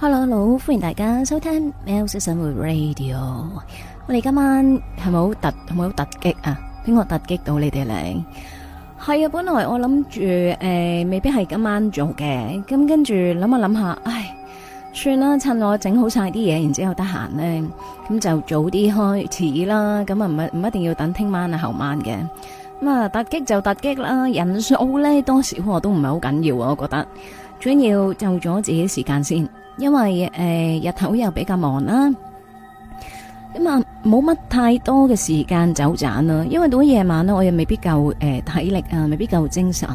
Hello，hello！歡迎大家收聽《喵式生活 Radio》。我哋今晚係咪好突？係咪好突擊啊？邊個突擊到你哋咧？係啊，本來我諗住誒，未必係今晚做嘅。咁跟住諗下諗下，唉，算啦，趁我整好晒啲嘢，然之後得閒咧，咁就早啲開始啦。咁啊，唔唔一定要等聽晚啊後晚嘅。咁啊，突擊就突擊啦。人數咧多少我、哦、都唔係好緊要啊，我覺得。主要就咗自己的時間先。因為誒日頭又比較忙啦，咁啊冇乜太多嘅時間走盞啦，因為到咗夜晚咧我又未必夠誒體力啊，未必夠精神，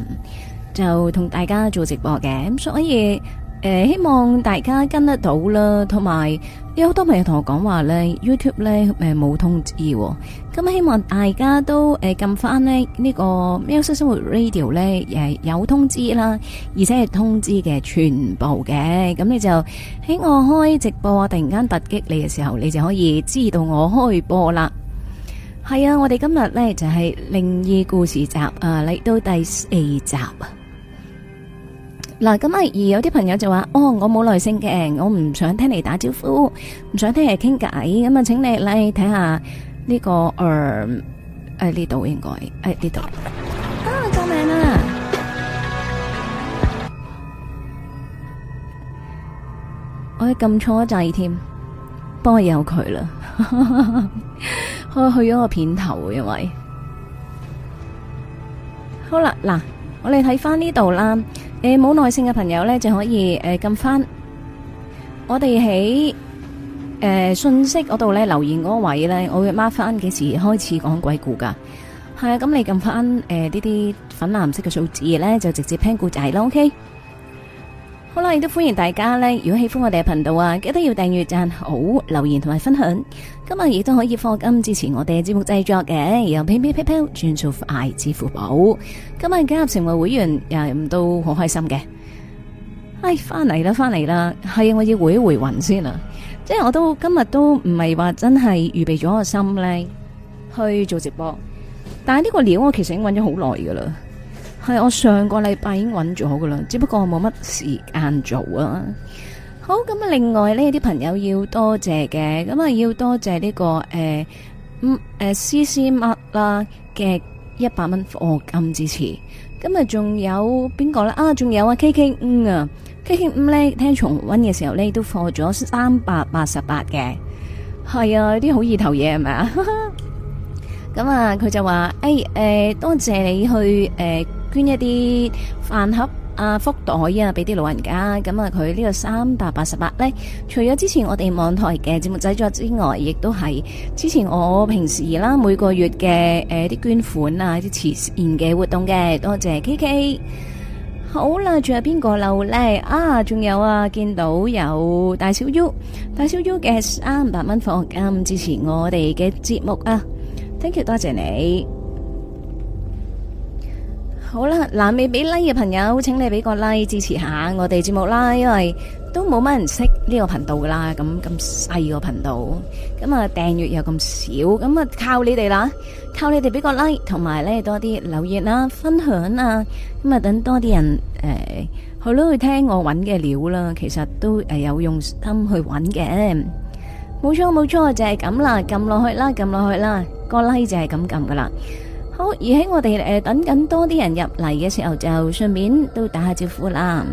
就同大家做直播嘅，咁所以。誒、呃，希望大家跟得到啦，同埋有好多朋友同我講話呢 YouTube 呢誒冇、呃、通知、哦，咁、呃、希望大家都誒撳翻呢呢、這個喵式生活 Radio 呢、呃，有通知啦，而且係通知嘅全部嘅，咁、嗯、你就喺我開直播啊，突然間突擊你嘅時候，你就可以知道我開播啦。係啊，我哋今日呢就係靈異故事集啊，嚟到第四集。嗱，咁啊，而有啲朋友就話，哦，我冇耐性嘅，我唔想聽你打招呼，唔想聽你傾偈，咁、這個呃、啊，請你嚟睇下呢個誒，呢度應該誒呢度啊，救、啊、命啊！我哋撳錯掣添，幫我有佢啦， 我去咗個片頭位。好啦，嗱、啊，我哋睇翻呢度啦。你冇耐性嘅朋友咧，就可以誒撳翻我哋喺誒信息嗰度咧留言嗰位咧，我會 mark 翻幾時開始講鬼故㗎。係啊，咁你撳翻誒呢啲粉藍色嘅數字咧，就直接聽故仔啦，OK。好啦，亦都歡迎大家咧。如果喜歡我哋嘅頻道啊，記得要訂閱、贊好、留言同埋分享。今日亦都可以課金支持我哋嘅節目製作嘅，PayPay、PayPal 轉做 I 支付寶。今日加入成為會員，又唔都好開心嘅。唉，翻嚟啦，翻嚟啦。係，我要回一回魂先啦。即係我都今日都唔係話真係預備咗個心咧去做直播，但係呢個料我其實已經揾咗好耐噶啦。係我上個禮拜已經揾咗好噶啦只不過我冇乜時間做啊。好咁啊，另外呢啲朋友要多謝嘅，咁啊要多謝呢、這個誒、呃，嗯誒 CC Mark 啦嘅一百蚊貨金支持。咁啊，仲有邊個咧？啊，仲有啊 K K 五啊，K K 五咧，聽重溫嘅時候咧都貨咗三百八十八嘅。係啊，有啲好意頭嘢係咪啊？咁啊，佢就話誒誒，多謝你去誒。呃捐一啲飯盒、啊福袋啊，俾啲老人家。咁啊，佢呢個三百八十八呢，除咗之前我哋網台嘅節目製作之外，亦都係之前我平時啦每個月嘅、誒啲捐款啊、啲慈善嘅活動嘅。多謝 K K。好啦，仲有邊個漏呢？啊，仲有啊，見到有大小 U，大小 U 嘅三百蚊課金，咁支持我哋嘅節目啊，Thank you，多謝你。好啦，嗱未俾 like 嘅朋友，請你俾個 like 支持下我哋節目啦，因為都冇乜人識呢個頻道噶啦，咁咁細個頻道，咁啊訂閱又咁少，咁啊靠你哋啦，靠你哋俾個 like 同埋咧多啲留言啦、分享啊，咁啊等多啲人誒去咯去聽我揾嘅料啦，其實都誒有用心去揾嘅，冇錯冇錯，就係咁啦，撳落去啦，撳落去啦，個 like 就係咁撳噶啦。好，而喺我哋誒、呃、等緊多啲人入嚟嘅時候，就順便都打下招呼啦。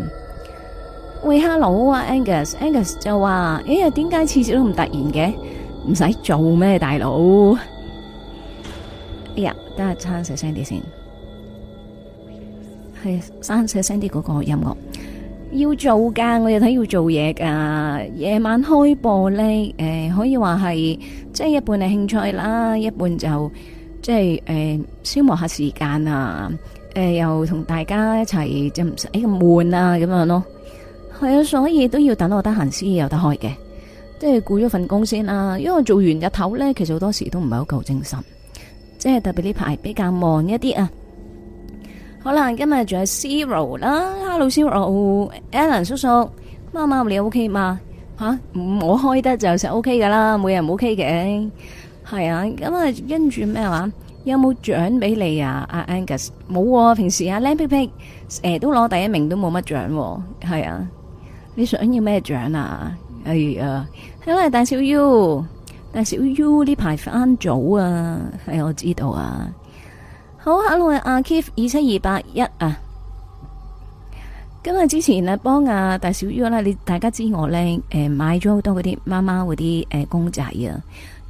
喂，hello 啊 Angus，Angus，Angus 就話：哎、欸、呀，點解次次都咁突然嘅？唔使做咩大佬？哎呀，等下刪細聲啲先，係刪細聲啲嗰個音樂。要做㗎，我哋睇要做嘢㗎。夜晚開播呢，誒、呃，可以話係即係一半係興趣啦，一半就。即係誒、呃，消磨一下時間啊！誒、呃，又同大家一齊即唔使咁悶啊咁樣咯。係啊，所以都要等我得閒先有得開嘅。即係顧咗份工先啦，因為我做完日頭咧，其實好多時都唔係好夠精神。即係特別呢排比較忙一啲啊。好啦，今日仲有 Zero 啦，Hello Zero，Alan 叔叔，貓貓你 OK 嘛？吓，我開得就成 OK 噶啦，每日唔 OK 嘅。係啊，咁啊，跟住咩話？有冇獎俾你啊？阿 Angus 冇、啊，平時阿 Lampick 誒都攞第一名，都冇乜獎。係啊，你想要咩獎啊？哎呀是啊 hello 大小 U，大小 U 呢排翻早啊？係我知道啊。好，hello，阿 Keith 二七二八一啊。咁啊，之前啊，幫啊，大小 U 啦，你大家知我咧，誒、呃，買咗好多嗰啲貓貓嗰啲誒公仔啊。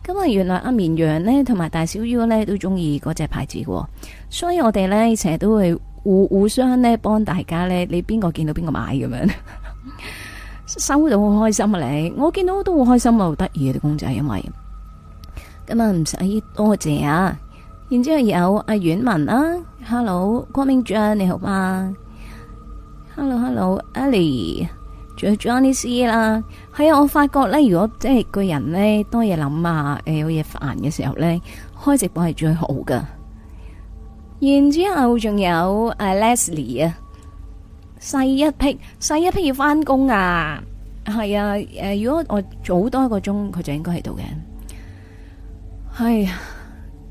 咁原來阿綿羊呢，同埋大小 U 呢，都中意嗰隻牌子嘅，所以我哋呢，成日都會互互相呢幫大家呢。你邊個見到邊個買咁樣， 收到好開心啊你，我見到都好開心啊，好得意啊啲公仔，因為咁啊唔使多謝啊,啊，然之後有阿婉文啦 Hello 光明 John 你好嗎，Hello Hello Ali。仲有 Johnny C 啦，係啊！我發覺咧，如果即係個人咧多嘢諗啊，誒、呃、有嘢煩嘅時候咧，開直播係最好噶。然之後仲有誒 Leslie 啊，細一匹，細一匹要翻工啊，係啊！誒、呃，如果我早多一個鐘，佢就應該喺度嘅。係、啊，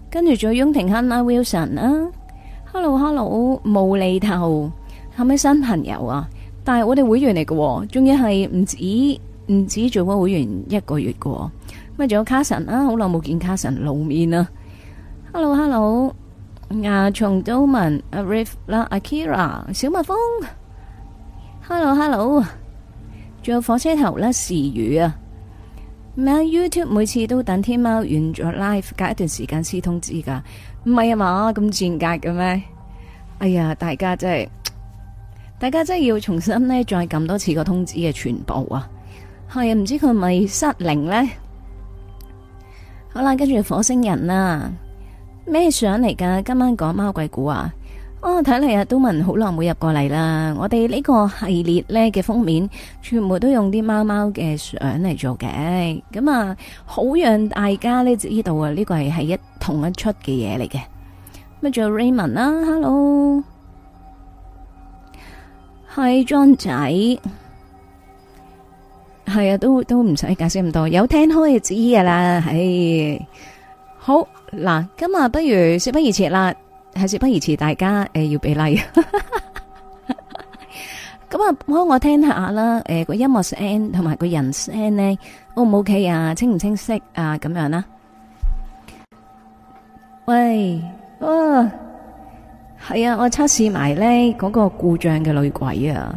跟住仲有永庭亨啦 Wilson 啊。Hello Hello，無厘頭，係咪新朋友啊？但係我哋會員嚟嘅，仲要係唔止唔止做翻會員一個月㗎，咁啊，仲有卡神啊，好耐冇見卡神露面啦。Hello，Hello，牙 hello，蟲都文，Arieff 啦，Akira 小蜜蜂，Hello，Hello，仲 hello，有火車頭啦，時雨啊，咩啊 YouTube 每次都等天貓、啊、完咗 live 隔一段時間先通知噶，唔係啊嘛，咁賤格嘅咩？哎呀，大家真係～大家真係要重新呢，再撳多次個通知嘅，全部啊！係啊，唔知佢咪失靈呢？好啦，跟住火星人啊，咩相嚟噶？今晚講貓鬼故啊！哦，睇嚟啊，都問好耐冇入過嚟啦。我哋呢個系列呢嘅封面，全部都用啲貓貓嘅相嚟做嘅。咁啊，好讓大家呢依度啊，呢、呢個係一同一出嘅嘢嚟嘅。乜啊，仲有 Raymond 啦，Hello。係 John 仔，係啊，都都唔使解釋咁多，有聽開就知噶啦。係，好嗱，今日不如事不宜遲啦，係事不宜遲，大家誒、呃、要俾例、like。咁啊，幫我聽一下啦，誒、呃、個音樂聲同埋個人聲呢 o 唔 OK 啊？清唔清晰啊？咁樣啦。喂，啊！係啊，我測試埋咧嗰個故障嘅女鬼啊！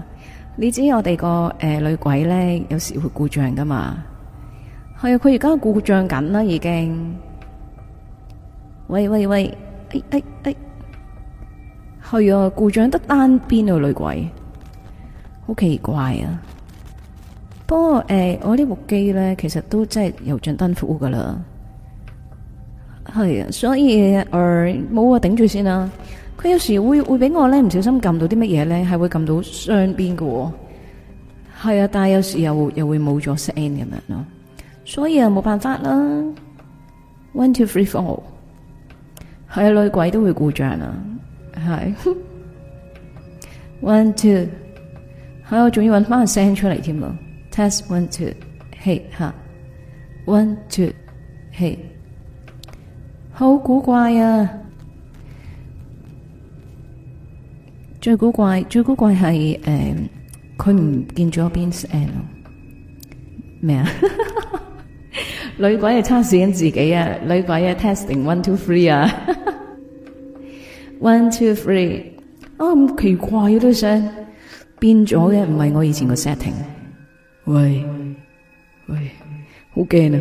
你知我哋、那個誒、呃、女鬼咧，有時會故障㗎嘛？係啊，佢而家故障緊啦，已經。喂喂喂！誒誒誒！係、欸欸欸、啊，故障得單邊啊，女鬼，好奇怪啊！不過誒、呃，我部機呢部機咧，其實都真係又盡辛苦㗎啦。係啊，所以而冇啊，頂、呃、住先啊！有時會會俾我咧唔小心撳到啲乜嘢咧，係會撳到雙邊嘅，係啊，但係有時又又會冇咗聲咁樣咯，所以啊冇辦法啦。One two three four，係、啊、女鬼都會故障啊，係。 one two，係我仲要揾翻個聲出嚟添咯。Test one two，hit，、hey, huh? 吓，one two，hit，、hey. 好古怪啊！最古怪，最古怪係誒，佢、呃、唔見咗邊 set 咩啊？ 女鬼係測試緊自己啊，女鬼啊，testing one two three 啊 ，one two three、哦、啊，咁奇怪，有啲聲變咗嘅，唔係我以前個 setting。喂喂，好驚啊！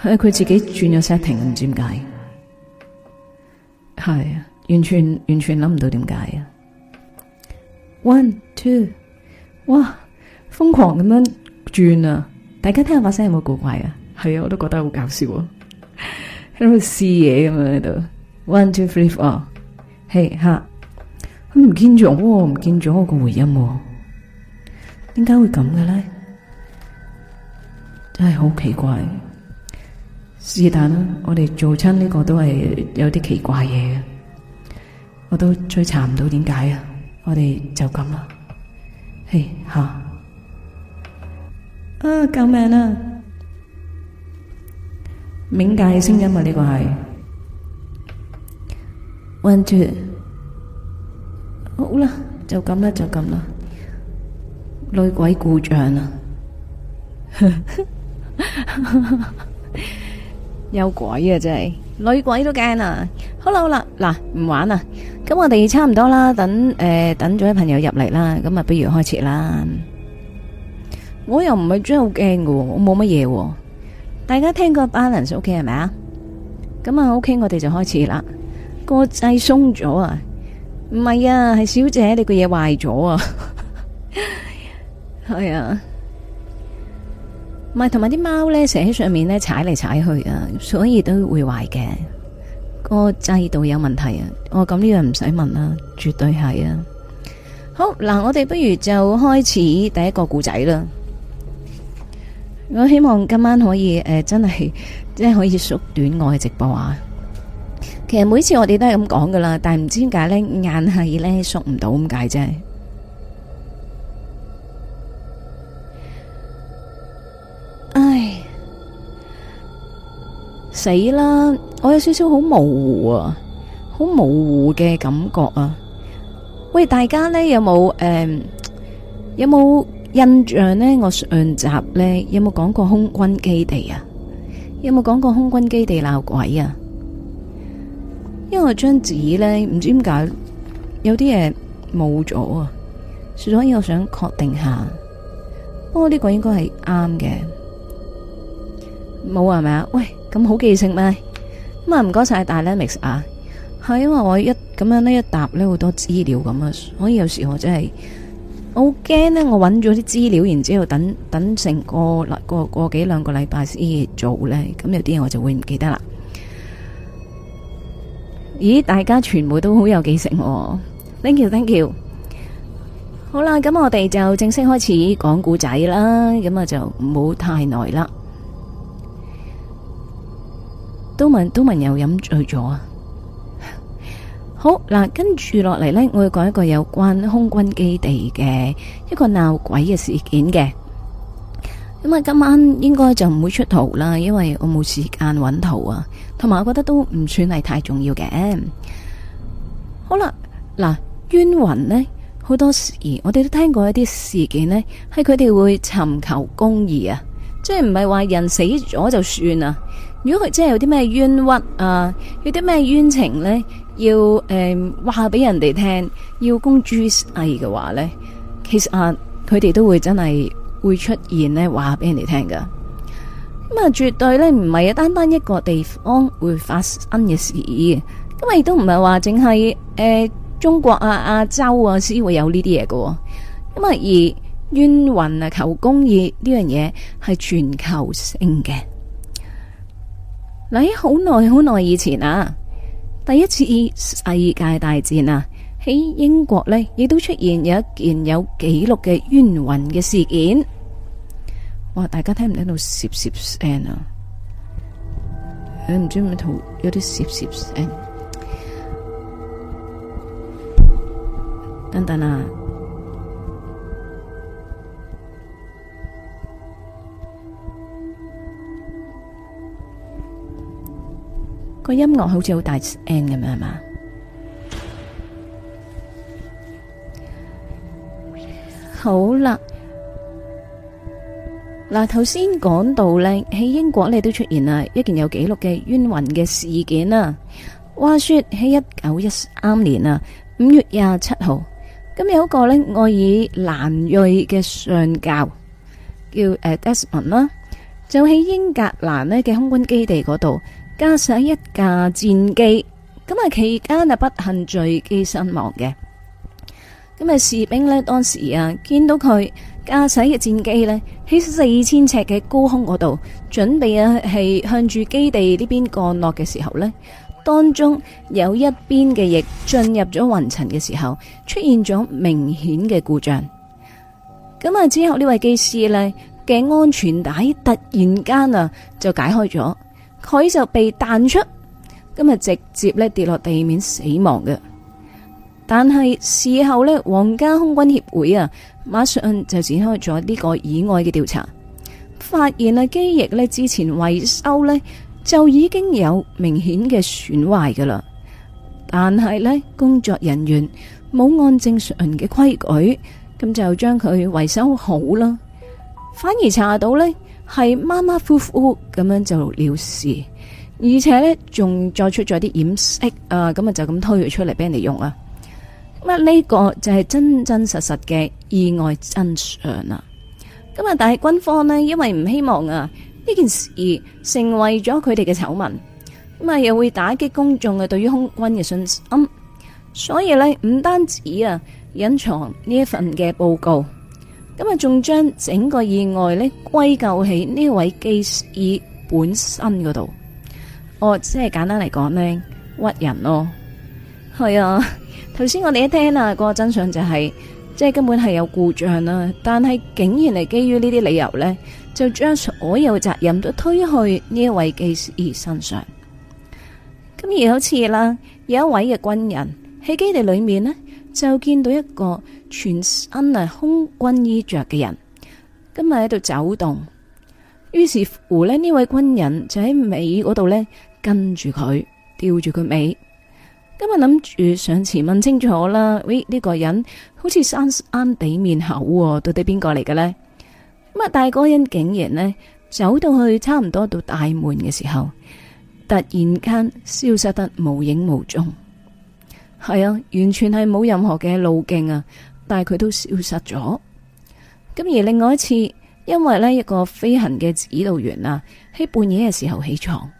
係、呃、佢自己轉咗 setting，唔知點解，係啊。完全完全諗唔到點解啊！One two，哇，瘋狂咁樣轉啊！大家聽下把聲有冇古怪啊？係啊，我都覺得好搞笑啊！喺度試嘢咁樣喺度。One two three four，嘿、hey，吓！佢唔見咗，唔見咗我個回音，點解會咁嘅咧？真係好奇怪，是但啦。我哋做親呢個都係有啲奇怪嘢嘅。我都追查唔到點解啊！我哋就咁啦，嘿吓啊！救命啊！冥界嘅聲音啊！呢個係 one two，好啦，就咁啦，就咁啦，女鬼故障啦，有鬼啊！真係女鬼都驚啊！好啦好啦，嗱，唔玩啦，咁我哋差唔多啦，多等誒、呃、等咗啲朋友入嚟啦，咁啊不如開始啦。我又唔係真係好驚喎，我冇乜嘢。大家聽過 balance 屋企係咪啊？咁啊，OK，我哋就開始啦。個掣鬆咗啊，唔係啊，係小姐你個嘢壞咗啊，係啊，唔係同埋啲貓咧，成日喺上面咧踩嚟踩去啊，所以都會壞嘅。個制度有問題啊！我咁呢樣唔使問啦，絕對係啊！好嗱，我哋不如就開始第一個故仔啦。我希望今晚可以誒，真係即係可以縮短我嘅直播啊！其實每次我哋都係咁講噶啦，但係唔知點解呢，硬係呢縮唔到咁解啫。唉。死啦！我有少少好模糊啊，好模糊嘅感覺啊。喂，大家呢有冇誒有冇、呃、印象呢？我上集呢有冇講過空軍基地啊？有冇講過空軍基地鬧鬼啊？因為我張紙呢唔知點解有啲嘢冇咗啊，所以我想確定下，不過呢個應該係啱嘅。冇，係咪啊？喂，咁好記性咩？咁啊，唔該晒大 Len 啊，係因為我一咁樣呢一沓呢，好多資料咁啊，所以有時我真係好驚呢，我揾咗啲資料，然之後等等成個禮個個，個幾兩個禮拜先做呢。咁有啲嘢，我就會唔記得啦。咦？大家全部都好有記性喎 Thank you，Thank you。You. 好啦，咁我哋就正式開始講故仔啦。咁啊，就唔好太耐啦。都問都問，又飲醉咗啊！好嗱，跟住落嚟呢，我要講一個有關空軍基地嘅一個鬧鬼嘅事件嘅。咁啊今晚應該就唔會出圖啦，因為我冇時間揾圖啊，同埋我覺得都唔算係太重要嘅。好啦，嗱，冤魂呢，好多時我哋都聽過一啲事件呢，係佢哋會尋求公義啊，即係唔係話人死咗就算啊。如果佢真係有啲咩冤屈啊，有啲咩冤情呢？要誒話俾人哋聽，要公諸世嘅話呢，其實啊，佢哋都會真係會出現呢，話俾人哋聽噶咁、嗯、啊，絕對呢，唔係啊，單單一個地方會發生嘅事，咁亦都唔係話淨係誒中國啊、亞洲啊先會有呢啲嘢喎。咁、嗯、啊，而冤魂啊求公義呢樣嘢係全球性嘅。喺好耐好耐以前啊，第一次世界大戰啊，喺英國呢，亦都出現有一件有紀錄嘅冤魂嘅事件。哇！大家聽唔聽到咝咝聲啊？唔知咩圖有啲咝咝聲。等等啊！個音樂好似好大 N 咁樣係嘛？好啦，嗱頭先講到呢，喺英國咧都出現啊一件有記錄嘅冤魂嘅事件啊。話說喺一九一三年啊五月廿七號，咁有個呢，愛爾蘭裔嘅上教叫誒 Desmond 啦，就喺英格蘭呢嘅空軍基地嗰度。加上一架戰機，咁啊期間啊不幸墜機身亡嘅。咁啊士兵呢，當時啊見到佢駕駛嘅戰機呢，喺四千尺嘅高空嗰度，準備啊係向住基地呢邊降落嘅時候呢，當中有一邊嘅翼進入咗雲層嘅時候，出現咗明顯嘅故障。咁啊之後呢位機師呢嘅安全帶突然間啊就解開咗。佢就被彈出，今日直接咧跌落地面死亡嘅。但係事後呢，皇家空軍協會啊，馬上就展開咗呢個意外嘅調查，發現啊機翼呢之前維修呢就已經有明顯嘅損壞噶啦。但係呢，工作人員冇按正常人嘅規矩，咁就將佢維修好啦，反而查到呢。係馬馬虎虎咁樣就了事，而且呢仲再出咗啲掩飾啊，咁啊就咁推咗出嚟俾人哋用啦，咁啊呢個就係真真實實嘅意外真相啦。咁啊，但係軍方呢，因為唔希望啊呢件事成為咗佢哋嘅醜聞，咁啊又會打擊公眾嘅，啊、對於空軍嘅信心，所以呢，唔單止啊隱藏呢一份嘅報告。咁啊，仲將整個意外呢歸咎喺呢位機師本身嗰度，哦，即係簡單嚟講呢屈人咯，係啊。頭先我哋一聽啊，嗰個真相就係即係根本係有故障啦，但係竟然係基於呢啲理由呢，就將所有責任都推去呢一位機師身上。咁而好似啦，有一位嘅軍人喺基地裏面呢。就見到一個全身係空軍衣着嘅人，今日喺度走動，於是乎呢，呢位軍人就喺尾嗰度呢，跟住佢，吊住佢尾，今日諗住上前問清楚啦。喂，呢個人好似生硬底面口，到底邊個嚟嘅呢？咁啊，大哥人竟然呢，走到去差唔多到大門嘅時候，突然間消失得無影無蹤。係啊，完全係冇任何嘅路徑啊，但係佢都消失咗。咁而另外一次，因為呢一個飛行嘅指導員啊，喺半夜嘅時候起床，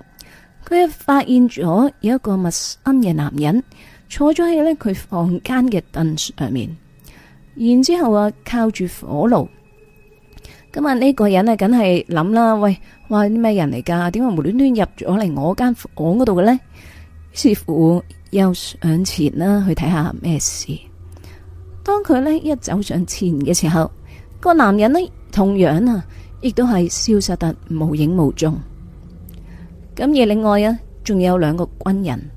佢發現咗有一個陌生嘅男人坐咗喺咧佢房間嘅凳上面，然之後啊靠住火爐。咁啊呢個人啊梗係諗啦，喂，話啲咩人嚟噶？點解無端端入咗嚟我間房嗰度嘅呢？」似乎。又上前啦，去睇下咩事。當佢呢一走上前嘅時候，個男人呢同樣啊，亦都係消失得無影無蹤。咁而另外啊，仲有兩個軍人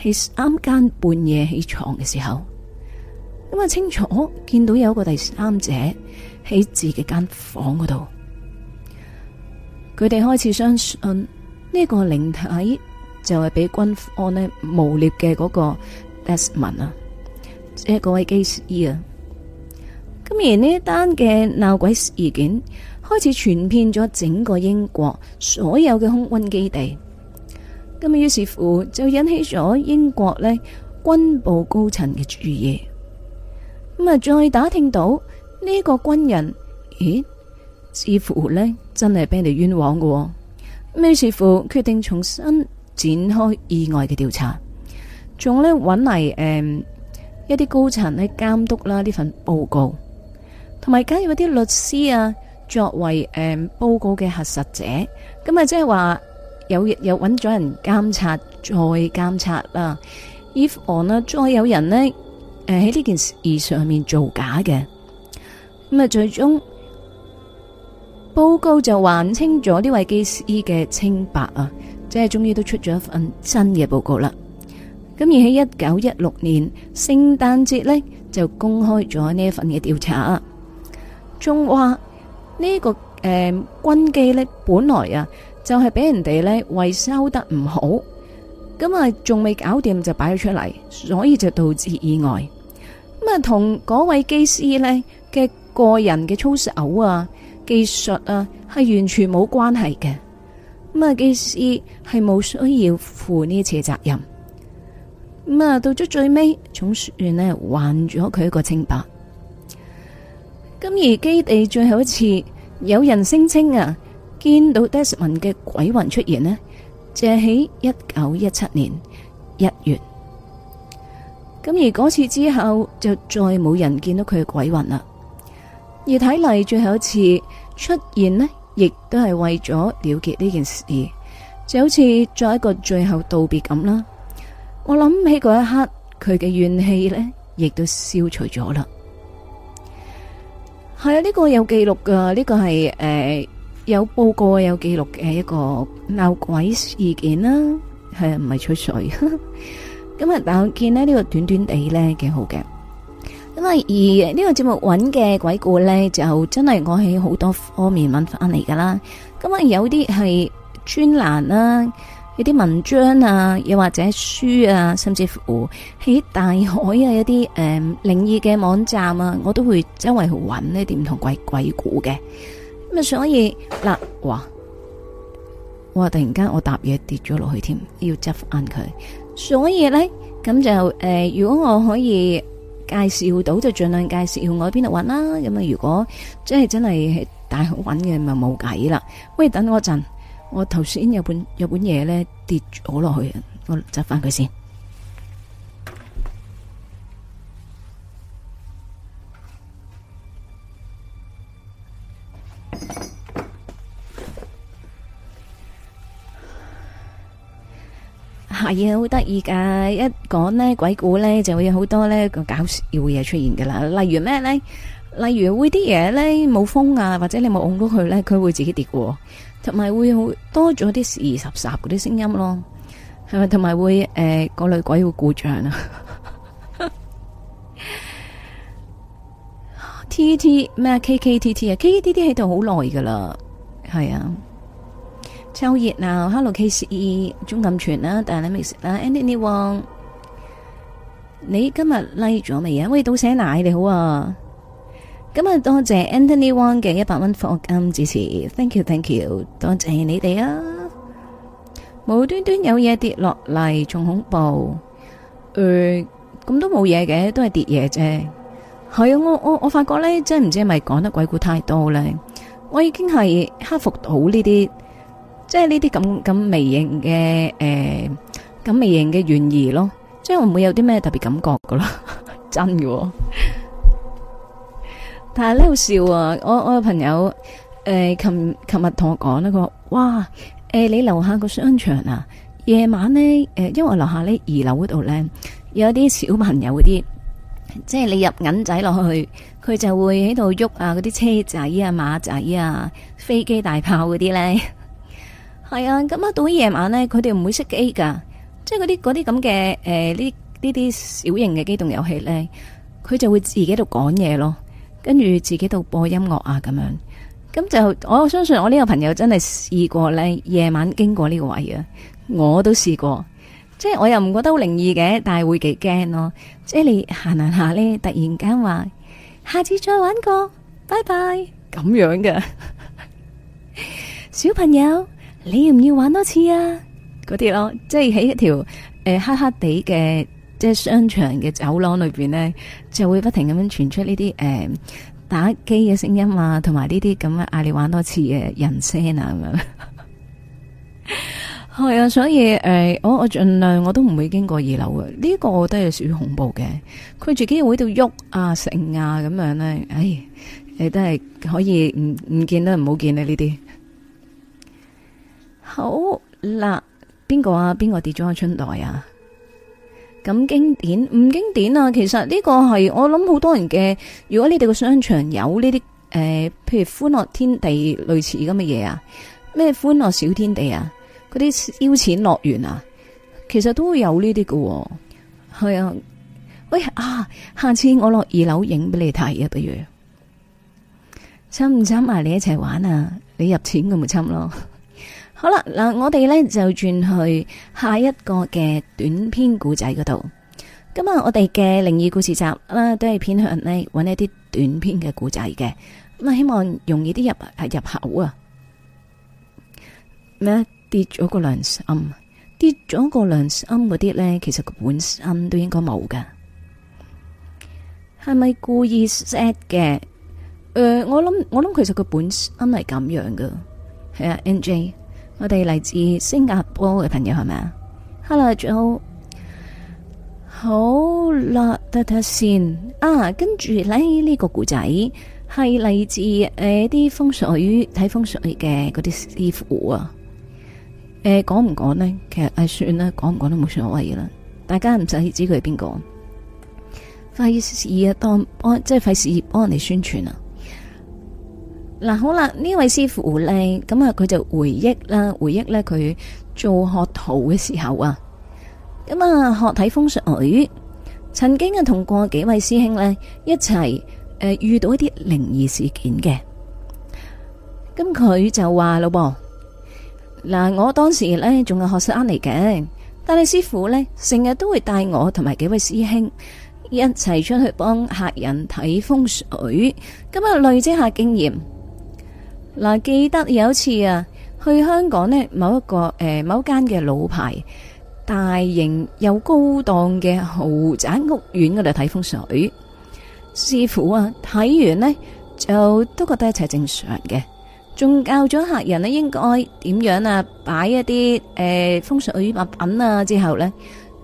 喺啱間半夜起床嘅時候，咁啊清楚見到有一個第三者喺自己間房嗰度。佢哋開始相信呢個靈體就係、是、俾軍方呢誣衊嘅嗰個 S 文啊，即係嗰位機師啊。咁而呢單嘅鬧鬼事件開始傳遍咗整個英國所有嘅空軍基地，咁啊於是乎就引起咗英國呢軍部高層嘅注意。咁啊再打聽到呢個軍人，咦？似乎呢真係俾你冤枉嘅咩？於是乎決定重新。展開意外嘅調查，仲咧揾嚟誒一啲高層咧監督啦呢份報告，同埋加入一啲律師啊作為誒、嗯、報告嘅核實者，咁啊即係話有有揾咗人監察再監察啦，以防啊再有人呢誒喺呢件事上面造假嘅，咁啊最終報告就還清咗呢位機師嘅清白啊！即係終於都出咗一份新嘅報告啦。咁而喺一九一六年聖誕節呢，就公開咗呢一份嘅調查。仲話呢個誒、呃、軍機呢，本來啊就係、是、俾人哋呢維修得唔好，咁啊仲未搞掂就擺咗出嚟，所以就導致意外。咁啊同嗰位機師呢嘅個人嘅操守啊、技術啊係完全冇關係嘅。咁啊，件事係冇需要負呢次責任。咁啊，到咗最尾，總算呢，還咗佢一個清白。咁而基地最後一次有人聲稱啊，見到 Desmond 嘅鬼魂出現呢，就喺一九一七年一月。咁而嗰次之後就再冇人見到佢嘅鬼魂啦。而睇嚟最後一次出現呢？亦都係為咗了，了結呢件事，就好似作一個最後道別咁啦。我諗起嗰一刻，佢嘅怨氣呢亦都消除咗啦。係啊，呢、這個有記錄噶，呢、這個係誒、呃、有報告有記錄嘅一個鬧鬼事件啦，係啊，唔係吹水？今 日但我見呢、這個短短地呢，幾好嘅。咁啊，而呢個節目揾嘅鬼故咧，就真係我喺好多方面揾翻嚟噶啦。咁、嗯、啊，有啲係專欄啦，有啲文章啊，又或者書啊，甚至乎喺大海啊，有啲誒靈異嘅網站啊，我都會周圍去揾呢啲唔同鬼鬼故嘅。咁、嗯、啊，所以嗱，哇，哇，突然間我搭嘢跌咗落去添，要執翻佢。所以咧，咁就誒、呃，如果我可以。介紹到就盡量介紹，我喺邊度揾啦。咁啊，如果即係真係大學搵嘅，咪冇計啦。喂，等我一陣，我頭先有本有本嘢咧跌咗落去，我執翻佢先。係啊，好得意噶！一講呢鬼故咧，就會有好多咧個搞笑嘢出現噶啦。例如咩咧？例如會啲嘢咧冇風啊，或者你冇按到佢咧，佢會自己跌喎。同埋會多咗啲時十雜嗰啲聲音咯，係咪？同埋會誒個女鬼會故障啊 ！T T 咩 K K T T 啊？K K T T 喺度好耐噶啦，係啊。湊熱鬧，Hello K C 鐘錦全啦，但係你未食啊？Anthony Wang 你今日 like 咗未啊？我喂，倒寫奶你好啊！今日多謝 Anthony Wang 嘅一百蚊福金支持，Thank you，Thank you，多謝你哋啊！無端端有嘢跌落嚟，仲恐怖。誒、呃，咁都冇嘢嘅，都係跌嘢啫。係啊，我我我發覺咧，真唔知係咪講得鬼故太多咧。我已經係克服到呢啲。即係呢啲咁咁微型嘅誒，咁、呃、微型嘅懸疑咯，即係我唔會有啲咩特別感覺噶咯， 真喎的、哦！ 但係呢好笑啊、哦！我我有朋友誒，琴琴日同我講呢個嘩，哇誒、呃，你樓下個商場啊，夜晚呢，誒、呃，因為我樓下呢二樓嗰度呢，有啲小朋友嗰啲，即係你入銀仔落去，佢就會喺度喐啊，嗰啲車仔啊、馬仔啊、飛機大炮嗰啲呢。」係啊，咁啊到夜晚、呃、呢，佢哋唔會識機噶，即係嗰啲嗰啲咁嘅誒，呢呢啲小型嘅機動遊戲呢，佢就會自己度講嘢咯，跟住自己度播音樂啊咁樣，咁就我相信我呢個朋友真係試過呢，夜晚經過呢個位啊，我都試過，即係我又唔覺得好靈異嘅，但係會幾驚咯，即係你行行下呢，突然間話下次再玩過，拜拜，咁樣嘅小朋友。你要唔要玩多次啊？嗰啲咯，即係喺一條誒黑黑地嘅即係商場嘅走廊裏邊咧，就會不停咁樣傳出呢啲誒打機嘅聲音啊，同埋呢啲咁啊嗌你玩多次嘅人聲啊咁樣。係啊，所以誒，我我盡量我都唔會經過二樓嘅，呢個我都係屬於恐怖嘅。佢自己喺度喐啊整啊咁樣咧，唉，誒都係可以唔唔見都唔好見啊呢啲。好喇，邊個啊？邊個跌咗個春袋啊？咁經典唔經典啊？其實呢個係我諗好多人嘅。如果你哋個商場有呢啲誒，譬如歡樂天地類似咁嘅嘢啊，咩歡樂小天地啊，嗰啲邀錢樂園啊，其實都會有呢啲噶。係啊，喂啊，下次我落二樓影俾你睇啊，不如？參唔參埋你一齊玩啊？你入錢咁咪參咯。好啦，嗱、嗯，我哋咧就轉去下一個嘅短篇故仔嗰度。今、嗯、日我哋嘅靈異故事集啦、嗯，都係偏向呢，揾一啲短篇嘅故仔嘅。咁、嗯、啊，希望容易啲入入入口啊。咩、嗯、跌咗個梁暗，跌咗個梁暗嗰啲咧，其實個本身都應該冇㗎，係咪故意 set 嘅？誒、呃，我諗我諗，其實佢本身係咁樣噶。係啊，N J。NJ, 我哋嚟自新加坡嘅朋友係咪啊？Hello，Joe. 好，好啦，得得先啊，跟住咧呢個故仔係嚟自誒啲風水睇風水嘅嗰啲師傅啊，誒講唔講呢？其實係算啦，講唔講都冇所謂嘅啦。大家唔使知佢係邊個，費事啊，當即係費事幫人哋宣傳啊。嗱好啦，呢位師傅咧，咁啊佢就回憶啦，回憶呢佢做學徒嘅時候啊，咁啊學睇風水，曾經啊同過幾位師兄呢一齊誒遇到一啲靈異事件嘅，咁佢就話咯噃。嗱，我當時呢仲係學生嚟嘅，但係師傅呢成日都會帶我同埋幾位師兄一齊出去幫客人睇風水，咁啊累積下經驗。嗱，記得有一次啊，去香港呢某一個、呃、某間嘅老牌大型又高檔嘅豪宅屋苑嗰度睇風水，師傅啊，睇完呢就都覺得一切正常嘅，仲教咗客人呢應該點樣啊，擺一啲誒、呃、風水物品啊。之後呢，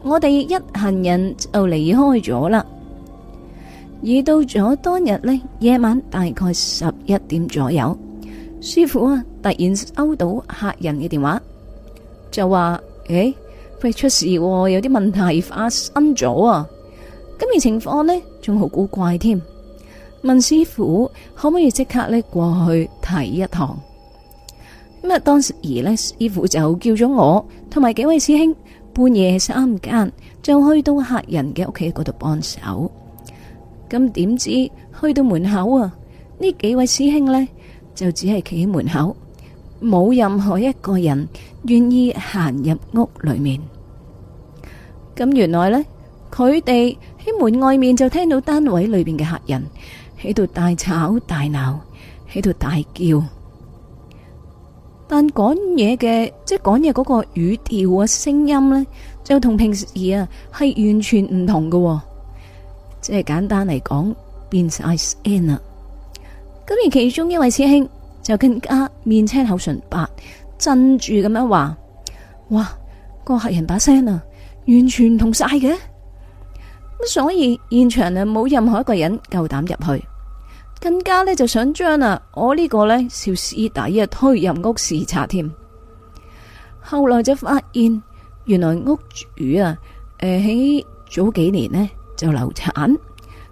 我哋一行人就離開咗啦。而到咗當日呢，夜晚大概十一點左右。師傅啊，突然收到客人嘅電話，就話：誒、欸，佢出事，有啲問題發生咗啊！咁情況呢，仲好古怪添。問師傅可唔可以即刻呢過去睇一趟？咁啊，當時呢師傅就叫咗我同埋幾位師兄半夜三更就去到客人嘅屋企嗰度幫手。咁點知去到門口啊，呢幾位師兄呢？就只係企喺門口，冇任何一個人願意行入屋裏面。咁原來呢，佢哋喺門外面就聽到單位裏邊嘅客人喺度大吵大鬧，喺度大叫。但講嘢嘅，即係講嘢嗰個語調啊，聲音呢，就同平時啊係完全唔同嘅。即係簡單嚟講，變成 ice in 啦。咁而其中一位師兄就更加面青口唇白，震住咁樣話：哇，個客人把聲啊，完全唔同晒嘅。咁所以現場啊，冇任何一個人夠膽入去，更加呢就想將啊我呢個呢小師弟啊推入屋視察添。後來就發現，原來屋主啊，誒，喺早幾年呢就流產。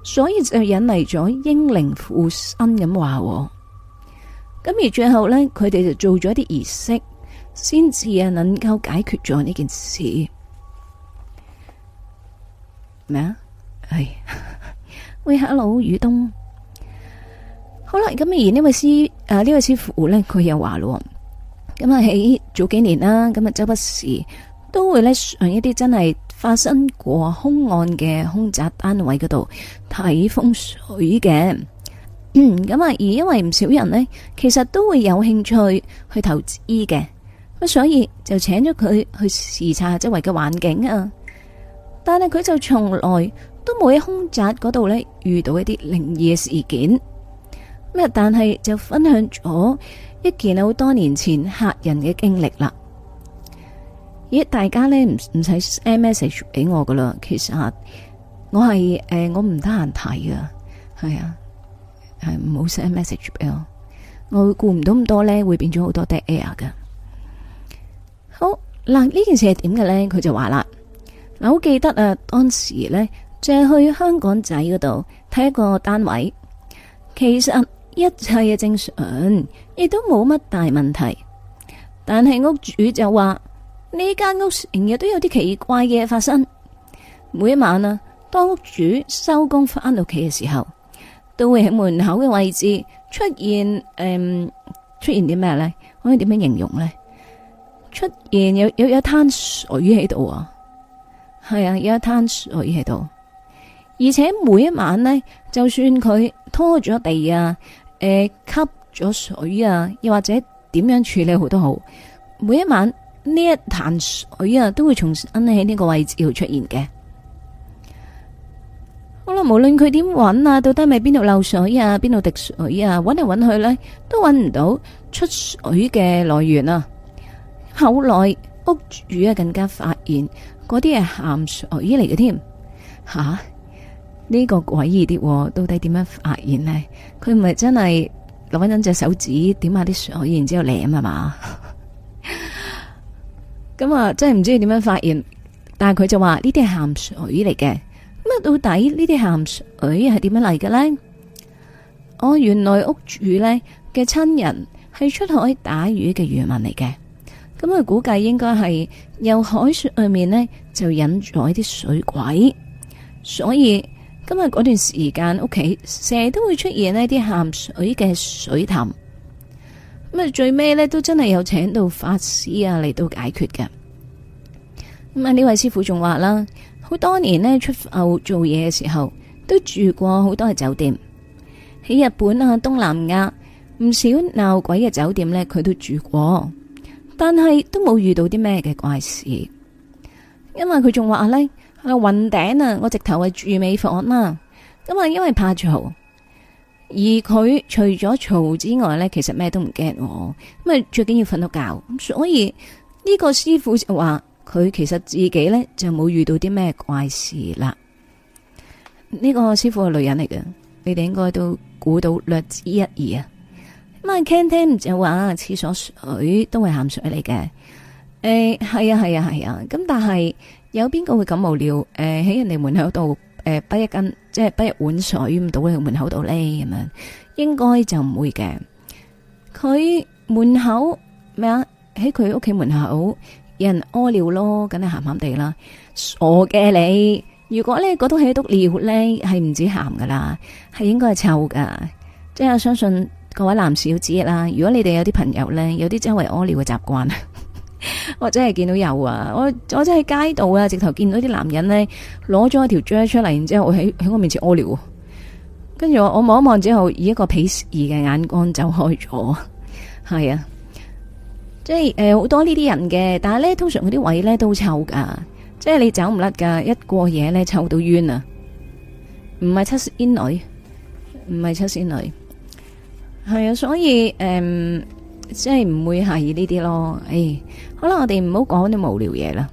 所以就引嚟咗英靈附身咁話，咁而最後呢，佢哋就做咗一啲儀式，先至啊能夠解決咗呢件事。咩、哎、 啊？係喂，hello，宇東。好啦，咁而呢位師啊呢位師傅咧，佢又話咯，咁啊喺早幾年啦，咁啊周不時都會咧上一啲真係。發生過凶案嘅空宅單位嗰度睇風水嘅，咁啊， 而因為唔少人呢，其實都會有興趣去投資嘅，咁所以就請咗佢去視察周圍嘅環境啊。但係佢就從來都冇喺空宅嗰度呢遇到一啲靈異嘅事件，咩但係就分享咗一件好多年前的客人嘅經歷啦。咦，大家咧唔唔使 send message 俾我噶啦。其實我係誒、呃，我唔得閒睇啊，係啊，係唔好 send message 俾我。我會顧唔到咁多咧，會變咗好多 dead air 噶。好嗱，呢件事係點嘅咧？佢就話啦嗱，好記得啊，當時咧就去香港仔嗰度睇一個單位，其實一切嘅正常，亦都冇乜大問題，但係屋主就話。呢間屋成日都有啲奇怪嘅嘢發生。每一晚啊，當屋主收工翻到屋企嘅時候，都會喺門口嘅位置出現，誒、呃，出現啲咩咧？可以點樣形容咧？出現有有有一灘水喺度啊，係啊，有一灘水喺度。而且每一晚咧，就算佢拖咗地啊，誒、呃，吸咗水啊，又或者點樣處理好都好，每一晚，呢一潭水啊，都會重新喺呢個位置度出現嘅。好啦，無論佢點揾啊，到底係邊度漏水啊，邊度滴水啊，揾嚟揾去咧，都揾唔到出水嘅來源啊。後來屋主啊，更加發現嗰啲係鹹水嚟嘅，添吓呢個詭異啲，到底點樣發現呢？佢唔係真係攞緊隻手指點下啲水然，然之後舐啊嘛。咁啊，真係唔知佢點樣發現，但係佢就話呢啲咸水嚟嘅。咁啊，到底呢啲咸水係點樣嚟嘅呢？我、哦、原來屋主呢嘅親人係出海打魚嘅漁民嚟嘅，咁啊估計應該係由海水裏面呢就引咗啲水鬼，所以今日嗰段時間屋企成日都會出現呢啲咸水嘅水潭。咁啊，最尾呢都真係有請到法師啊嚟到解決嘅。咁啊，呢位師傅仲話啦，好多年呢出埠做嘢嘅時候，都住過好多嘅酒店，喺日本啊、東南亞，唔少鬧鬼嘅酒店呢，佢都住過，但係都冇遇到啲咩嘅怪事。因為佢仲話呢，阿雲頂啊，我直頭係住美房啦，咁啊，因為怕嘈。而佢除咗嘈之外呢，其實咩都唔驚我，咁啊最緊要瞓到覺。所以呢、這個師傅話佢其實自己呢就冇遇到啲咩怪事啦。呢、這個師傅係女人嚟嘅，你哋應該都估到略知一二啊。咁啊，聽聽唔就話廁所水都係鹹水嚟嘅。誒、欸，係啊係啊係啊。咁、啊啊啊、但係有邊個會咁無聊？誒、欸，喺人哋門口度誒，滗、欸、一根。即係不入碗水，唔到你門口度咧，咁樣應該就唔會嘅。佢門口咩啊？喺佢屋企門口有人屙尿咯，梗係咸咸地啦，傻嘅你。如果咧，嗰度喺度尿咧，係唔止咸噶啦，係應該係臭噶。即係我相信各位男士要知啦。如果你哋有啲朋友咧，有啲周圍屙尿嘅習慣。 我真係見到有啊！我我真係喺街度啊，直頭見到啲男人呢，攞咗條 j 出嚟，然之後我喺喺我面前屙尿，跟住我望一望之後以一個鄙夷嘅眼光走開咗。係 啊，即係誒好多呢啲人嘅，但係呢，通常佢啲位呢都臭噶，即係你走唔甩噶，一過夜呢，臭到冤啊！唔係七仙女，唔係七仙女，係啊，所以誒。嗯即係唔會係呢啲咯，誒、哎，好啦，我哋唔好講啲無聊嘢。啦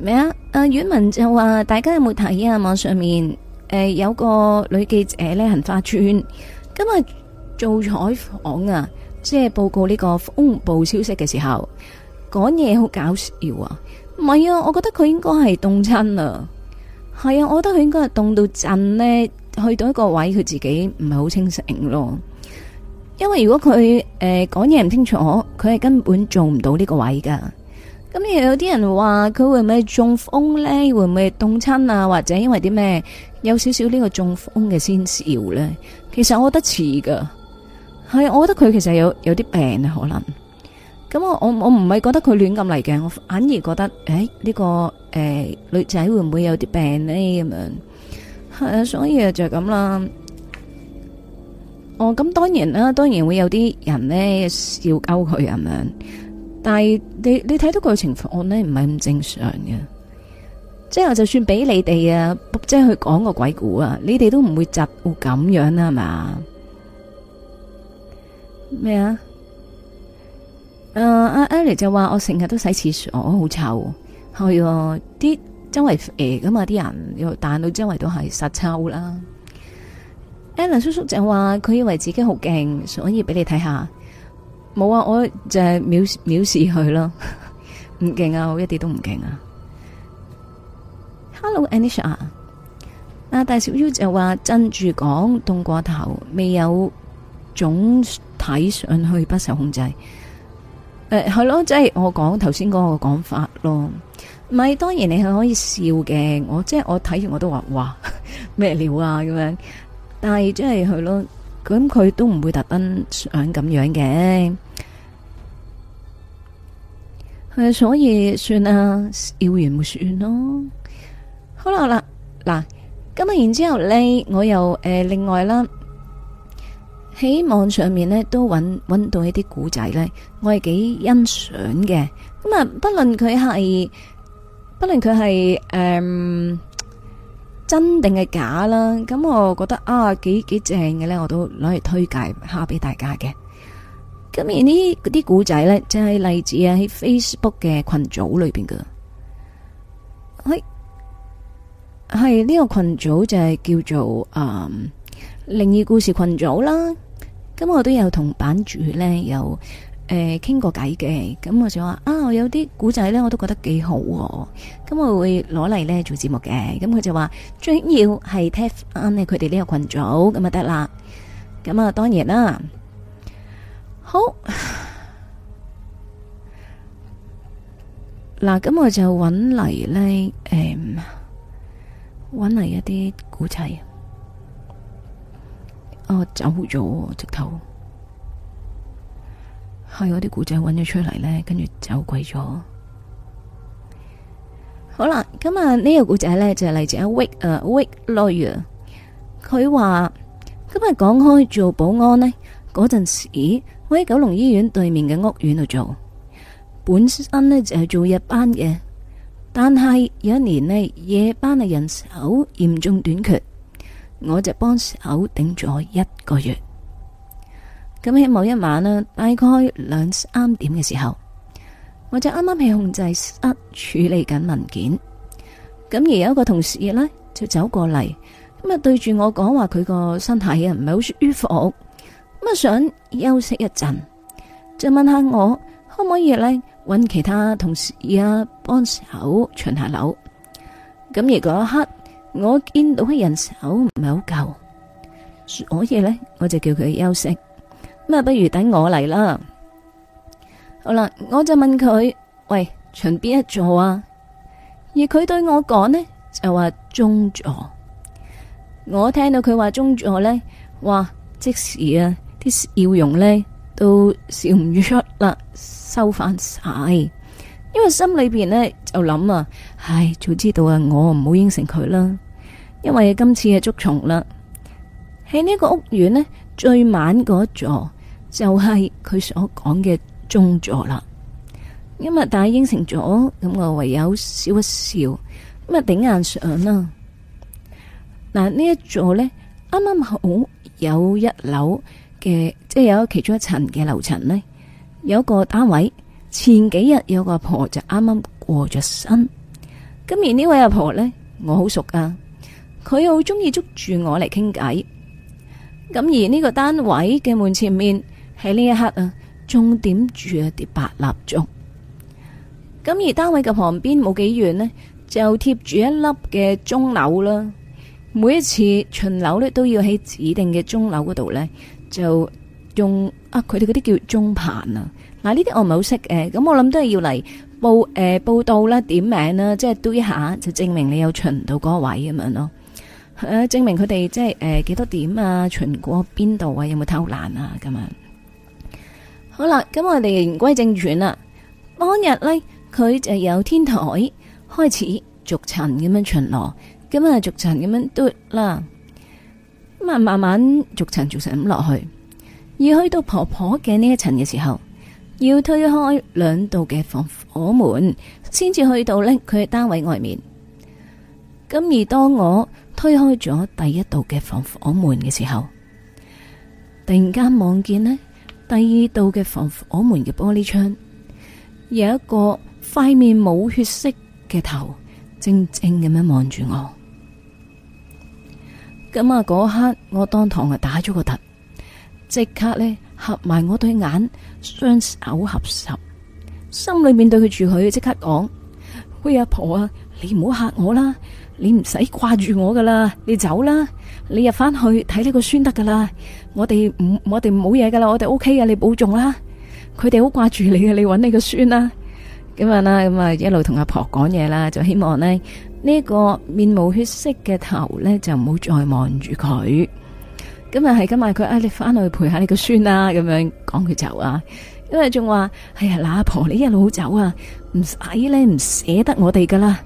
咩啊？阿阮文就話，大家有冇睇啊？網上面誒、呃、有個女記者咧杏花邨今日做採訪啊，即係報告呢個風暴消息嘅時候，講嘢好搞笑啊！唔係啊，我覺得佢應該係凍親啊。係啊，我覺得佢應該係凍到震呢，去到一個位佢自己唔係好清醒咯。因為如果佢誒講嘢唔清楚，佢係根本做唔到呢個位噶。咁又有啲人話佢會唔會中風呢？會唔會凍親啊？或者因為啲咩有少少呢個中風嘅先兆呢？其實我覺得似噶，係我覺得佢其實有有啲病啊可能。咁我我我唔係覺得佢亂咁嚟嘅，我反而覺得誒呢、欸這個誒、呃、女仔會唔會有啲病呢？咁樣？係啊，所以啊就咁啦。哦，咁當然啦，啊，當然會有啲人咧笑溝佢咁樣，但係你你睇到佢情況，呢，咧唔係咁正常嘅。即係就算俾你哋啊，即係去講個鬼故啊，你哋都唔會集咁樣啦，係、啊哦，嘛？咩啊？誒，阿 Ellie 就話我成日都洗廁所，好臭。係喎，啲周圍肥噶嘛，啲人又彈到周圍都係實臭啦。Alan 叔叔就話佢以為自己好勁，所以俾你睇下。冇啊，我就係藐藐視佢咯，唔 勁啊，我一啲都唔勁啊。Hello，Anisha，阿大小 U 就話斟住講凍過頭，未有總睇上去不受控制。誒、呃，係咯，即係我講頭先嗰個講法咯。唔係，當然你係可以笑嘅。我即係我睇完我都話哇咩料啊咁樣。但係即係係咯，咁佢都唔會特登想咁樣嘅，係所以算啦，要完咪算咯。好啦，嗱嗱，咁啊，然之後咧，我又誒、呃、另外啦，喺網上面咧都揾揾到一啲古仔咧，我係幾欣賞嘅。咁啊，不論佢係，不論佢係誒。呃真定係假啦，咁我覺得啊幾幾正嘅呢，我都攞嚟推介下俾大家嘅。咁而呢啲古仔呢，就係例子啊喺 Facebook 嘅群組裏邊噶，係係呢個群組就係叫做啊靈異故事群組啦。咁我都有同版主呢有。誒、嗯，傾過偈嘅，咁我就話啊，我有啲古仔呢我都覺得幾好，咁我會攞嚟呢做節目嘅，咁佢就話，主要係聽啱呢，佢哋呢個群組咁就得啦，咁啊當然啦，好，嗱，咁我就搵嚟呢，誒、嗯，搵嚟一啲古仔，啊，就咗做，直頭。係我啲古仔揾咗出嚟呢，跟住走鬼咗。好啦，今日呢個古仔呢，就係嚟自阿 Wake，誒 Wake Lawyer。佢話今日講開做保安呢，嗰陣時我喺九龍醫院對面嘅屋苑度做，本身呢就係做日班嘅，但係有一年呢，夜班嘅人手嚴重短缺，我就幫手頂咗一個月。咁喺某一晚呢，大概兩三點嘅時候，我就啱啱喺控制室處理緊文件。咁而有一個同事呢，就走過嚟咁啊，就對住我講話，佢個身體啊唔係好舒服，咁啊想休息一陣，就問下我可唔可以呢搵其他同事啊幫手巡下樓。咁而嗰一刻我見到嘅人手唔係好夠，所以呢，我就叫佢休息。咩？不如等我嚟啦！好啦，我就問佢：喂，從邊一座啊？而佢對我講呢，就話中座。我聽到佢話中座呢，哇！即時啊，啲笑容呢，都笑唔出啦，收翻晒。因為心裏邊呢就諗啊，唉，早知道啊，我唔好應承佢啦。因為今次係捉蟲啦，喺呢個屋苑呢最晚嗰一座。就係佢所講嘅中座啦，因為但係應承咗，咁我唯有笑一笑，咁啊頂硬上啦。嗱，呢一座呢，啱啱好有一樓嘅，即係有其中一層嘅樓層呢，有個單位，前幾日有個阿婆就啱啱過咗身，咁而呢位阿婆呢，我好熟噶，佢又好中意捉住我嚟傾偈，咁而呢個單位嘅門前面。喺呢一刻啊，重點住了一啲白蠟燭。咁而單位嘅旁邊冇幾遠呢，就貼住一粒嘅鐘樓啦。每一次巡樓咧，都要喺指定嘅鐘樓嗰度呢，就用啊，佢哋嗰啲叫鐘盤。啊。嗱，呢、啊、啲我唔係好識誒。咁、啊、我諗都係要嚟報誒、呃、報道啦，點名啦、啊，即係嘟一下就證明你有巡到嗰個位咁樣咯。證明佢哋即係誒幾多點啊，巡過邊度啊，有冇偷懶啊咁樣好啦，咁我哋言歸正傳啦。當日呢，佢就由天台開始逐層咁樣巡邏，咁啊逐層咁樣嘟啦，咁啊慢慢逐層逐層咁落去。要去到婆婆嘅呢一層嘅時候，要推開兩道嘅防火門，先至去到呢佢嘅單位外面。咁而當我推開咗第一道嘅防火門嘅時候，突然間望見呢。第二道嘅防火門嘅玻璃窗，有一個塊面冇血色嘅頭，靜靜咁樣望住我。咁、那、啊、個，嗰刻我當堂啊打咗個突，即刻咧合埋我對眼，雙手合十，心裏面對住佢，即刻講：喂阿婆啊，你唔好嚇我啦！你唔使掛住我噶啦，你走啦，你入翻去睇你個孫得噶啦。我哋唔我哋冇嘢噶啦，我哋 O K 㗎。你保重啦。佢哋好掛住你呀，你搵你個孫啦。咁樣啦，咁啊一路同阿婆講嘢啦，就希望呢呢、呢個面無血色嘅頭咧，就唔好再望住佢。咁日係今日佢，哎、啊，你翻去陪下你個孫啦，咁樣講佢走啊。因為仲話，哎呀，嗱，阿婆你一路好走啊，唔使姨咧唔捨得我哋噶啦。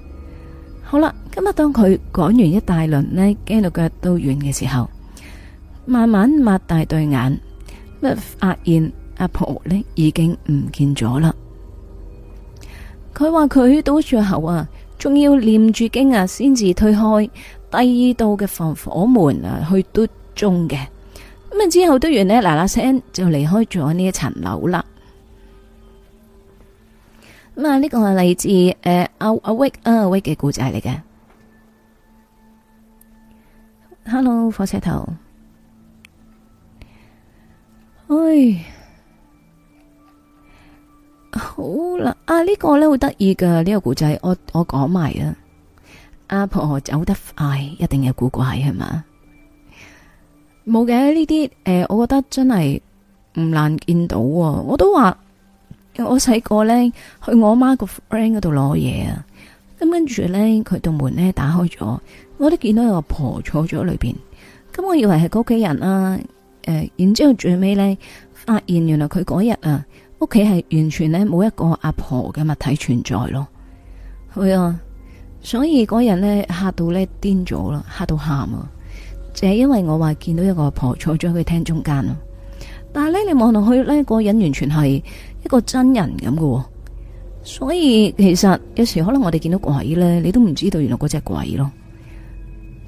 好啦，今日當佢講完一大輪呢，驚到腳都軟嘅時候，慢慢擘大對眼，乜發現阿婆呢已經唔見咗啦。佢話佢到最後啊，仲要念住經啊先至推開第二道嘅防火門啊，去嘟鐘嘅。咁啊之後都，嘟完呢，嗱嗱聲就離開咗呢一層樓啦。咁、呃、啊，呢個係嚟自誒阿阿 wake 阿 wake 嘅故仔嚟嘅。Hello，火車頭，唉，好啦、啊這個這個、啦，啊呢個咧好得意噶，呢個故仔我我講埋啊。阿婆走得快，一定有古怪係嘛？冇嘅呢啲誒，我覺得真係唔難見到、啊，我都話。我細個咧去我媽個 friend 嗰度攞嘢啊，咁跟住咧佢度門咧打開咗，我都見到有個阿婆坐咗裏邊。咁我以為係嗰屋企人啊，誒，然之後最尾咧發現原來佢嗰日啊屋企係完全咧冇一個阿婆嘅物體存在咯，係啊，所以嗰人咧嚇到咧癲咗啦，嚇到喊啊，就係因為我話見到一個阿婆坐咗喺佢廳中間啊，但係咧你望落去咧，個人完全係。一個真人咁嘅，所以其實有時候可能我哋見到鬼咧，你都唔知道原來嗰隻鬼咯。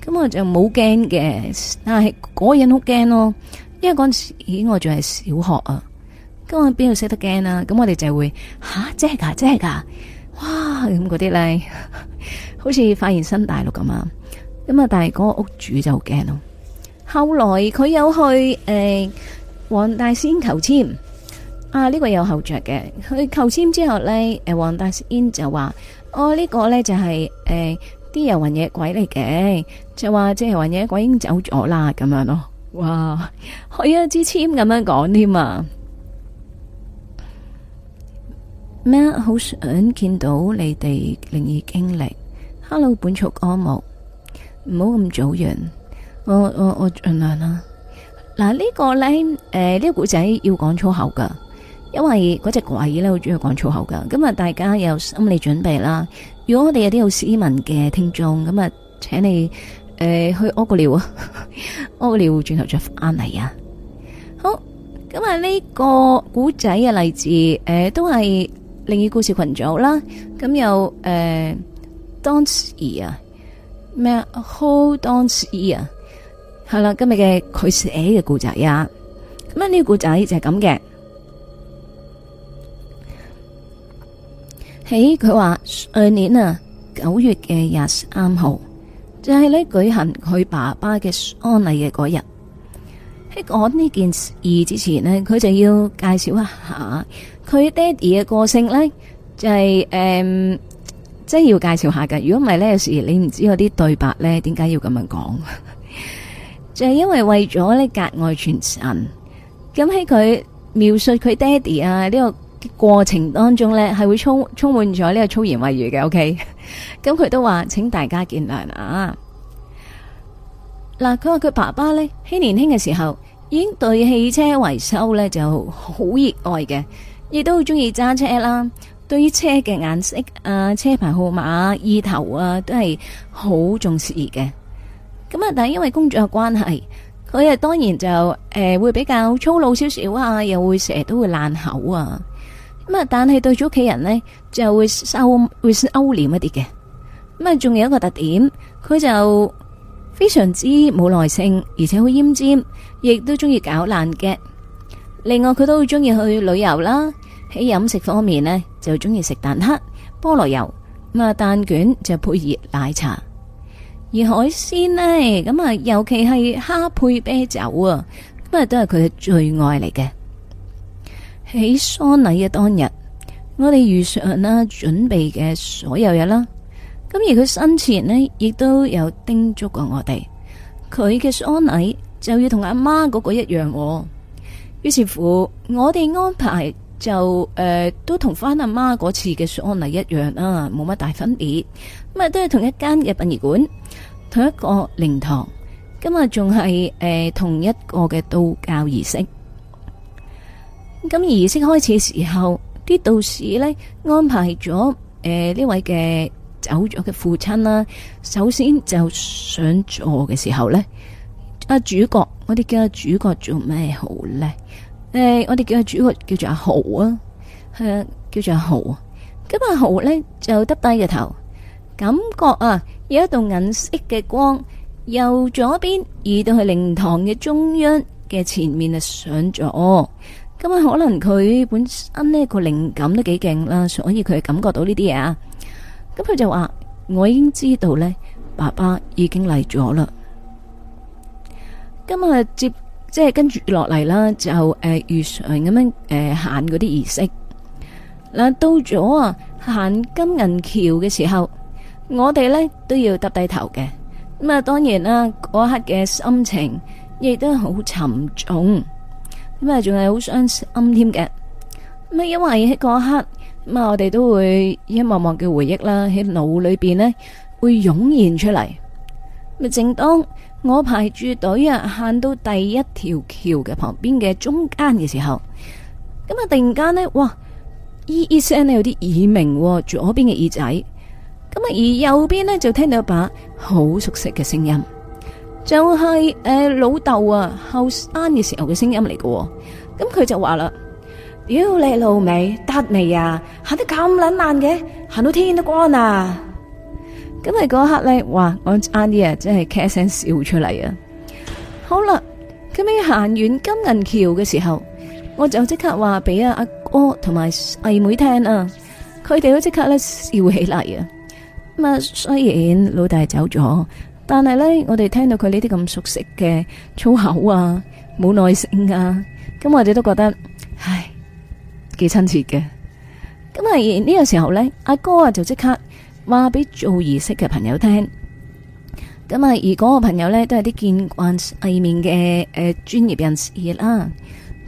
咁我就冇驚嘅，但係嗰人好驚咯，因為嗰陣時我仲係小學我我啊，咁我邊度識得驚啦？咁我哋就會吓即係噶，即係噶，哇咁嗰啲咧，好似發現新大陸咁啊！咁啊，但係嗰個屋主就好驚咯。後來佢有去誒黃大仙求簽。啊！呢、這個有後着嘅，佢求簽之後呢，誒，黃大仙就話：哦，呢、這個呢，就係誒啲遊魂野鬼嚟嘅，就話即係魂野鬼已經走咗啦咁樣咯。哇，開一支簽咁樣講添啊！咩？好想見到你哋靈異經歷。Hello，本觸阿木，唔好咁早完，我我我盡量啦。嗱，呢個呢，誒、呃，呢、這個古仔要講粗口噶。因為嗰隻怪咧好中意講粗口噶，咁啊大家有心理準備啦。如果我哋有啲好斯文嘅聽眾，咁啊，請你誒、呃、去屙個尿啊，屙個尿，轉頭再翻嚟啊。好，咁啊呢個故仔啊，嚟自，誒都係靈異故事群組啦。咁有誒，Donny 啊，咩啊，Hold Donny 啊，係啦，今日嘅佢寫嘅故仔啊。咁啊呢個故仔就係咁嘅。喺佢話上年啊九月嘅廿三號，就係、是、咧舉行佢爸爸嘅安禮嘅嗰日。喺講呢件事之前呢，佢就要介紹一下佢爹哋嘅個性呢就係、是、誒，即、嗯、係、就是、要介紹下㗎。如果唔係呢有時你唔知有啲對白呢點解要咁樣講？ 就係因為為咗呢格外傳神。咁喺佢描述佢爹哋啊呢、這個。過程當中呢，係會充充滿咗呢個粗言穢語嘅。OK，咁佢都話，請大家見諒啊。嗱，佢話佢爸爸呢，喺年輕嘅時候已經對汽車維修呢就好熱愛嘅，亦都好中意揸車啦。對於車嘅顏色啊、車牌號碼、意頭啊，都係好重視嘅。咁啊，但係因為工作嘅關係，佢啊當然就誒、呃、會比較粗魯少少啊，又會成日都會爛口啊。咁啊！但係對住屋企人呢，就會收會收斂一啲嘅。咁啊，仲有一個特點，佢就非常之冇耐性，而且好奄尖，亦都中意搞爛嘅。另外，佢都好中意去旅遊啦。喺飲食方面呢，就中意食蛋撻、菠蘿油。咁啊，蛋卷就配熱奶茶。而海鮮呢，咁啊，尤其係蝦配啤酒啊，咁啊，都係佢嘅最愛嚟嘅。喺喪禮嘅當日，我哋遇上啦準備嘅所有嘢啦，咁而佢生前呢，亦都有叮囑過我哋，佢嘅喪禮就要同阿媽嗰個一樣，哦。於是乎，我哋安排就誒、呃、都同翻阿媽嗰次嘅喪禮一樣啦，冇乜大分別。咁啊都係同一間嘅殯儀館，同一個靈堂，今日仲係誒同一個嘅道教儀式。咁儀式開始嘅時候，啲道士呢，安排咗誒呢位嘅，走咗嘅父親啦、啊。首先就上座嘅時候呢，阿、啊、主角，我哋叫阿、啊、主角做咩好呢？誒、呃，我哋叫阿主角叫做阿豪啊，係啊，叫做阿豪、啊。咁、啊、阿豪呢，就耷低個頭，感覺啊有一道銀色嘅光由左邊移到去靈堂嘅中央嘅前面啊，上座。咁啊，可能佢本身呢個靈感都幾勁啦，所以佢感覺到呢啲嘢。啊，咁佢就話：我已經知道呢，爸爸已經嚟咗啦。今日接，即係跟住落嚟啦，就誒如常咁樣誒、呃、行嗰啲儀式。嗱，到咗啊行金銀橋嘅時候，我哋呢都要耷低頭嘅。咁啊，當然啦，嗰刻嘅心情亦都好沉重。咁啊，仲係好傷心添嘅。咁因為喺嗰刻，咁啊，我哋都會一幕幕嘅回憶啦，喺腦裏邊咧會湧現出嚟。咁正當我排住隊啊，行到第一條橋嘅旁邊嘅中間嘅時候，咁啊，突然間咧，哇！咦咦聲咧有啲耳鳴，左邊嘅耳仔。咁啊，而右邊咧就聽到一把好熟悉嘅聲音。就係誒老豆啊後生嘅時候嘅聲音嚟嘅，咁、嗯、佢就話啦，屌你老味得未啊，行得咁撚慢嘅，行到天都光啊！咁啊嗰一刻咧，哇我啱啲啊真係咳一聲笑出嚟啊！好啦，咁樣行完金銀橋嘅時候，我就即刻話俾阿阿哥同埋細妹聽啊，佢哋都即刻咧笑起嚟啊！咁啊雖然老大走咗。但係呢，我哋聽到佢呢啲咁熟悉嘅粗口啊，冇耐性啊，咁我哋都覺得，唉，幾親切嘅。咁而呢個時候呢，阿哥啊就即刻話俾做儀式嘅朋友聽。咁啊，而嗰個朋友呢都係啲見慣世面嘅誒專業人士啦，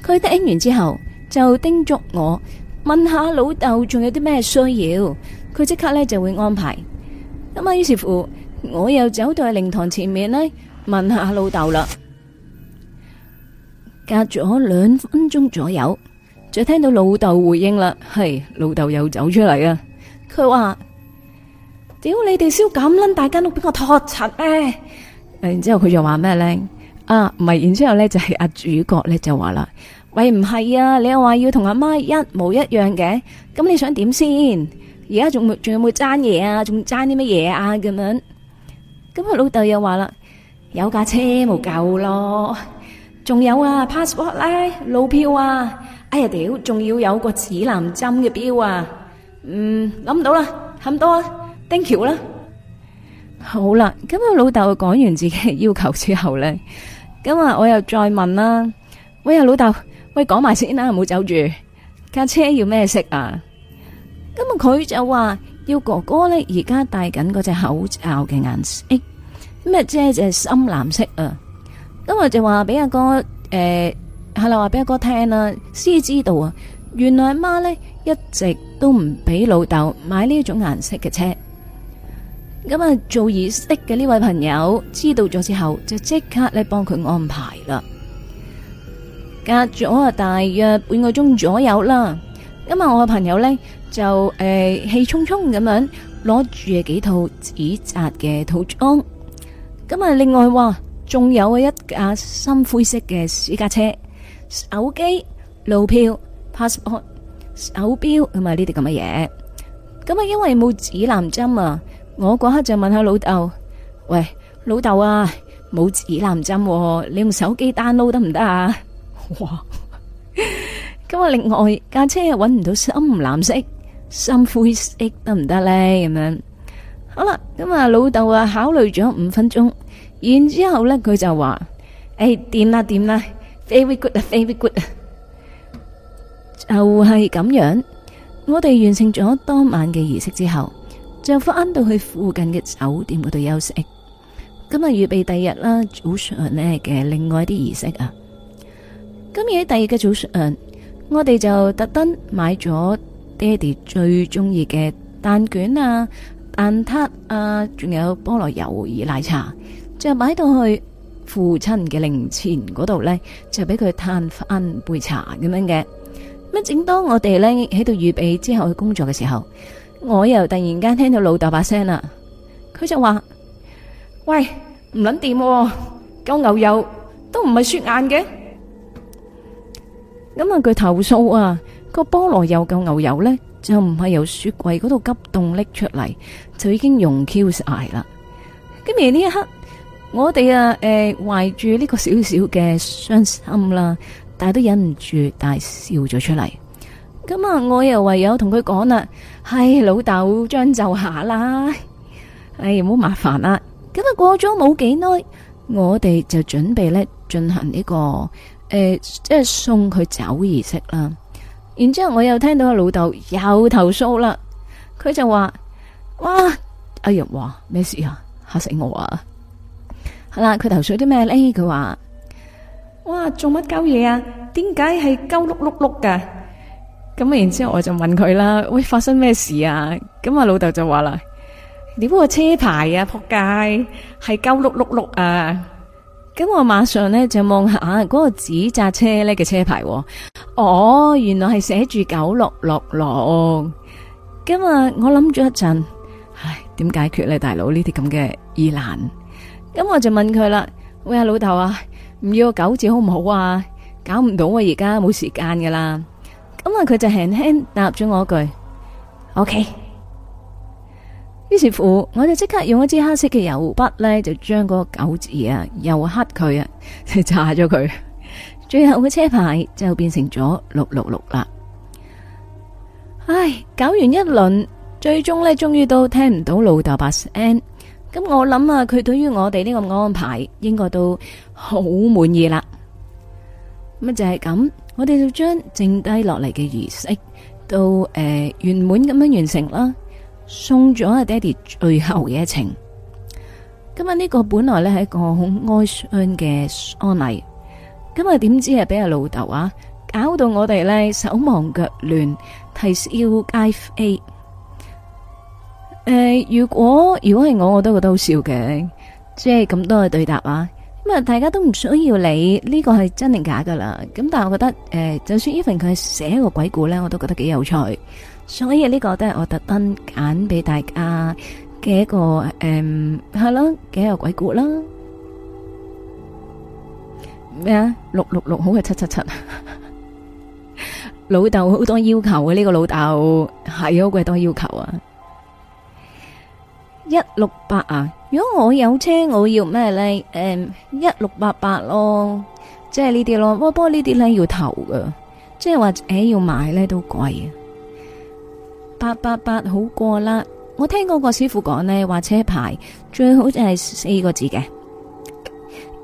佢聽完之後就叮囑我問下老豆仲有啲咩需要，佢即刻呢就會安排。咁啊，於是乎。我又走到去靈堂前面咧，問下老豆啦。隔咗兩分鐘左右，就聽到老豆回應啦，係老豆又走出嚟啊。佢話：屌你哋燒咁捻大間屋俾我拖塵咩？然之後佢就話咩咧？啊，唔係，然之後咧就係阿主角咧就話啦，喂，唔係啊，你又話要同阿媽一模一樣嘅，咁你想點先？而家仲仲有冇爭嘢啊？仲爭啲乜嘢啊？咁樣。咁啊，老豆又話啦，有架車冇夠咯，仲有啊，passport 咧、啊，路票啊，哎呀屌，仲要有個指南針嘅標啊，嗯，諗唔到啦，咁多啊，丁橋啦，好啦，咁啊，老豆講完自己嘅要求之後咧，咁啊，我又再問啦，喂啊，老豆，喂，講埋先啦，唔好走住，架車要咩色啊？咁啊，佢就話。要哥哥咧，而家戴緊嗰隻口罩嘅顏色，咩啫？即係就係深藍色啊！咁啊就話俾阿哥，誒，係啦，話俾阿哥聽啦。先知道啊，原來阿媽咧，一直都唔俾老豆買呢一種顏色嘅車。咁啊，做儀式嘅呢位朋友知道咗之後，就即刻咧幫佢安排啦。隔咗啊，大約半個鐘左右啦。咁啊我嘅朋友咧。就誒氣冲冲咁樣攞住嘅幾套紙紮嘅套裝，咁啊另外話仲有一架深灰色嘅私家車，手機、路票、passport、手錶咁啊呢啲咁嘅嘢，咁啊因為冇指南針啊，我嗰刻就問下老豆：喂，老豆啊，冇指南針，你用手機 download 得唔得啊？哇！咁啊另外架車揾唔到深藍色。心灰色得唔得呢？咁樣好啦，咁啊老豆啊，考慮咗五分鐘，然之後呢佢就話：誒、哎，掂啦，掂啦，very good 啊，very good 啊，就係咁樣。我哋完成咗當晚嘅儀式之後，丈夫翻到去附近嘅酒店嗰度休息，咁啊預備第二日啦。早上呢嘅另外一啲儀式啊，今日喺第二嘅早上，我哋就特登買咗。爹哋最中意嘅蛋卷啊、蛋撻啊，仲有菠蘿油與奶茶，就擺到去父親嘅靈前嗰度咧，就俾佢嘆翻杯茶咁樣嘅。乜？正當我哋咧喺度預備之後去工作嘅時候，我又突然間聽到老豆把聲啦，佢就話，喂，唔捻掂，夠牛油都唔係雪眼嘅。咁啊，佢投訴啊！那個菠蘿油嗰嚿牛油咧，就唔係由雪櫃嗰度急凍拎出嚟，就已經融 Q 晒啦。今而呢一刻，我哋啊誒，懷住呢個小小嘅傷心啦，但係都忍唔住大笑咗出嚟。咁啊，我又唯有同佢講啦，係老豆將就下啦，哎，唔好麻煩啦。咁啊，過咗冇幾耐，我哋就準備咧進行呢、這個誒、呃，即係送佢走儀式啦。然之後我又聽到個老豆又投訴啦，佢就話：，哇，哎呀，話咩事啊？嚇死我啊！係啦，佢 投訴啲咩咧？佢話：，哇，做乜鳩嘢啊？點解係鳩碌碌碌噶？咁啊，然之後我就問佢啦：，喂，發生咩事啊？咁啊，老豆就話啦：，點解個車牌啊扑街，係鳩碌碌碌啊？咁我馬上咧就望下嗰個紙紮車咧嘅車牌哦，哦，原來係寫住九六六六。咁、嗯、啊，我諗咗一陣，唉，點解決咧，大佬呢啲咁嘅疑難？咁、嗯、我就問佢啦，喂，老豆啊，唔要個九字好唔好啊？搞唔到啊，而家冇時間噶啦。咁、嗯、啊，佢就輕輕答咗我一句，OK。於是乎，我就即刻用一支黑色嘅油筆呢，就將嗰個九字啊，又黑佢啊，即係炸咗佢。最後嘅車牌就變成咗六六六啦。唉，搞完一輪，最終呢，終於都聽唔到老豆把聲。咁我諗啊，佢對於我哋呢個安排，應該都好滿意啦。咁就係咁，我哋就將剩低落嚟嘅儀式，都誒圓滿咁樣完成啦。送咗阿爹哋最後嘅一程，今日呢個本來咧係一個好哀傷嘅安例，咁啊點知係俾阿老豆啊，搞到我哋咧手忙腳亂，啼笑皆非。誒，如果如果係我，我都覺得好笑嘅，即係咁多嘅對答啊，咁啊大家都唔需要理呢個係真定假噶啦，咁但係我覺得誒，就算 even 佢寫一個鬼故咧，我都覺得幾有趣。所以呢個都係我特登揀俾大家嘅一個誒，係、嗯、咯，幾個鬼故啦？咩啊？六六六好嘅七七七。 老豆，好多要求嘅呢、呢個老豆，係好鬼多要求啊！一六八啊，如果我有車，我要咩咧？誒、嗯，一六八八咯，即係呢啲咯。不過呢啲咧要投㗎，即係話，者、欸、要買咧都貴。八八八好過啦，我聽嗰個師傅講呢，話車牌最好就係四個字嘅，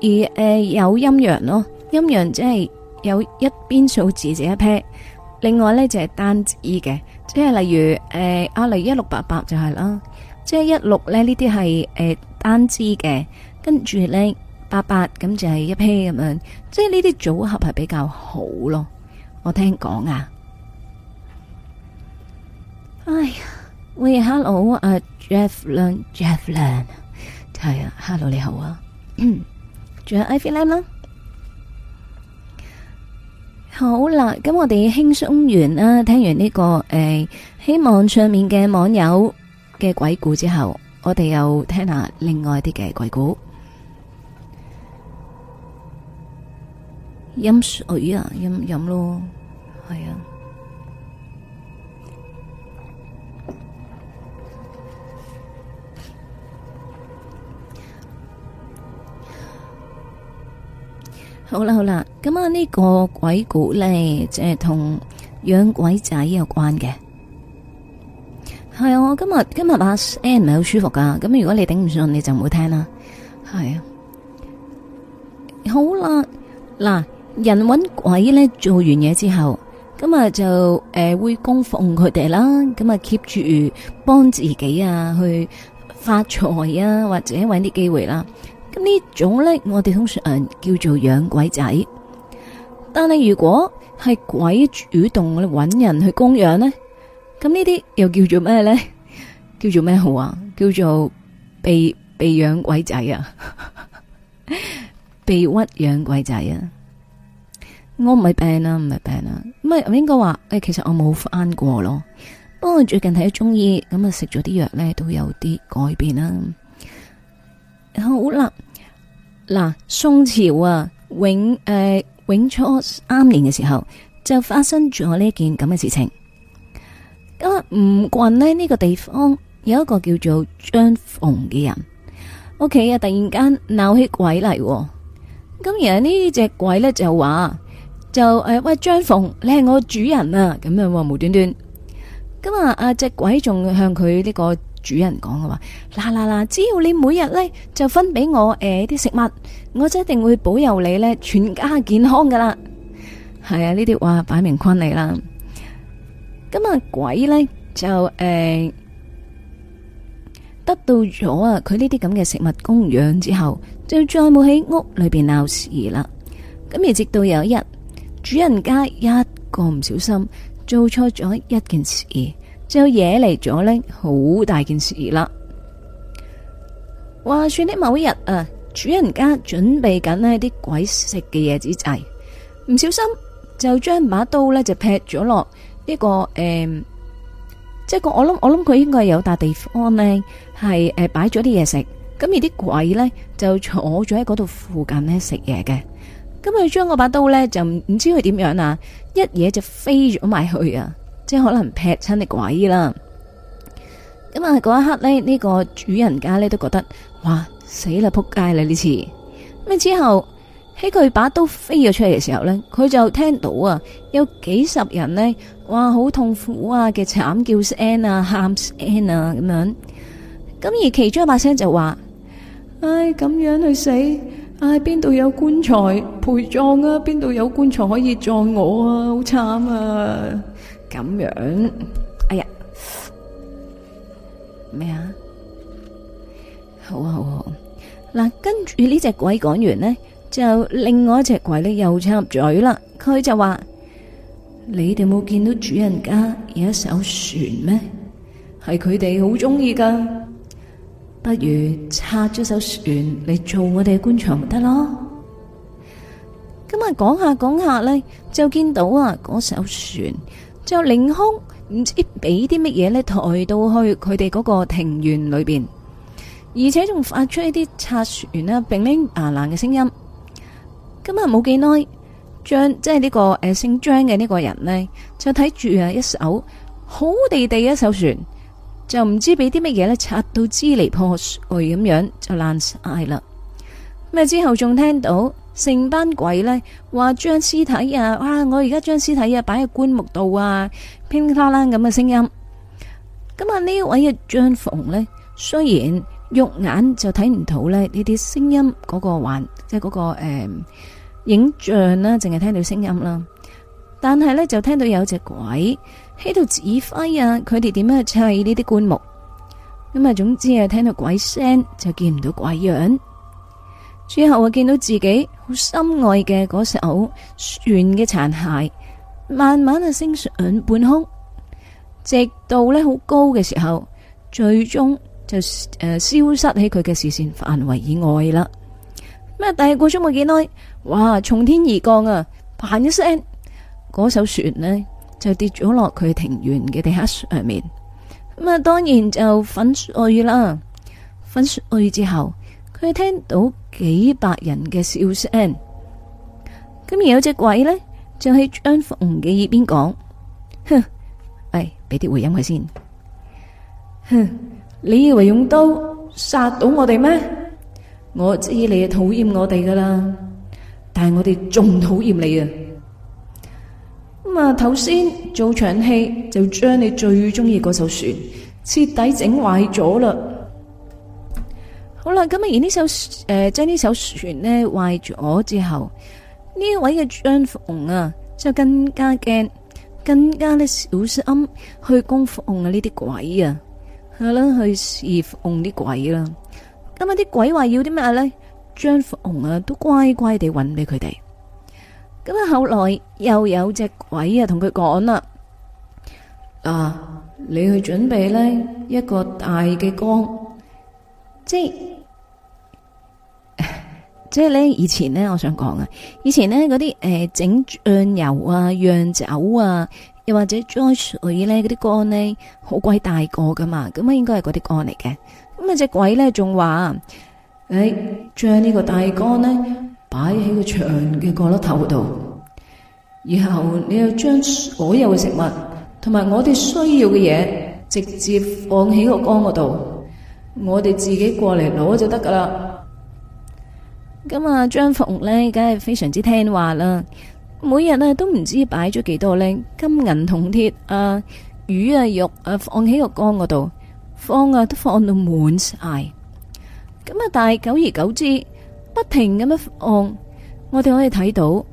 而誒、呃、有陰陽咯，陰陽即係有一邊數字就一批，另外呢，就係、是、單字嘅，即係例如誒、呃、阿麗一六八八就係啦，即係一六呢呢啲係誒單字嘅，跟住呢八八咁就係一批咁樣，即係呢啲組合係比較好咯，我聽講啊。哎呀，喂，哈嘍，阿 Jeff 倫，Jeff 倫，係啊，哈嘍你好啊，仲有艾菲嚟嗎？好啦，咁我哋輕鬆完啦，聽完呢個誒，希望上面嘅網友嘅鬼故之後，我哋又聽下另外啲嘅鬼故，飲水啊，飲飲咯，係啊。好啦好啦，咁啊呢個鬼故咧，即係同養鬼仔有關嘅，係啊。我今日今日把聲唔係好舒服噶咁如果你頂唔順，你就唔好聽啦。係啊，好啦，嗱，人搵鬼咧做完嘢之後，咁啊就誒、呃、會供奉佢哋啦，咁啊 keep 住幫自己啊去發財啊，或者搵啲機會啦。咁呢種咧，我哋通常人叫做養鬼仔。但係如果係鬼主動我哋搵人去供養呢，咁呢啲又叫做咩咧？叫做咩好啊？叫做被被養鬼仔啊， 被屈養鬼仔啊。我唔係病啊，唔係病啊，唔係應該話誒、哎，其實我冇翻過咯。不過最近睇咗中醫，咁啊食咗啲藥咧，都有啲改變啦。好啦，嗱，宋朝啊，永誒、呃、永初三年嘅時候就發生咗呢一件咁嘅事情。咁啊，吳郡呢、呢個地方有一個叫做張鳳嘅人，屋、OK，企啊突然間鬧起鬼嚟。咁而呢隻鬼咧就話，就誒、呃、喂張鳳，你係我主人啊，咁樣無端端。咁啊阿、啊、隻鬼仲向佢呢、呢個。主人講嘅話，嗱嗱嗱，只要你每日呢就分俾我誒啲食物，我就一定會保佑你呢全家健康噶啦。係啊，呢啲話擺明坤你啦。咁啊鬼呢就誒得到咗啊佢呢啲咁嘅食物供養之後，就再冇喺屋裏邊鬧事啦。咁而直到有一日，主人家一個唔小心做錯咗一件事。就惹嚟咗呢好大件事啦！話說呢某一日啊，主人家準備緊呢啲鬼食嘅嘢之際，唔小心就將把刀呢就劈咗落一個誒，即係個我諗我諗佢應該有笪地方呢係誒擺咗啲嘢食，咁而啲鬼呢就坐咗喺嗰度附近呢食嘢嘅，咁佢將嗰把刀呢就唔知佢點樣呀，一嘢就飛咗埋去啊！即係可能劈親啲鬼啦，咁啊嗰一刻呢，呢、呢個主人家呢都覺得，哇死啦撲街啦呢次。咁之後喺佢把刀飛咗出嚟嘅時候呢，佢就聽到啊有幾十人呢哇好痛苦啊嘅慘叫聲啊、喊聲啊咁樣，咁而其中一把聲就話：唉、哎、咁樣去死！唉，邊度有棺材陪葬啊？邊度有棺材可以葬我啊？好慘啊！咁樣，哎呀，咩啊？好啊好啊，嗱，跟住呢隻鬼講完呢，就另外一隻鬼呢又插嘴啦。佢就話：你哋冇見到主人家有一艘船咩？係佢哋好中意噶，不如拆咗艘船嚟做我哋棺材咪得咯。咁啊，講下講下呢，就見到啊，嗰艘船。就凌空唔知俾啲乜嘢呢，抬到去佢哋嗰個庭園裏邊，而且仲發出一啲拆船啦、乒呤啊、啷嘅聲音。今日冇幾耐，張即係呢、這個誒、呃、姓張嘅呢個人呢，就睇住啊一艘好地地一艘船，就唔知俾啲乜嘢呢，拆到支離破碎咁樣就爛晒啦。咁之後仲聽到。成班鬼呢話，將屍體啊，我而家將屍體啊擺喺棺木度啊，噼啪啦咁嘅聲音。咁啊呢位嘅張逢呢，雖然肉眼就睇唔到咧呢啲聲音嗰個環即係嗰、嗰個誒、呃、影像啦、啊，淨係聽到聲音啦。但係呢，就聽到有隻鬼喺度指揮啊，佢哋點樣去砌呢啲棺木。咁啊，總之啊，聽到鬼聲就見唔到鬼樣。之後我見到自己好深愛嘅嗰艘船嘅殘骸，慢慢啊升上半空，直到呢好高嘅時候，最終就誒消失喺佢嘅視線範圍以外啦。咁啊，但係過咗冇幾耐，哇，從天而降啊，嘭一聲，嗰艘船呢，就跌咗落佢庭園嘅地下上面。咁啊，當然就粉碎啦。粉碎之後，佢聽到。幾百人嘅笑聲，咁而有隻鬼咧，就喺張鳳嘅耳邊講：哼，哎，俾啲回音佢先。哼，你以為用刀殺到我哋咩？我知你係討厭我哋噶啦，但係我哋仲討厭你啊！咁啊，頭先做場戲就將你最中意嗰艘船徹底整壞咗啦。好啦，咁啊，而呢艘誒，即係呢艘船咧壞咗之後，呢位嘅張鳳啊，就更加驚，更加咧小心去供奉啊呢啲鬼啊，去啦去侍奉啲鬼啦。咁啊，啲鬼話要啲咩咧？張鳳啊，都乖乖地揾俾佢哋。咁啊，後來又有隻鬼啊同佢講啦，嗱，你去準備咧一個大嘅缸，即係。即係咧，以前咧，我想講啊，以前咧嗰啲誒整醬油啊、釀酒啊，又或者裝水咧嗰啲缸咧，好鬼大個噶嘛，咁啊應該係嗰啲缸嚟嘅。咁啊隻鬼咧仲話：誒、哎，將呢個大缸咧擺喺個牆嘅角落頭度，然後你要將所有嘅食物同埋我哋需要嘅嘢直接放喺個缸嗰度，我哋自己過嚟攞就得噶啦。咁啊，張鳳咧，梗係非常之聽話啦。每日呢都唔知擺咗幾多咧，金銀銅鐵啊，魚啊肉啊，放喺個缸嗰度，放啊都放到滿晒。咁啊，但係久而久之，不停咁樣放，我哋可以睇到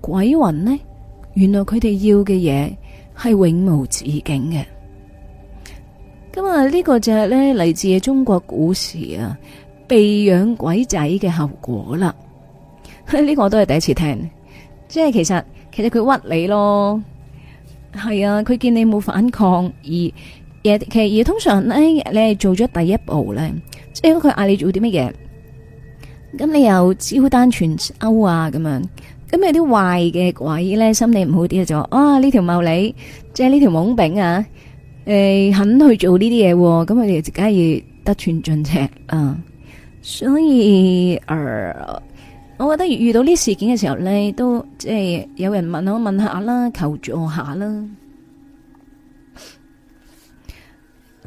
鬼魂呢，原來佢哋要嘅嘢係永無止境嘅。咁啊，呢、這個就係咧嚟自中國古時啊。被養鬼仔嘅後果啦，呢 個我都係第一次聽。即係其實其實佢屈你咯，係啊，佢見你冇反抗，而其實通常咧，你係做咗第一步咧，即係佢嗌你做啲乜嘢，咁你又照單全收啊咁樣，咁有啲壞嘅鬼咧，心理唔好啲就話啊，呢條茂利，即係呢條懵丙啊，誒、欸、肯去做呢啲嘢，咁佢哋就梗係得寸進尺啊！所以，誒、呃，我覺得遇到呢事件嘅時候呢，都即係有人問我問下啦，求助我一下啦。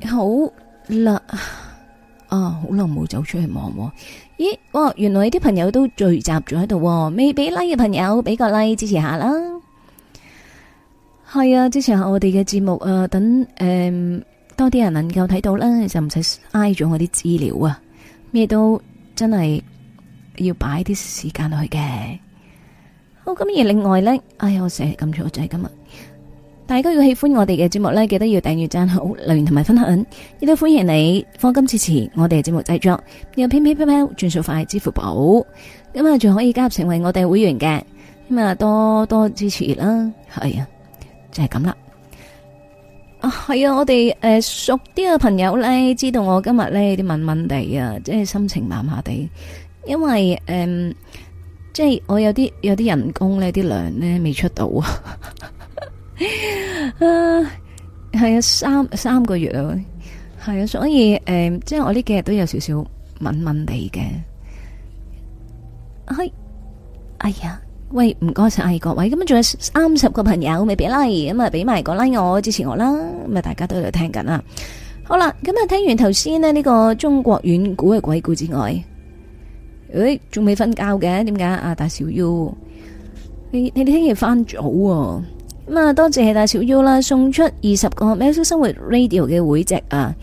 好啦，啊，好耐冇走出去望喎。咦，哇，原來啲朋友都聚集咗喺度。未俾 like 嘅朋友俾個 like 支持一下啦。係啊，支持下我哋嘅節目啊。等誒、嗯、多啲人能夠睇到啦，就唔使挨咗我啲資料啊。咩都真係要擺啲時間去嘅。好，咁而另外呢，哎呀，我成日咁做就係今日。大家要喜歡我哋嘅節目呢，記得要訂閱、讚好、留言同埋分享。亦都歡迎你放金、支持我哋節目製作，又偏偏偏偏轉數快支付寶咁啊，仲可以加入成為我哋會員嘅咁啊，多多支持啦。係啊，就係咁啦。係啊，啊，我哋誒、呃、熟啲嘅朋友咧，知道我今日咧啲悶悶地啊，即係心情麻麻地，因為誒、呃，即係我有啲有啲人工咧，啲糧咧未出到 啊，係啊三三個月啊，係啊，所以誒、呃，即係我呢幾日都有少少悶悶地嘅，係、哎，係、哎、啊。喂，唔該晒各位，咁啊仲有三十個朋友未俾 like，咁啊俾埋個 like 我支持我啦，咁啊大家都有聽緊啦。好啦，咁啊聽完頭先咧呢個中國遠古嘅鬼故之外，誒仲未瞓覺嘅，點解啊大小 U？你你聽日翻早、啊，咁啊多謝大小 U 啦，送出二十個喵式生活 radio 嘅會籍啊，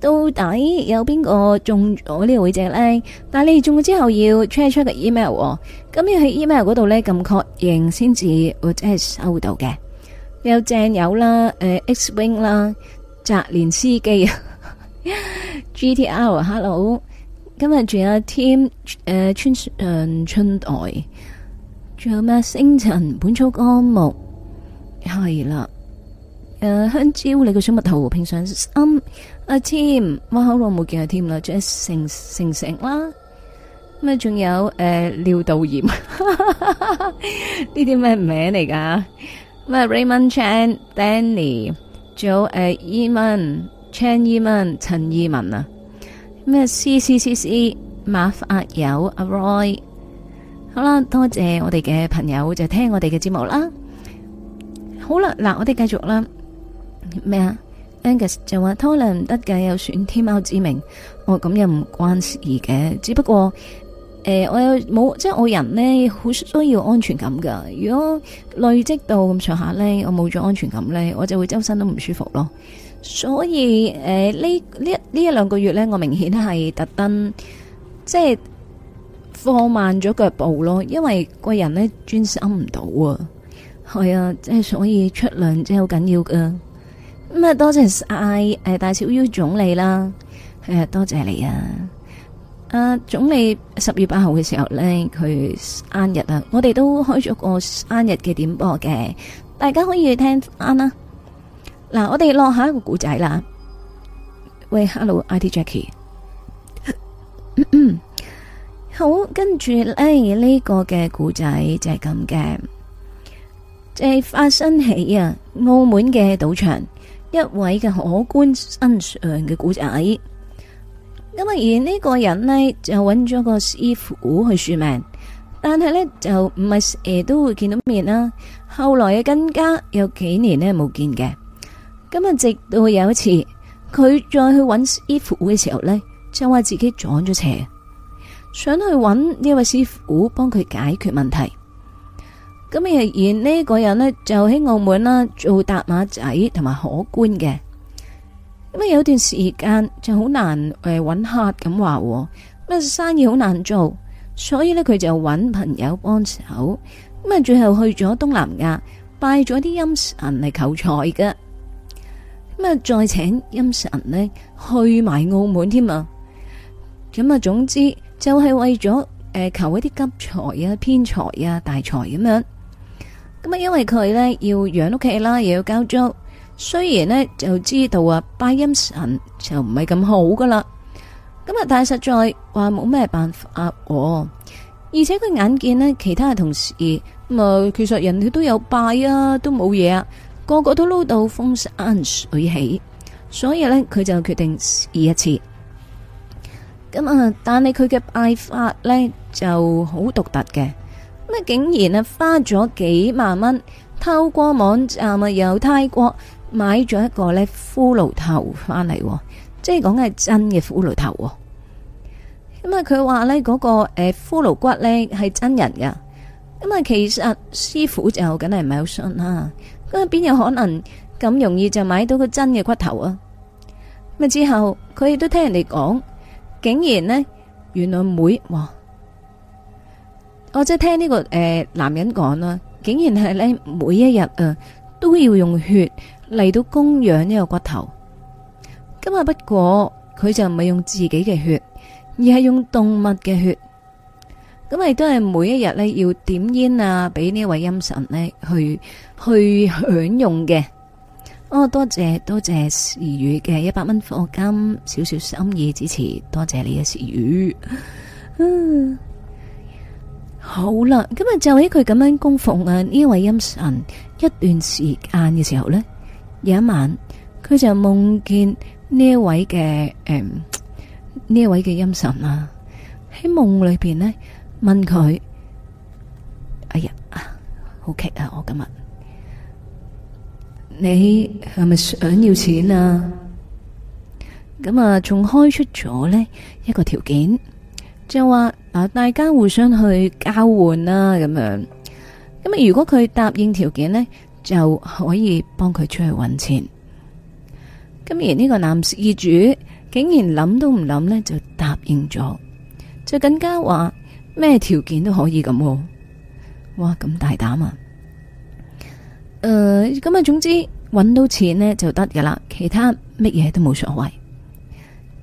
到底有邊個中咗呢個會籍呢？但係你中咗之後要 check 一 check 個 email、啊。咁要喺 email 嗰度咧，撳確認先至或者係收到嘅。有鄭友啦，誒、呃、，X Wing 啦，雜聯司機 GTR，Hello。今日仲有 Team，誒、呃，春嗯、呃、春代，仲有咩星辰本草綱目，係啦，誒、呃，香蕉你個小蜜桃平常心，阿 Team，我好耐冇見阿 Team 啦，仲、就、有、是、成成成啦。咩仲有誒、呃、尿道炎呢啲咩名嚟噶？咩 Raymond Chan Danny, Joe,、呃、Danny，仲有誒，chan eman 陳伊文啊，咩 C C C C、m a f Aroy，好啦，多謝我哋嘅朋友就聽我哋嘅節目啦。好啦，嗱，我哋繼續啦。咩啊？Angus 就話拖梁唔得嘅，有選天貓之名，我、哦、咁又唔關事嘅，只不過。誒、呃，我有冇即係我人呢，好需要安全感噶。如果累積到咁上下呢，我冇咗安全感呢，我就會周身都唔舒服咯。所以誒，呢呢呢一兩個月呢，我明顯係特登即係放慢咗腳步咯，因為個人呢專心唔到啊。係啊，即係所以出糧真係好緊要噶。咁啊，多謝晒誒、呃、大少 U 總理啦。誒，多謝你啊。誒、啊，總理十月八號嘅時候呢，佢生日啊！我哋都開咗個生日嘅點播嘅，大家可以去聽返啦。嗱，我哋落下一個故仔啦。喂，Hello，I T Jackie 咳咳。好，跟住咧呢、這個嘅故仔就係咁嘅，就係、是、發生喺啊澳門嘅賭場一位嘅荷官身上嘅故仔。咁啊，而呢個人呢，就揾咗個師傅去算命，但係呢，就唔係都會見到面啦。後來嘅更加有幾年呢，冇見嘅。咁啊，直到有一次佢再去揾師傅嘅時候呢，就話自己撞咗邪，想去揾呢位師傅幫佢解決問題。咁啊，而呢個人呢，就喺澳門啦做疊碼仔同埋荷官嘅。咁啊，有段時間就好難誒揾客咁話，咁啊生意好難做，所以呢，佢就揾朋友幫手，咁啊最後去咗東南亞拜咗啲陰神嚟求財嘅，咁啊再請陰神呢去埋澳門添啊，咁啊總之就係為咗誒求一啲急財啊偏財啊大財咁樣，咁啊因為佢呢要養屋企啦，又要交租。雖然呢就知道啊拜陰神就唔係咁好噶啦，咁啊但係實在話冇咩辦法、哦、而且佢眼見其他嘅同事咁啊，其實人哋都有拜啊，都冇嘢啊，個個都撈到風生水起，所以呢，佢就決定試一次。咁啊，但係佢嘅拜法呢就好獨特嘅，咁啊竟然啊花咗幾萬蚊，透過網站啊由泰國。買咗一個咧骷髏頭翻嚟，即係講係真嘅骷髏頭。咁啊佢話咧嗰個誒骷髏骨咧係真人噶。咁啊其實師傅就梗係唔係好信啦。咁啊邊有可能咁容易就買到個真嘅骨頭啊？咁啊之後佢亦都聽人哋講，竟然呢，原來每我，我即係聽呢個誒男人講啦，竟然係咧每一日啊都要用血。嚟到供養呢個骨頭，今日不過佢就唔係用自己嘅血，而係用動物嘅血，咁咪都係每一日咧要點煙啊，俾呢位陰神咧去去享用嘅。哦，多謝多謝時雨嘅一百蚊貨金，少少心意支持，多謝你呀時雨。好啦，今日就喺佢咁樣供奉啊呢位陰神一段時間嘅時候咧。有一晚，佢就夢見呢一位嘅誒，呢一位嘅陰神啊，喺夢裏邊呢問佢：哎呀啊，好奇啊！我今日你係咪想要錢啊？咁啊，仲開出咗呢一個條件，就話啊，大家互相去交換啦，咁樣。咁啊，如果佢答應條件呢？就可以幫佢出去揾錢。咁而呢個男事主竟然諗都唔諗呢，就答應咗，就更加話咩條件都可以咁。哇，咁大膽啊！誒，咁啊，總之揾到錢呢就得噶啦，其他乜嘢都冇所謂。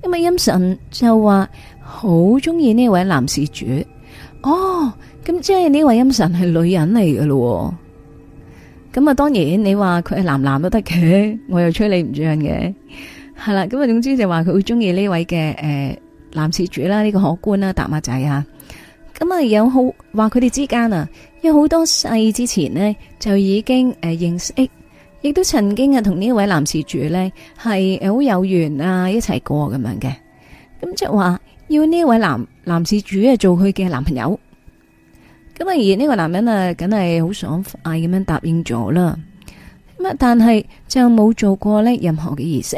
因為陰神就話好中意呢位男事主。哦，咁即係呢位陰神係女人嚟嘅咯。咁啊，當然你話佢係男男都得嘅，我又吹你唔住嘅，係啦。咁啊，總之就話佢好中意呢位嘅誒男事主啦，呢個可觀啦，搭馬仔啊。咁啊，有好話佢哋之間啊，有好多世之前呢，就已經誒認識，亦都曾經啊同呢位男事主呢係好有緣啊，一齊過咁樣嘅。咁即係話要呢位男男事主啊做佢嘅男朋友。咁啊，而呢個男人啊，梗係好爽快咁樣答應咗啦。咁啊，但係就冇做過任何嘅儀式，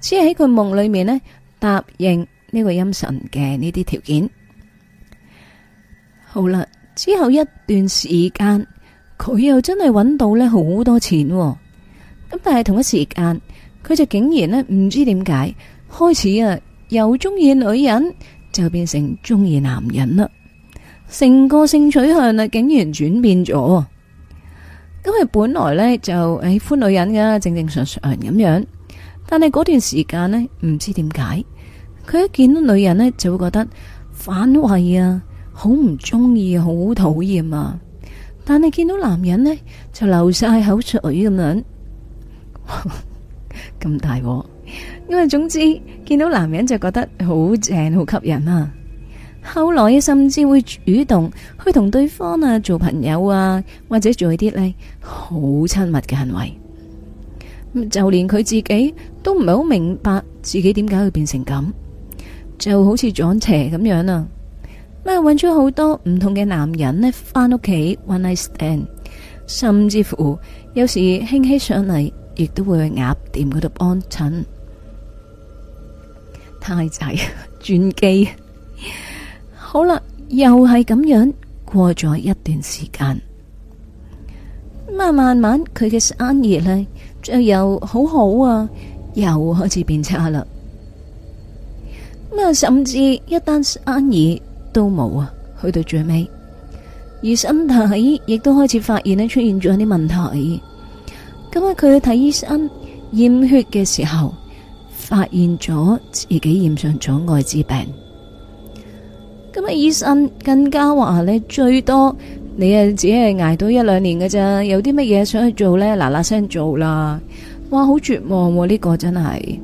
只係喺佢夢裏面呢答應呢個陰神嘅呢啲條件。好啦，之後一段時間，佢又真係揾到呢好多錢。咁但係同一時間，佢就竟然呢唔知點解開始啊又中意女人，就變成中意男人啦。成個性取向啊，竟然轉變咗，因為本來呢就喜歡，哎、女人噶，正正常常咁樣。但係嗰段時間呢，唔知點解，佢一見到女人呢，就會覺得反胃啊，好唔中意，好討厭啊。但係見到男人呢，就流晒口水咁樣，咁大鑊。因為總之見到男人就覺得好正，好吸引啊。後來甚至會主動去同對方啊做朋友啊，或者做一啲咧好親密嘅行為，就連佢自己都唔係好明白自己點解會變成咁，就好似撞邪咁樣啊！咩揾咗好多唔同嘅男人咧，翻屋企 When I Stand，甚至乎有時興起上嚟，亦都會去鴨店嗰度安診，太仔專機。好啦，又係咁樣過咗一段時間，咁啊，慢慢佢嘅生意呢，就又好好啊，又開始變差啦。咁啊，甚至一單生意都冇啊，去到最尾，而身體亦都開始發現呢，出現咗啲問題。咁啊，佢去睇醫生驗血嘅時候，發現咗自己染上咗艾滋病。咁啊！醫生更加話咧，最多你啊只係挨到一兩年嘅咋，有啲乜嘢想去做咧，嗱嗱聲做啦。哇，好絕望喎、啊！呢個真係。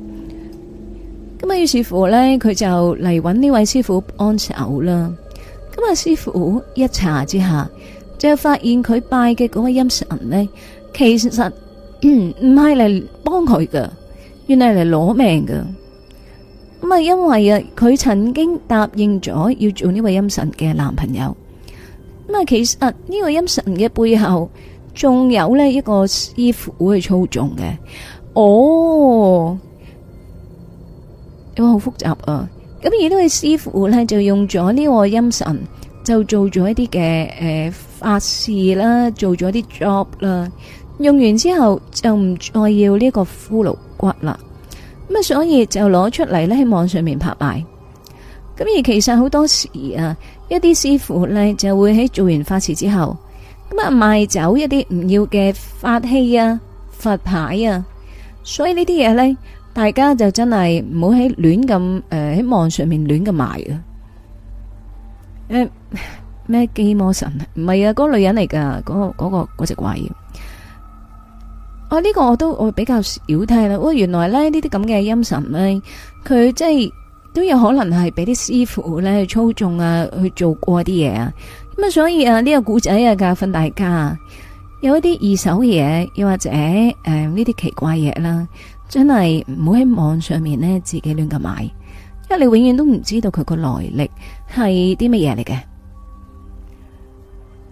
咁啊，於是乎咧，佢就嚟揾呢位師傅幫手啦。咁啊，師傅一查之下，就發現佢拜嘅嗰個陰神咧，其實唔係嚟幫佢嘅，原嚟嚟攞命嘅。咁啊，因為啊，佢曾經答應咗要做呢位陰神嘅男朋友。咁啊，其實呢位陰神嘅背後仲有呢一個師傅去操縱嘅。哦，因為好複雜啊。咁而呢位師傅咧就用咗呢個陰神，就做咗一啲嘅誒法事啦，做咗啲 job 啦。用完之後就唔再要呢個骷髏骨啦。咁啊，所以就攞出嚟呢喺網上面拍賣。咁而其實好多時啊，一啲師傅呢就會喺做完法事之後，咁啊賣走一啲唔要嘅法器啊、佛牌啊。所以呢啲嘢呢，大家就真係唔好喺亂咁誒喺網上面亂咁賣啊！誒咩？基摩神唔係啊，嗰個女人嚟噶，嗰個嗰個嗰隻怪。哦、啊，呢、這個我都我比較少聽啦。原來咧呢啲咁嘅陰神咧，佢即係都有可能係俾啲師傅咧去操縱啊，去做過啲嘢啊。咁啊，所以啊呢、這個古仔啊，教訓大家，有一啲二手嘢，又或者誒呢啲奇怪嘢啦，真係唔好喺網上面咧自己亂咁買，因為你永遠都唔知道佢個來歷係啲乜嘢嚟嘅。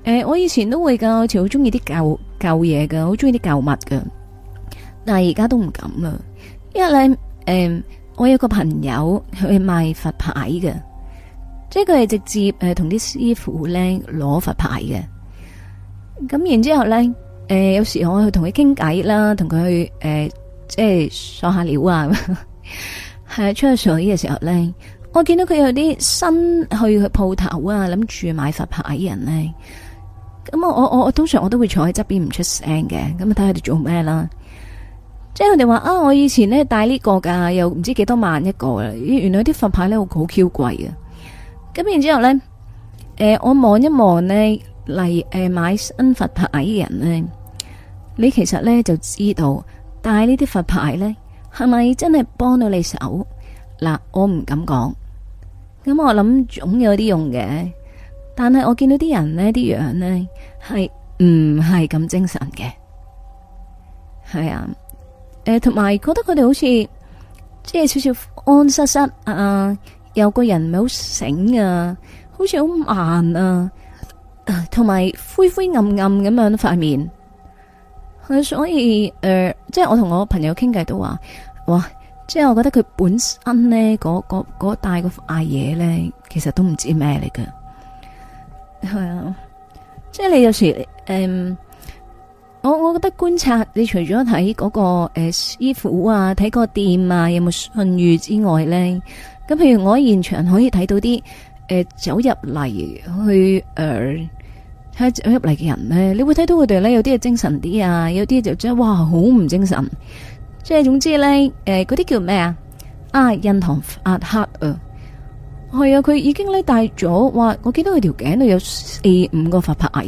誒、欸，我以前都會噶，好似好中意啲舊舊嘢噶，好中意啲舊物噶。但係而家都唔敢啦，因為誒、欸，我有個朋友佢係賣佛牌嘅，即係佢係直接誒同啲師傅咧攞佛牌嘅。咁然之後咧，誒、欸、有時候我去同佢傾偈啦，同佢去誒、欸、即係上下料啊，係 出去上嘅時候咧，我見到佢有啲新去佢鋪頭啊，諗住買佛牌嘅人咧。咁我我我通常我都會坐喺側邊唔出聲嘅，咁啊睇下佢哋做咩啦？即係佢哋話啊，我以前咧帶呢個噶，又唔知幾多萬一個啊，原來啲佛牌咧好 Q 貴啊！咁然之後咧，誒、呃、我望一望咧，嚟誒、呃、買新佛牌嘅人咧，你其實咧就知道帶呢啲佛牌咧係咪真係幫到你手？嗱，我唔敢講，咁我諗總有啲用嘅。但係我見到啲人呢啲樣呢，係唔係咁精神嘅，係啊，誒、呃，同埋覺得佢哋好似即係少少安失失啊，有個人唔係好醒啊，好似好慢啊，同、啊、埋灰灰暗暗咁樣塊面、啊，所以誒、呃，即係我同我朋友傾偈都話，哇，即係我覺得佢本身呢，嗰嗰嗰帶個塊嘢呢，其實都唔知咩嚟嘅。係啊、 嗯，即係你有時誒、嗯，我我覺得觀察你除咗睇嗰個誒師傅啊，睇個店啊有冇信譽之外咧，咁、嗯、譬如我喺現場可以睇到啲誒、呃、走入嚟去誒、呃、走入嚟嘅人咧，你會睇到佢哋咧有啲係精神啲啊，有啲就真係哇好唔精神，即係總之咧誒嗰啲叫咩啊？阿印堂發黑啊！係啊，佢已經咧戴咗，哇！我見到佢條頸度有四五個佛牌噶，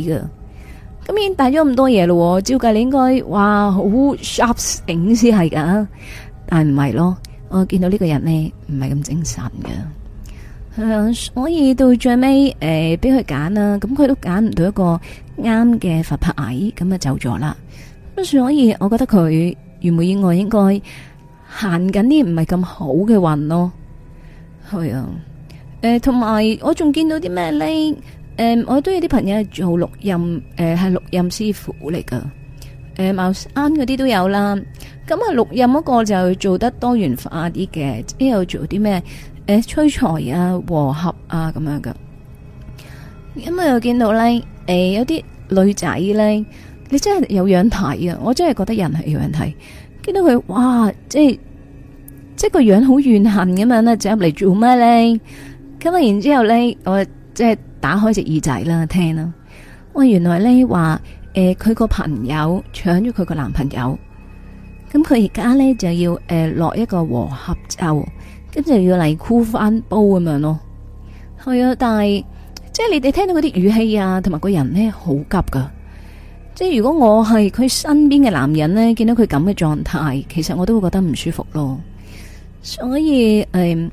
咁已經戴咗咁多嘢咯。照計你應該哇好 sharp 影先係噶，但係唔係咯。我見到呢個人咧唔係咁精神㗎。係啊。所以到最尾誒俾佢揀啦，咁佢都揀唔到一個啱嘅佛牌，咁啊走咗啦。所以我覺得佢如無意外應該行緊啲唔係咁好嘅運咯。係啊。誒、呃，同埋我仲見到啲咩咧？誒、呃，我都有啲朋友係做六壬，誒係六壬師傅嚟噶。誒、呃，茅山嗰啲都有啦。咁、嗯、啊，六壬嗰個就做得多元化啲嘅，都有做啲咩？誒、呃，催財啊、和合啊，咁樣噶。咁、嗯、啊，又見到咧，誒、呃，有啲女仔咧，你真係有樣睇啊！我真係覺得人係有樣睇，見到佢，哇，即係即係個樣好怨恨咁樣咧，就入嚟做咩咧？咁啊，然之後咧，我即係打開隻耳仔啦，聽啦。哇，原來咧話，誒、呃，佢個朋友搶咗佢個男朋友，咁佢而家咧就要誒落、呃、一個和合咒，跟住要嚟箍翻煲咁樣咯。係啊，但係即係你哋聽到嗰啲語氣啊，同埋個人咧好急噶。即係如果我係佢身邊嘅男人咧，見到佢咁嘅狀態，其實我都會覺得唔舒服咯。所以誒。呃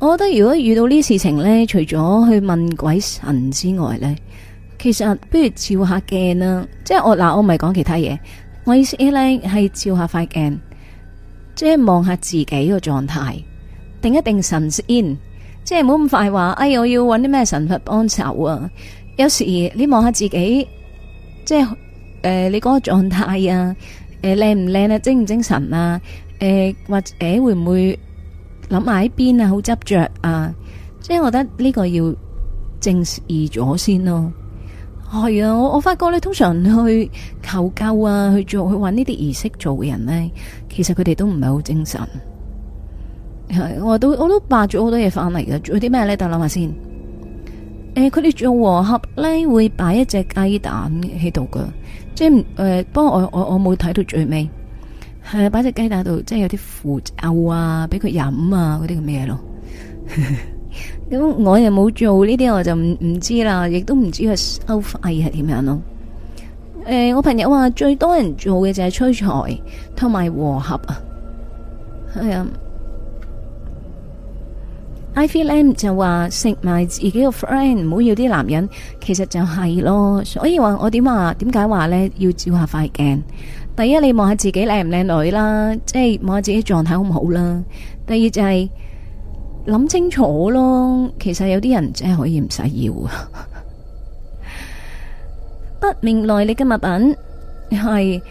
我覺得如果遇到呢事情呢，除咗去問鬼神之外呢，其實不如照下鏡啦。即係我嗱，我唔係講其他嘢，我意思咧係照下塊鏡，即係望下自己個狀態，定一定神先。即係唔好咁快話，哎，我要揾啲咩神佛幫手啊！有時你望下自己，即係誒、呃，你嗰個狀態啊，誒，靚唔靚啊，精唔精神啊，誒、呃、或者會唔會？諗埋喺邊啊好執着啊！即係我覺得呢個要正視咗先咯。係啊，我我發覺咧，通常去求救啊，去做去搵呢啲儀式做嘅人咧，其實佢哋都唔係好精神。係，我都我都霸咗好多嘢翻嚟嘅，做啲咩咧？大家諗下先。誒、呃，佢哋做和合咧，會擺一隻雞蛋喺度㗎，即係誒、呃，不過我我我冇睇到最尾。係啊，擺隻雞打到即係有啲符咒啊，俾佢飲啊，嗰啲咁嘢咯。咁 我又冇做呢啲，我就唔唔知啦，亦都唔知佢收費係點樣咯。誒、欸，我朋友話最多人做嘅就係催財同埋和合是啊。係啊，I feel M 就話食埋自己個 friend，唔好要啲男人。其實就係咯，所以話我點話？點解話咧？要照下塊鏡？第一，你望下自己靚唔靚女啦，即係望下自己狀態好唔好啦。第二就係諗清楚咯，其實有啲人真係可以唔使要啊。不明來歷嘅物品係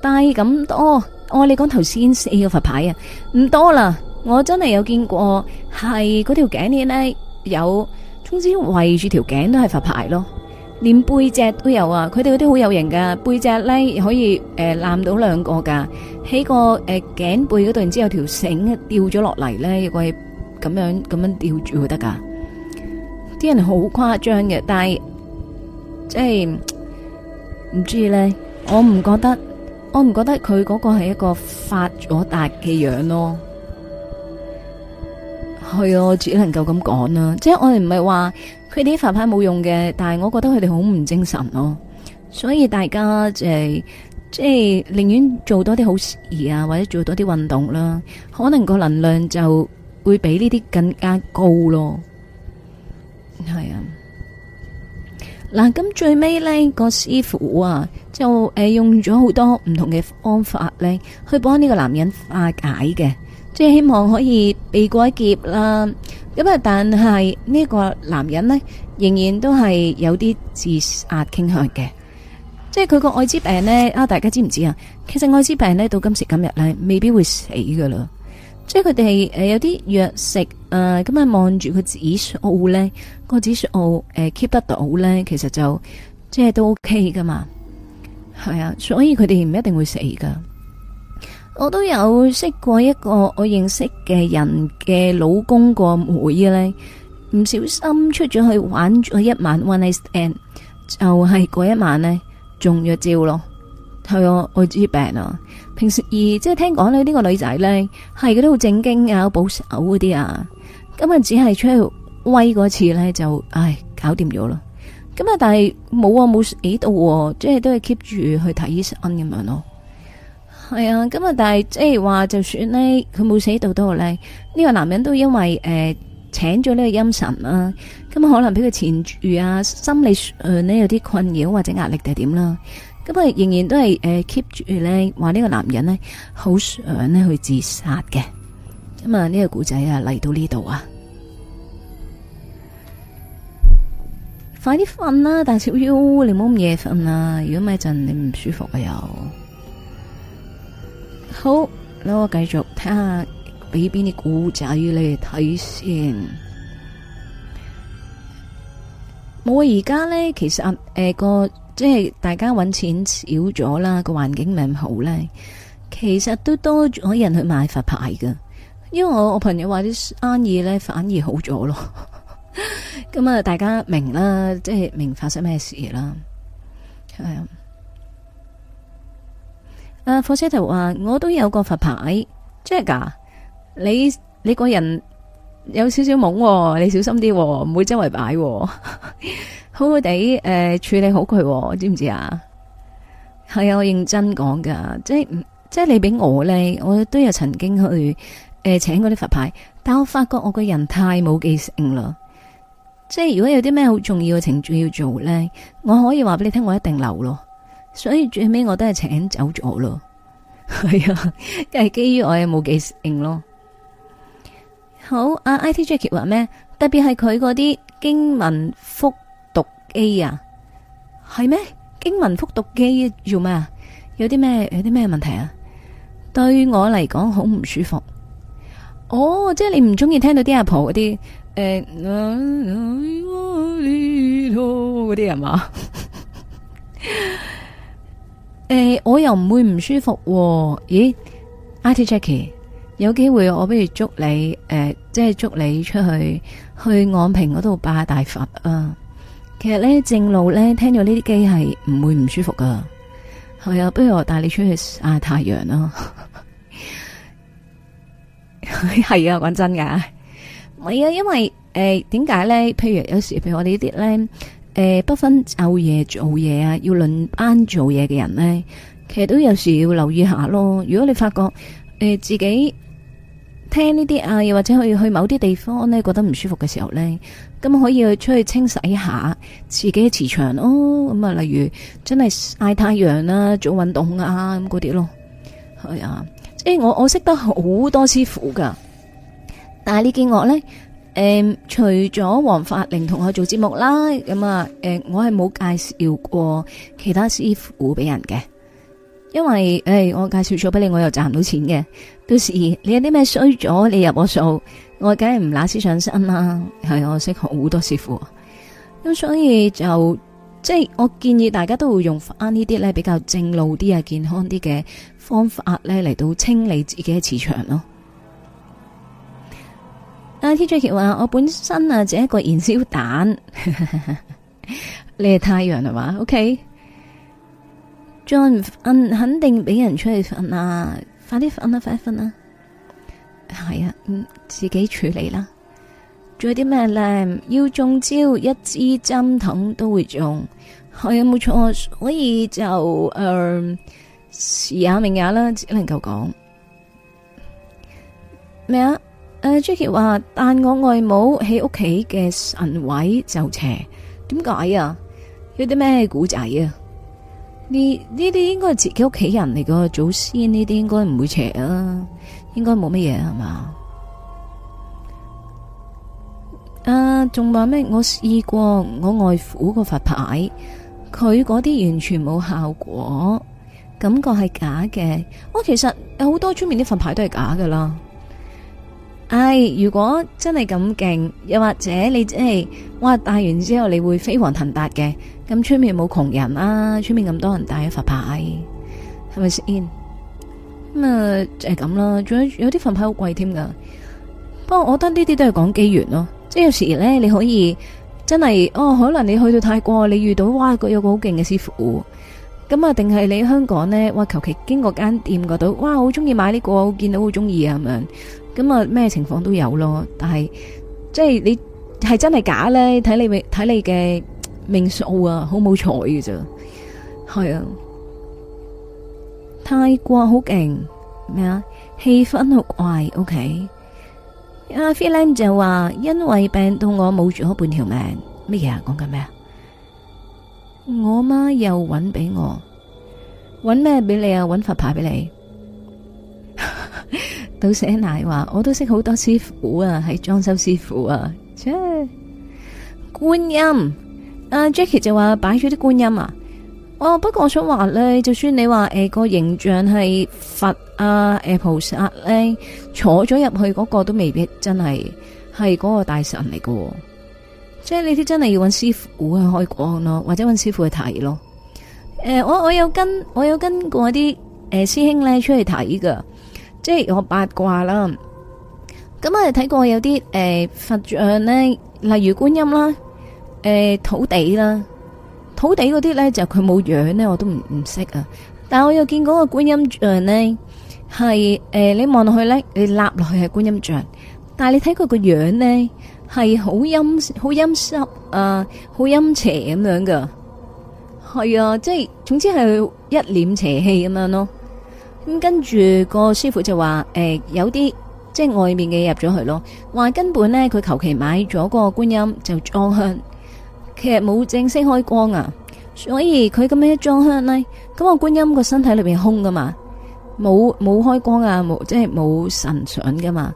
帶咁多，哦，你講頭先四個佛牌啊，唔多啦。我真係有見過係嗰條頸鏈，呢，有總之圍住條頸都係佛牌咯。連背脊都有啊！佢哋嗰啲好有型噶，背脊咧可以誒攬、呃、到兩個噶，喺個誒頸、呃、背嗰度然之有條繩吊咗落嚟咧，亦個咁樣咁樣吊住佢得噶。啲人好誇張嘅，但係即係唔知咧，我唔覺得，我唔覺得佢嗰個係一個發咗達嘅樣子咯。係啊，我只能夠咁講啦，即係我哋唔係話。佢哋啲佛牌冇用嘅，但係我覺得佢哋好唔精神咯、啊，所以大家就即係寧願做多啲好事啊，或者做多啲運動啦，可能個能量就會比呢啲更加高咯。係啊，嗱咁最尾呢個師傅啊，就誒用咗好多唔同嘅方法咧，去幫呢個男人化解嘅，即係希望可以避過一劫啦。咁啊！但係呢個男人呢，仍然都係有啲自殺傾向嘅，即係佢個艾滋病呢，啊！大家知唔知啊？其實艾滋病呢，到今時今日呢，未必會死噶啦，即係佢哋誒有啲藥食誒，咁啊望住個指數呢，個指數誒 keep 得到呢，其實就即係都 OK 噶嘛，係啊，所以佢哋唔一定會死噶。我都有識過一個我認識嘅人嘅老公個妹咧，唔小心出咗去玩咗一晚，one night stand 就係嗰一晚咧中咗招咯，係我艾滋病啊。平時而即係聽講咧呢個女仔咧係佢都好正經啊，保守嗰啲啊，咁啊只係出去威嗰次咧就唉搞掂咗咯。咁啊但係冇啊冇死到，即係都係 keep 住去睇醫生咁樣咯。係啊，咁啊，但係即係話，就算呢，佢冇死到都好咧，呢個男人都因為誒、呃、請咗呢個陰神啦，咁可能俾佢纏住啊，心理上呢有啲困擾或者壓力定係點啦，咁啊仍然都係誒 keep 住咧，話、呃、呢個男人呢好想呢去自殺嘅，咁啊呢個古仔啊嚟到呢度啊， 快啲瞓啦，大小腰，你唔好咁夜瞓啊，如果咪一陣你唔舒服啊又。好，咁我繼續睇下俾邊啲古仔你睇先。我而家咧，其實誒、呃、個即係大家揾錢少咗啦，個環境唔係咁好咧。其實都多咗人去買佛牌噶，因為我我朋友話啲生意咧反而好咗咯。咁啊，大家明啦，即係明發生咩事啦，係啊。啊！火車頭話：我都有個佛牌即係噶，你你個人有少少懵，你小心啲，唔會周圍擺， 好好地誒處理好佢，知唔知啊？係啊，我認真講噶，即係即係你俾我咧，我都有曾經去誒、呃、請嗰啲佛牌，但我發覺我個人太冇記性啦，即係如果有啲咩好重要嘅程序要做咧，我可以話俾你聽，我一定留咯。所以最尾我都係請走咗咯，係啊，係基於我又冇記性咯。好，阿 IT Jacky 話咩？特別係佢嗰啲經文複讀機啊，係咩？經文複讀機做咩啊？有啲咩有啲咩問題啊？對我嚟講好唔舒服。哦，即係你唔中意聽到啲阿婆嗰啲誒，我哋嗰啲係嘛？誒、欸，我又唔會唔舒服、啊，咦？阿 T Jacky，有機會我不如捉你，誒、欸，即係捉你出去去昂坪嗰度拜大佛啊！其實咧正路咧，聽咗呢啲機係唔會唔舒服㗎。係啊，不如我帶你出去晒太陽啦，係啊，講 真㗎，唔係啊，因為誒，點解咧？譬如有時候，譬如我哋呢啲咧。誒、呃，不分晝夜做嘢啊，要輪班做嘢嘅人呢，其實都有時要留意下咯。如果你發覺誒、呃、自己聽呢啲啊，又或者去去某啲地方呢，覺得唔舒服嘅時候呢，咁可以去出去清洗下自己嘅磁場咯。咁、呃、啊，例如真係曬太陽啦、啊，做運動啊，咁嗰啲咯。係啊，即係我我識得好多師傅噶，但係呢件樂呢。誒、嗯，除咗王法玲同我做節目啦，咁、嗯、啊，誒、嗯，我係冇介紹過其他師傅俾人嘅，因為誒、哎，我介紹咗俾你，我又賺唔到錢嘅。到時你有啲咩衰咗，你入我數，我梗係唔乸屎上身啦。係我識好多師傅，咁、嗯、所以就即係、就是、我建議大家都會用翻呢啲咧比較正路啲啊，健康啲嘅方法咧嚟到清理自己嘅磁場咯。阿 T.J. 杰話：我本身啊，就一個燃燒彈， 你係太陽呀嘛？O.K. 就肯定俾人出去瞓啊！快啲瞓啦，快啲瞓啦，係啊，嗯，自己處理啦。仲有啲咩咧？要中招，一支針筒都會中，係啊，冇錯。所以就誒，時也命也啦，只能夠講咩啊？誒、uh,，Jackie 話，但我外母喺屋企嘅神位就邪，點解啊？有啲咩古仔啊？呢呢啲應該係自己屋企人嚟，個祖先，呢啲應該唔會邪啊，應該冇乜嘢，係嘛？啊，仲話咩？我試過我外父個佛牌，佢嗰啲完全冇效果，感覺係假嘅。我、哦、其實有好多出面啲佛牌都係假噶啦。唉、哎，如果真係咁勁，又或者你真係，哇，戴完之後你會飛黃騰達嘅，咁出面冇窮人啦、啊，出面咁多人戴一佛牌，係咪先？咁啊，就係咁啦。仲有有啲佛牌好貴添噶，不過我覺得呢啲都係講機緣咯，即係有時咧，你可以真係，哦，可能你去到泰國，你遇到哇，個有個好勁嘅師傅。咁啊，定係你香港呢？哇，求其經過間店嗰度，哇，好中意買呢個，見到好中意啊咁樣。咁啊，咩情況都有咯。但係即係你係真係假呢？睇你命，睇你嘅命數啊，好冇彩嘅咋？係啊，泰國好勁咩啊？氣氛好怪，OK。阿菲靚就話，因為病到我冇住好半條命。乜嘢啊？講緊咩啊？我媽又揾俾我，揾咩俾你啊？揾佛牌俾你。 到寫奶話，我都識好多師傅啊，係裝修師傅啊。即觀音，阿、啊、Jackie 就話擺咗啲觀音啊。哦，不過我想話咧，就算你話誒個形象係佛啊，菩薩咧坐咗入去嗰個，都未必真係係嗰個大神嚟噶、啊。即係呢啲真係要搵師傅去開光咯，或者搵師傅去睇咯。誒、呃，我我有跟我有跟過啲誒、呃、師兄咧出去睇噶，即係我八卦啦。咁、嗯、我哋睇過有啲誒、呃、佛像咧，例如觀音啦，誒、呃、土地啦，土地嗰啲咧就佢、是、冇樣咧，我都唔唔識啊。但係我又見嗰個觀音像咧，係誒你望落去咧，你立落去係觀音像，但係你睇佢個樣咧。係好陰好陰濕啊，好陰邪咁樣噶，係啊，即係總之係一臉邪氣咁樣咯。咁跟住個師傅就話：誒、呃，有啲即係外面嘅嘢入咗去咯。話根本呢，佢求其買咗個觀音就裝香，其實冇正式開光啊。所以佢咁樣一裝香呢，咁個觀音個身體裏邊空噶嘛，冇冇開光啊，冇即係冇神像噶嘛。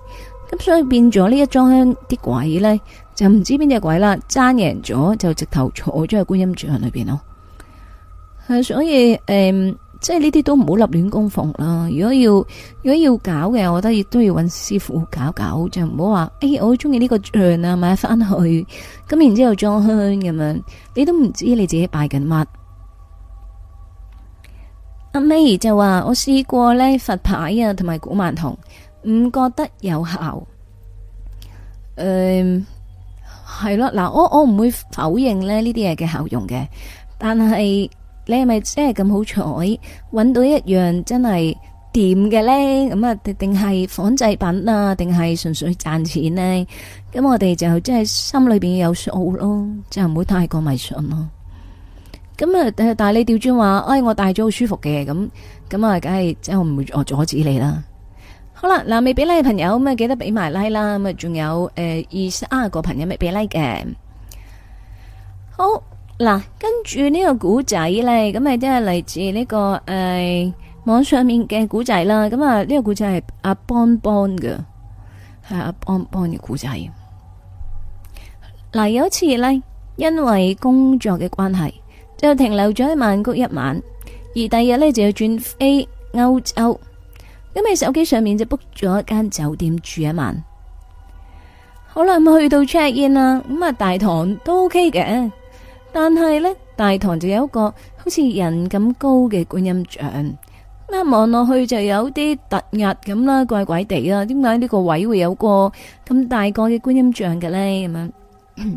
咁所以變咗呢一裝香啲鬼呢，就唔知邊隻鬼啦，爭贏咗就直頭坐咗喺觀音像裏邊咯。係所以誒、嗯，即係呢啲都唔好立亂供奉啦。如果要如果要搞嘅，我覺得亦都要揾師傅搞搞，就唔好話誒，我好中意呢個像啊，買翻去，咁然之後裝香咁樣，你都唔知你自己拜緊乜。阿 May 就話我試過呢佛牌啊，同埋古曼童。唔覺得有效，誒，係咯，嗱，我我唔會否認咧呢啲嘢嘅效用嘅，但係你係咪真係咁好彩，揾到一樣真係掂嘅呢？咁啊，定係仿製品啊？定係純粹賺錢呢？咁我哋就真係心裏邊有數咯，就唔好太過迷信咯。咁啊，但係你調轉話，哎，我戴咗好舒服嘅，咁咁啊，梗係即係我唔會阻止你啦。好啦，嗱，未俾 like 嘅朋友咁啊，記得俾埋 like 啦。咁啊，仲有誒，二十 r 個朋友未俾 like 嘅。好，嗱，跟住呢個古仔咧，咁啊即係嚟自，呢個誒，網上面嘅古仔啦。咁啊，呢個古仔係阿邦邦嘅，係阿邦邦嘅古仔。嗱，有一次咧，因為工作嘅關係，就停留咗喺曼谷一晚，而第二日咧就要轉飛歐洲。咁喺手機上面就 book 咗一間酒店住一晚，好啦，去到 check in 啦。咁啊，大堂都 OK 嘅，但係呢，大堂就有一個好似人咁高嘅觀音像，一望落去就有啲突壓咁啦，怪怪地啦。點解呢個位會有個咁大個嘅觀音像嘅呢？咁樣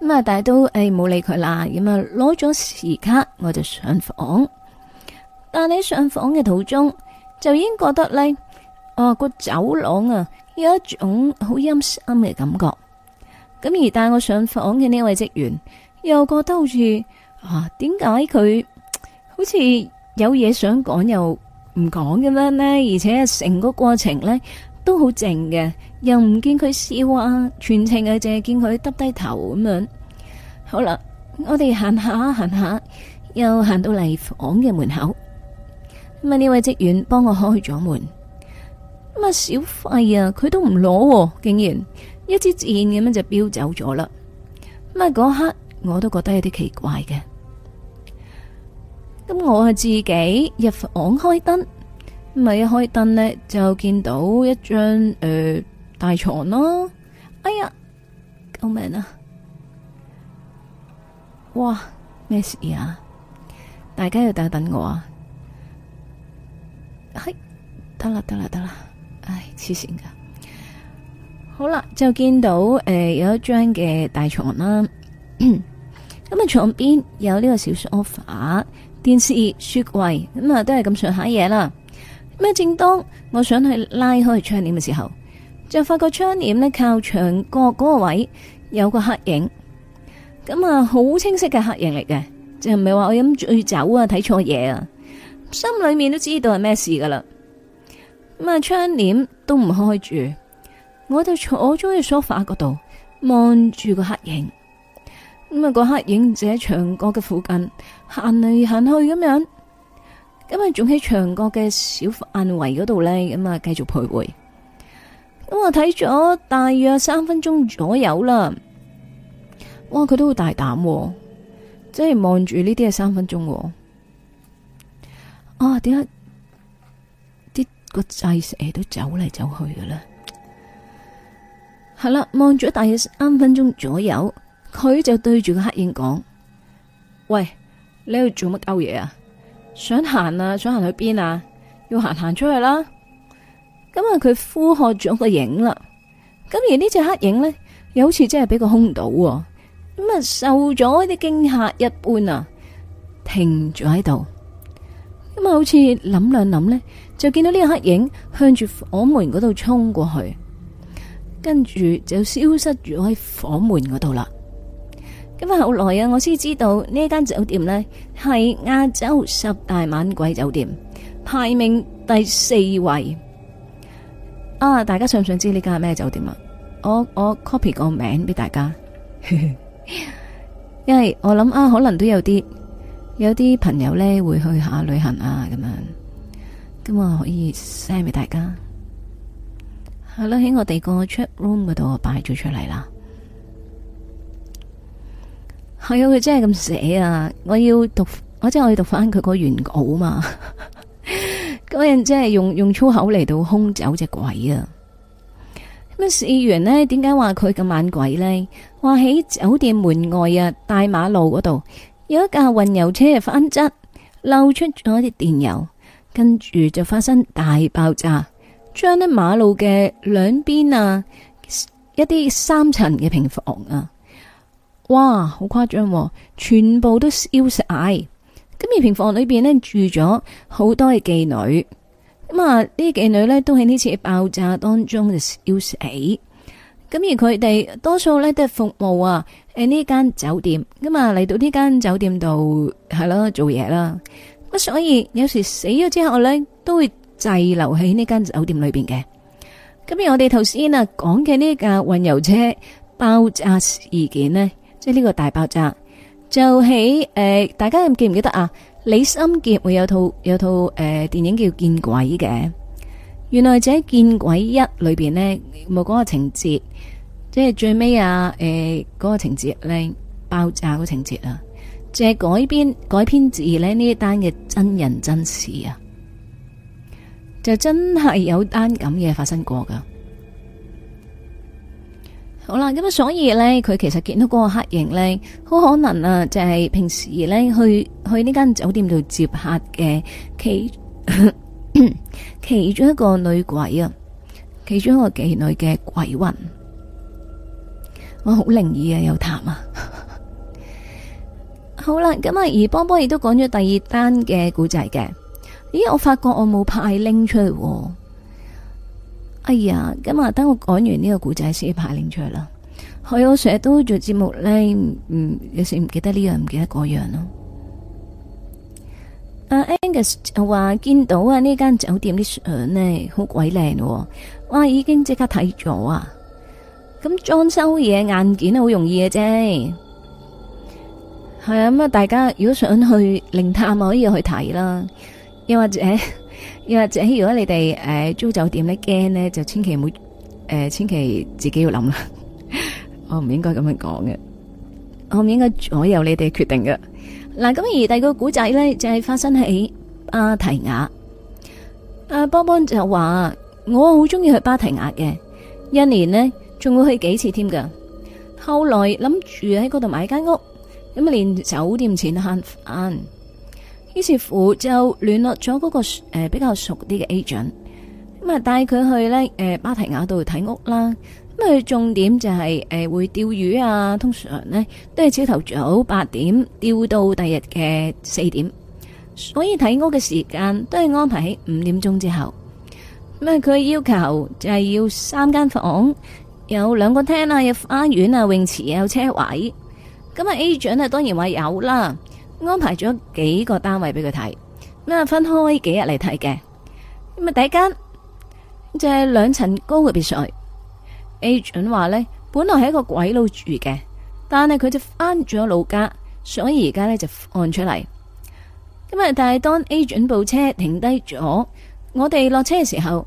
咁啊，但都誒冇理佢啦。咁啊，攞咗時卡我就上房，但係喺上房嘅途中。就已經覺得咧，哦、啊、個走廊啊有一種好陰森嘅感覺。咁而帶我上房嘅呢位職員又覺得好似啊，點解佢好似有嘢想講又唔講咁樣呢？而且成個過程呢，都好靜嘅，又唔見佢笑啊，全程啊淨係見佢耷低頭咁樣。好啦，我哋行下行下，又行到嚟房嘅門口。咁啊！呢位職員幫我開咗門，咁小費啊，佢都唔攞，竟然一支箭咁樣就飆走咗啦！咁啊，嗰刻我都覺得有啲奇怪嘅。咁我係自己入房開燈，咁啊一開燈呢，就見到一張誒、呃、大床啦。哎呀，救命啊！哇，咩事啊？大家要等一等我啊！嘿得啦，得啦，得啦！唉，黐線噶，好啦，就見到誒、呃、有一張嘅大床啦，咁啊 床邊有呢個小梳化，電視、雪櫃咁啊都係咁上下嘢啦。咩？正當我想去拉開窗簾嘅時候，就發覺窗簾呢靠牆角嗰個位有個黑影，咁啊好清晰嘅黑影嚟嘅，就唔係話我飲醉酒啊睇錯嘢啊。心裏面都知道係咩事噶啦，咁啊窗簾都唔開住，我就坐咗喺梳化嗰度，望住個黑影。咁啊個黑影就喺牆角嘅附近行嚟行去咁樣，咁啊仲喺牆角嘅小範圍嗰度呢。咁啊繼續徘徊。咁啊睇咗大約三分鐘左右啦，哇佢都好大膽、哦，即係望住呢啲係三分鐘、哦。啊，點解啲個債蛇都走嚟走去嘅喇。係啦，望咗大約三分鐘左右，佢就對住個黑影講：喂，你喺度做乜勾嘢啊？想行啊？想行去邊啊？要行行出去啦！咁啊，佢呼喝咗個影啦。咁而呢隻黑影呢，又好似真係俾佢空到，啊，咁啊受咗啲驚嚇一般啊，停住喺度。咁啊，好似諗兩諗呢，就見到呢個黑影向住房門嗰度衝過去，跟住就消失咗喺房門嗰度啦。咁後來啊，我先知道呢間酒店呢，係亞洲十大猛鬼酒店，排名第四位。啊，大家想唔想知呢間係咩酒店啊？我我 copy 個名俾大家， 因為我諗啊，可能都有啲。有啲朋友呢會去下旅行啊，咁樣咁我可以 send 俾大家。係啦，喺我哋個 chat room 嗰度我擺咗出嚟啦。係啊，佢真係咁寫啊！我要讀，我真係我要讀翻佢個原稿啊！嗰 人真係用用粗口嚟到兇走隻鬼啊！咁啊，侍員呢咧，點解話佢咁晚鬼呢？話喺酒店門外啊，大馬路嗰度。有一架運油車嘅翻側，漏出咗一啲電油，跟住就發生大爆炸，將啲馬路嘅兩邊啊，一啲三層嘅平房啊，哇，好誇張，全部都燒晒。咁而平房裏邊呢，住咗好多嘅妓女，咁啊，呢啲妓女呢，都喺呢次爆炸當中就燒死。咁而佢哋多數呢，都係服務啊。喺呢間酒店，咁啊嚟到呢間酒店度係咯做嘢啦。咁所以有時死咗之後咧，都會滯留喺呢間酒店裏邊嘅。咁而我哋頭先啊講嘅呢架運油車爆炸事件咧，即係呢個大爆炸，就喺誒，大家記唔記得啊？李心潔會有套有套誒電影叫見鬼嘅。原來就喺見鬼一裏邊咧，有冇嗰個情節？即係最尾啊！誒、呃，嗰、那個情節咧，爆炸個情節啊，即係改編改編自咧呢一單嘅真人真事啊，就真係有單咁嘢發生過噶。好啦，咁啊，所以咧，佢其實見到嗰個黑影咧，好可能啊，就係、是、平時咧去去呢間酒店度接客嘅其 其中一個女鬼啊，其中一個妓女嘅鬼魂。我好靈異啊，有談啊， 好啦，咁啊，而波波亦都講咗第二單嘅古仔嘅，咦，我發覺我冇派拎出嚟，哎呀，咁啊，等我講完呢個古仔先派拎出嚟啦，哎。我我成日都做節目咧，嗯，有時唔記得呢、這、樣、個，唔記得嗰樣咯。阿、啊、Angus 話見到啊，呢間酒店啲相呢，好鬼靚喎，哇，已經即刻睇咗啊！咁裝修嘢硬件都好容易嘅啫，係啊。咁啊，大家如果想去靈探，可以去睇啦。又或者，又或者如果你哋誒、呃、租酒店咧驚咧，就千祈唔好誒，千祈自己要諗啦。 我唔應該咁樣講嘅，我唔應該左右你哋決定嘅。嗱，咁而第二個古仔咧，就係、是、發生喺芭提雅。阿幫邦就話：我好中意去芭提雅嘅一年呢。仲會去幾次添噶？後來諗住喺嗰度買一間屋，咁啊連酒店錢都慳翻。於是乎就聯絡咗嗰、那個誒、呃、比較熟啲嘅 agent，咁啊帶佢去咧誒、呃、芭提雅度睇屋啦。咁啊重點就係、是、誒、呃、會釣魚啊，通常咧都係朝頭早八點釣到第二日嘅四點，所以睇屋嘅時間都係安排喺五點鐘之後。咁啊佢要求就係要三間房。有兩個廳啊，有花園啊，泳池，有車位。咁啊，agent 呢，當然話有啦，安排咗幾個單位俾佢睇，咁啊，分開幾日嚟睇嘅。咁啊，第一間就係兩層高嘅別墅。agent 話咧，本來係一個鬼佬住嘅，但係佢就翻咗老家，所以而家呢就按出嚟。咁啊，但係當 agent 部車停低咗，我哋落車嘅時候，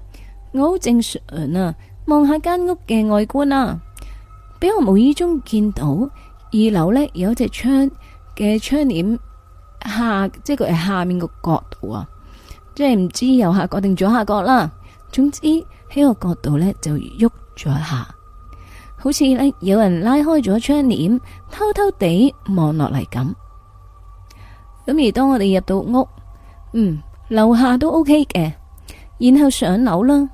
我好正常啊。望下間屋嘅外觀啊，俾我無意中見到二樓呢有一隻窗嘅窗簾下，即係佢係下面個角度啊，即係唔知右下角定左下角啦。總之喺個角度呢就喐咗下，好似咧有人拉開咗窗簾，偷偷地望落嚟咁。咁而當我哋入到屋，嗯，樓下都 OK 嘅，然後上樓啦。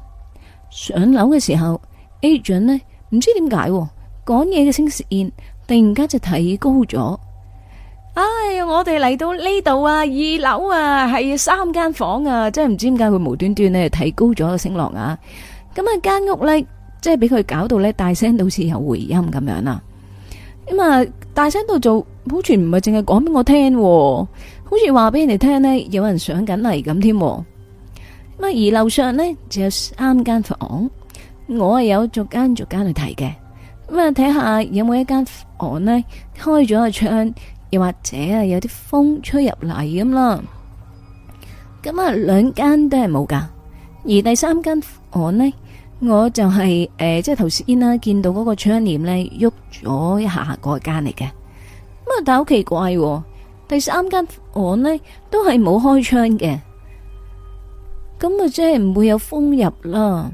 上樓嘅時候，agent 呢唔知點解，講嘢嘅聲線突然間就提高咗。哎，我哋嚟到呢度啊，二樓啊係三間房啊，真係唔知點解佢無端端咧提高咗個聲浪啊！咁啊間屋呢，即係俾佢搞到呢，大聲到，好似有回音咁樣啦。咁啊大聲到做，好似唔係淨係講俾我聽，好似話俾人哋聽呢，有人上緊嚟咁添。咁而樓上呢，就有三間房，我係有逐間逐間去睇嘅。咁啊睇下有冇一間房呢，開咗個窗，又或者啊有啲風吹入嚟，咁啦。咁啊兩間都係冇噶，而第三間房呢，我就係誒即係頭先啦見到嗰個窗簾呢喐咗一下下嗰間嚟嘅。咁啊但好奇怪喎，第三間房呢都係冇開窗嘅。咁啊，即係唔會有風入啦。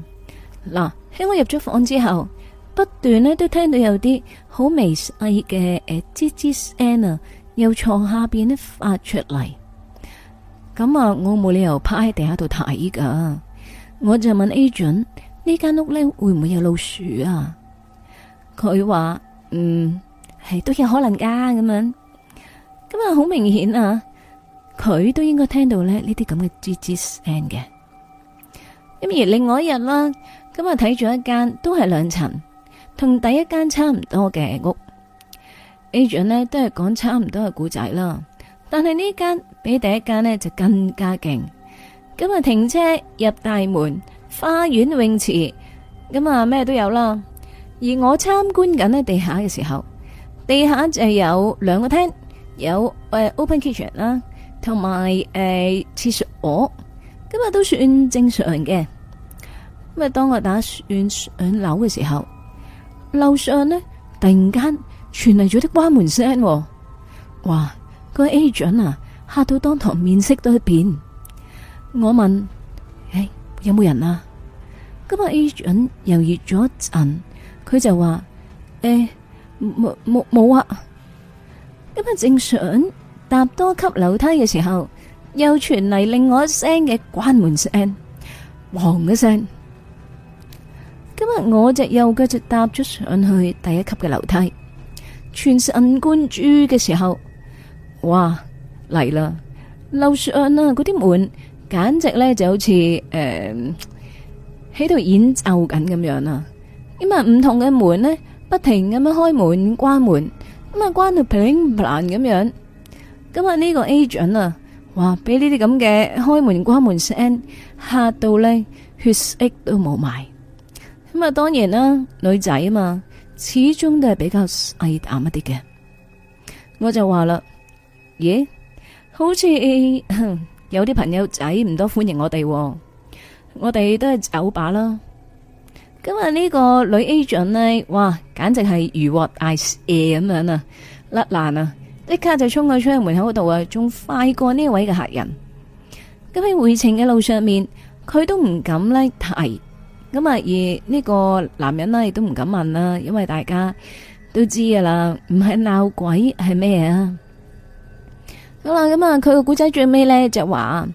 嗱，喺我入咗房之後，不斷咧都聽到有啲好微細嘅誒吱吱聲啊，欸、and，又床下邊咧發出嚟。咁啊，我冇理由趴喺地下度睇噶。我就問 agent 間呢間屋咧會唔會有老鼠啊？佢話：嗯，係都有可能噶咁樣。咁啊，好明顯啊，佢都應該聽到咧呢啲咁嘅吱吱聲嘅。這咁而另外一日啦，咁啊睇咗一間都係兩層，同第一間差唔多嘅屋。agent 呢都係講差唔多嘅古仔啦，但係呢間比第一間呢就更加勁。咁啊停車入大門，花園泳池，咁啊咩都有啦。而我參觀緊呢地下嘅時候，地下就有兩個廳，有誒、uh, open kitchen 啦，同埋誒廁所，咁啊都算正常嘅。咩？當我打算上樓嘅時候，樓上呢突然間傳嚟咗啲關門聲。哇！個 agent 啊嚇到當堂面色都變。我問：誒、哎，有冇人啊？咁啊，agent 又熱咗一陣，佢就話：誒、哎，冇冇冇啊！咁啊，正想踏多級樓梯嘅時候，又傳嚟另外一聲嘅關門聲，黃一聲。我隻右腳就踏咗上去第一級嘅樓梯，全神貫注嘅時候，哇嚟啦！樓上啊，嗰啲門簡直咧就好似誒喺度演奏緊咁樣啦。咁啊，唔同嘅門咧不停咁樣開門關門，咁啊關到乒鈴嘭唥咁樣。咁啊呢個 agent 啊，哇！俾呢啲咁嘅開門關門聲嚇到咧，血色都冇埋。咁啊，當然啦，女仔啊嘛，始終都係比較細膽一啲嘅。我就話啦，咦，好似有啲朋友仔唔多歡迎我哋，我哋都係走把啦。今日呢個女 agent 呢，哇，簡直係如獲大赦咁樣啊，甩爛啊，即刻就衝去出門口嗰度啊，仲快過呢位嘅客人。咁喺回程嘅路上面，佢都唔敢呢提咁啊，而呢個男人呢，亦都唔敢問啦，因為大家都知噶啦，唔係鬧鬼係咩啊？好啦，咁啊，佢個古仔最尾呢，就話，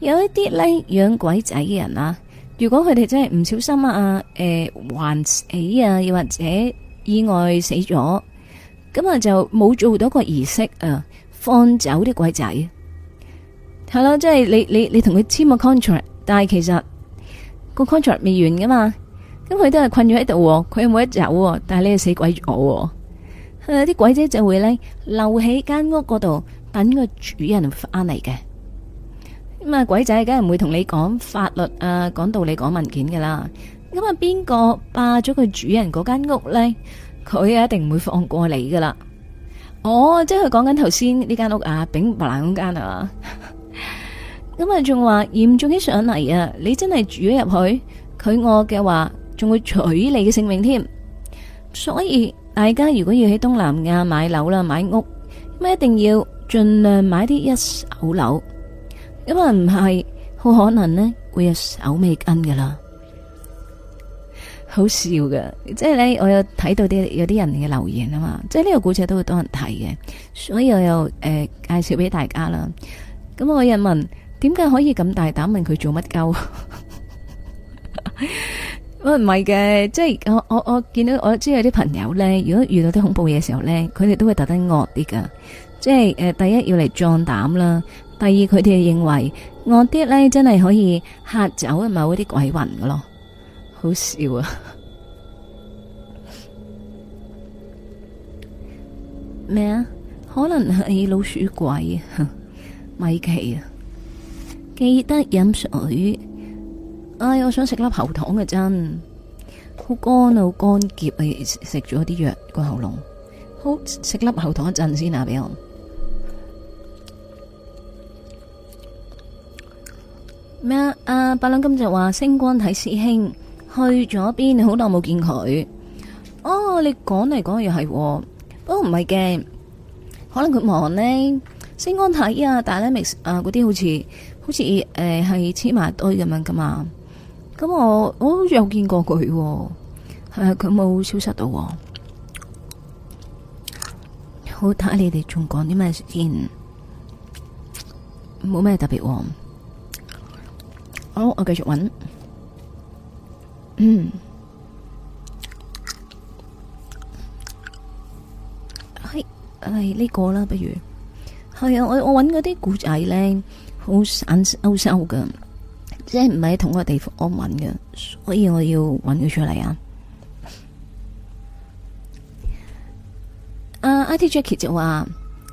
有一啲呢養鬼仔嘅人啊，如果佢哋真係唔小心啊，誒，還死啊，又或者意外死咗，咁啊就冇做到個儀式啊，放走啲鬼仔，係咯，即係你你你同佢簽個 contract，但係其實。個 contract 未完噶嘛，咁佢都係困咗喺度，佢冇得走，但係你係死鬼咗，誒、呃，啲鬼仔就會咧留喺間屋嗰度等個主人翻嚟嘅。咁、嗯、啊，鬼仔梗係唔會同你講法律啊，講道理，講文件噶啦。咁、嗯、啊，邊個霸咗佢主人嗰間屋咧，佢啊一定唔會放過你噶啦。哦，即係佢講緊頭先呢間屋啊，炳白蘭公間係嘛？咁啊，仲話嚴重啲上嚟啊！你真係住咗入去，佢餓嘅話，仲會取你嘅性命添。所以大家如果要喺東南亞買樓啦、買屋咁一定要盡量買啲一,一手樓。咁啊，唔係好可能呢會有手尾根噶啦。好笑㗎，即係呢，我有睇到啲有啲人嘅留言啊嘛，即係呢個古仔都好多人睇嘅，所以我又誒、呃、介紹俾大家啦。咁我又問。點解可以咁大膽問佢做乜鳩？唔係嘅，即係我我我見到我知有啲朋友咧，如果遇到啲恐怖嘢嘅時候咧，佢哋都會特登惡啲噶，即係誒，第一要嚟壯膽啦，第二佢哋認為惡啲咧真係可以嚇走某啲鬼魂噶咯，好笑啊！咩 啊？可能係老鼠鬼， 米奇啊！記得飲水。哎，我想食粒喉糖嘅真，好乾好乾澀啊！食咗啲藥個喉嚨，好食粒喉糖一陣先啊！俾我咩啊？白朗金今日話星光體師兄去咗邊？好耐冇見佢。哦，你講嚟講又係、哦，不過唔係嘅，可能佢忙呢。星光體啊，但 limix 啊，嗰啲好似。好似誒係黐埋堆咁樣噶嘛？咁我我好似有見過佢、哦，係佢冇消失到、哦。好睇你哋仲講啲咩先？冇咩特別、哦。好，我繼續揾。嗯，係係呢個啦，不如係啊！我我揾嗰啲古仔咧。好散，歐洲嘅，即係唔喺同一個地方安穩嘅，所以我要搵佢出嚟啊！阿、uh, 阿 T Jackie 就話：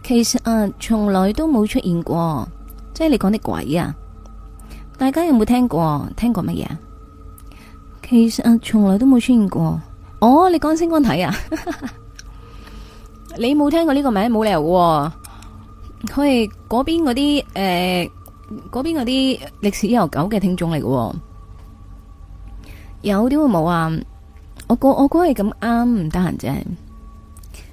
其實啊，從、uh, 來都冇出現過，即係你講啲鬼啊！大家有冇聽過？聽過乜嘢啊？其實啊，從、uh, 來都冇出現過。哦、oh，你講星光體啊？ 你冇聽過呢個名冇理由嘅、啊，佢係嗰邊嗰啲誒。呃嗰邊嗰啲歷史悠久嘅聽眾嚟嘅，有點會冇、欸、啊？我估我估係咁啱唔得閒啫。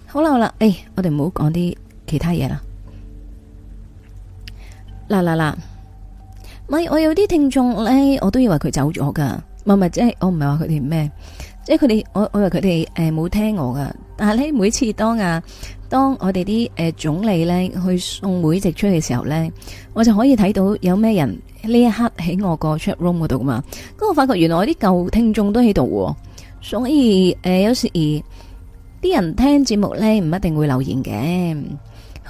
好啦好啦，誒，我哋唔好講啲其他嘢啦。嗱嗱嗱，咪我有啲聽眾咧，我都以為佢走咗噶，唔係即係我唔係話佢哋咩，即係佢哋我我以為佢哋誒冇聽我噶。但係咧，每次當啊，當我哋啲誒總理咧去送會直出嘅時候咧，我就可以睇到有咩人呢一刻喺我個 chat room 嗰度嘛。咁我發覺原來我啲舊聽眾都喺度，所以誒、呃、有時啲人聽節目咧唔一定會留言嘅。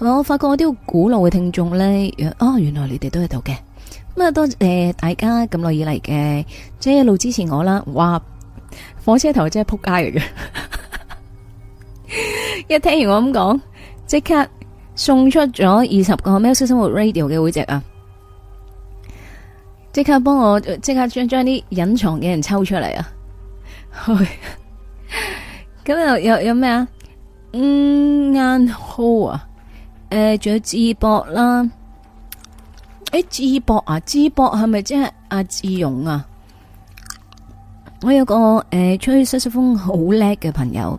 我發覺我啲古老嘅聽眾咧，哦，原來你哋都喺度嘅。咁啊，多謝大家咁耐以嚟嘅，即係一路支持我啦。哇，火車頭真係仆街嚟嘅。 一聽完我咁講，即刻送出咗二十個《喵式生活 Radio》嘅會籍啊！即刻幫我，即刻將將啲隱藏嘅人抽出嚟啊！咁 又、嗯、有有咩啊？嗯，啱好啊，誒，仲有智博啦。誒，智博啊，欸、博啊，博是不是，是啊，智博係咪即係阿志勇啊？我有個誒、呃、吹吹風好叻嘅朋友。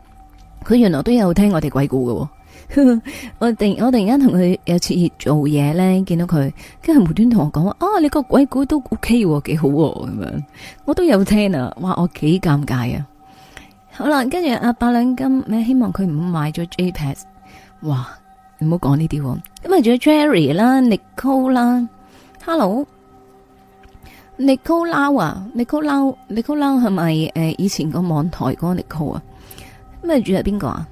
佢原來都有聽我哋鬼故嘅、哦， 我突然我突然間同佢有次做嘢咧，見到佢，跟住無端同我講話，哦、oh，你個鬼故都 OK，幾、哦、好咁、哦、樣、嗯，我都有聽啊，哇，我幾尷尬啊！好啦，跟住阿八兩金，咩希望佢唔好買咗 JPS，哇，你唔好講呢啲，咁啊仲有 Jerry 啦、Nicole 啦、Hello，Nicole Lau 啊，Nicole Lau，Nicole Lau 係咪誒、呃、以前個網台嗰個 Nicole 啊？咩注入邊個啊？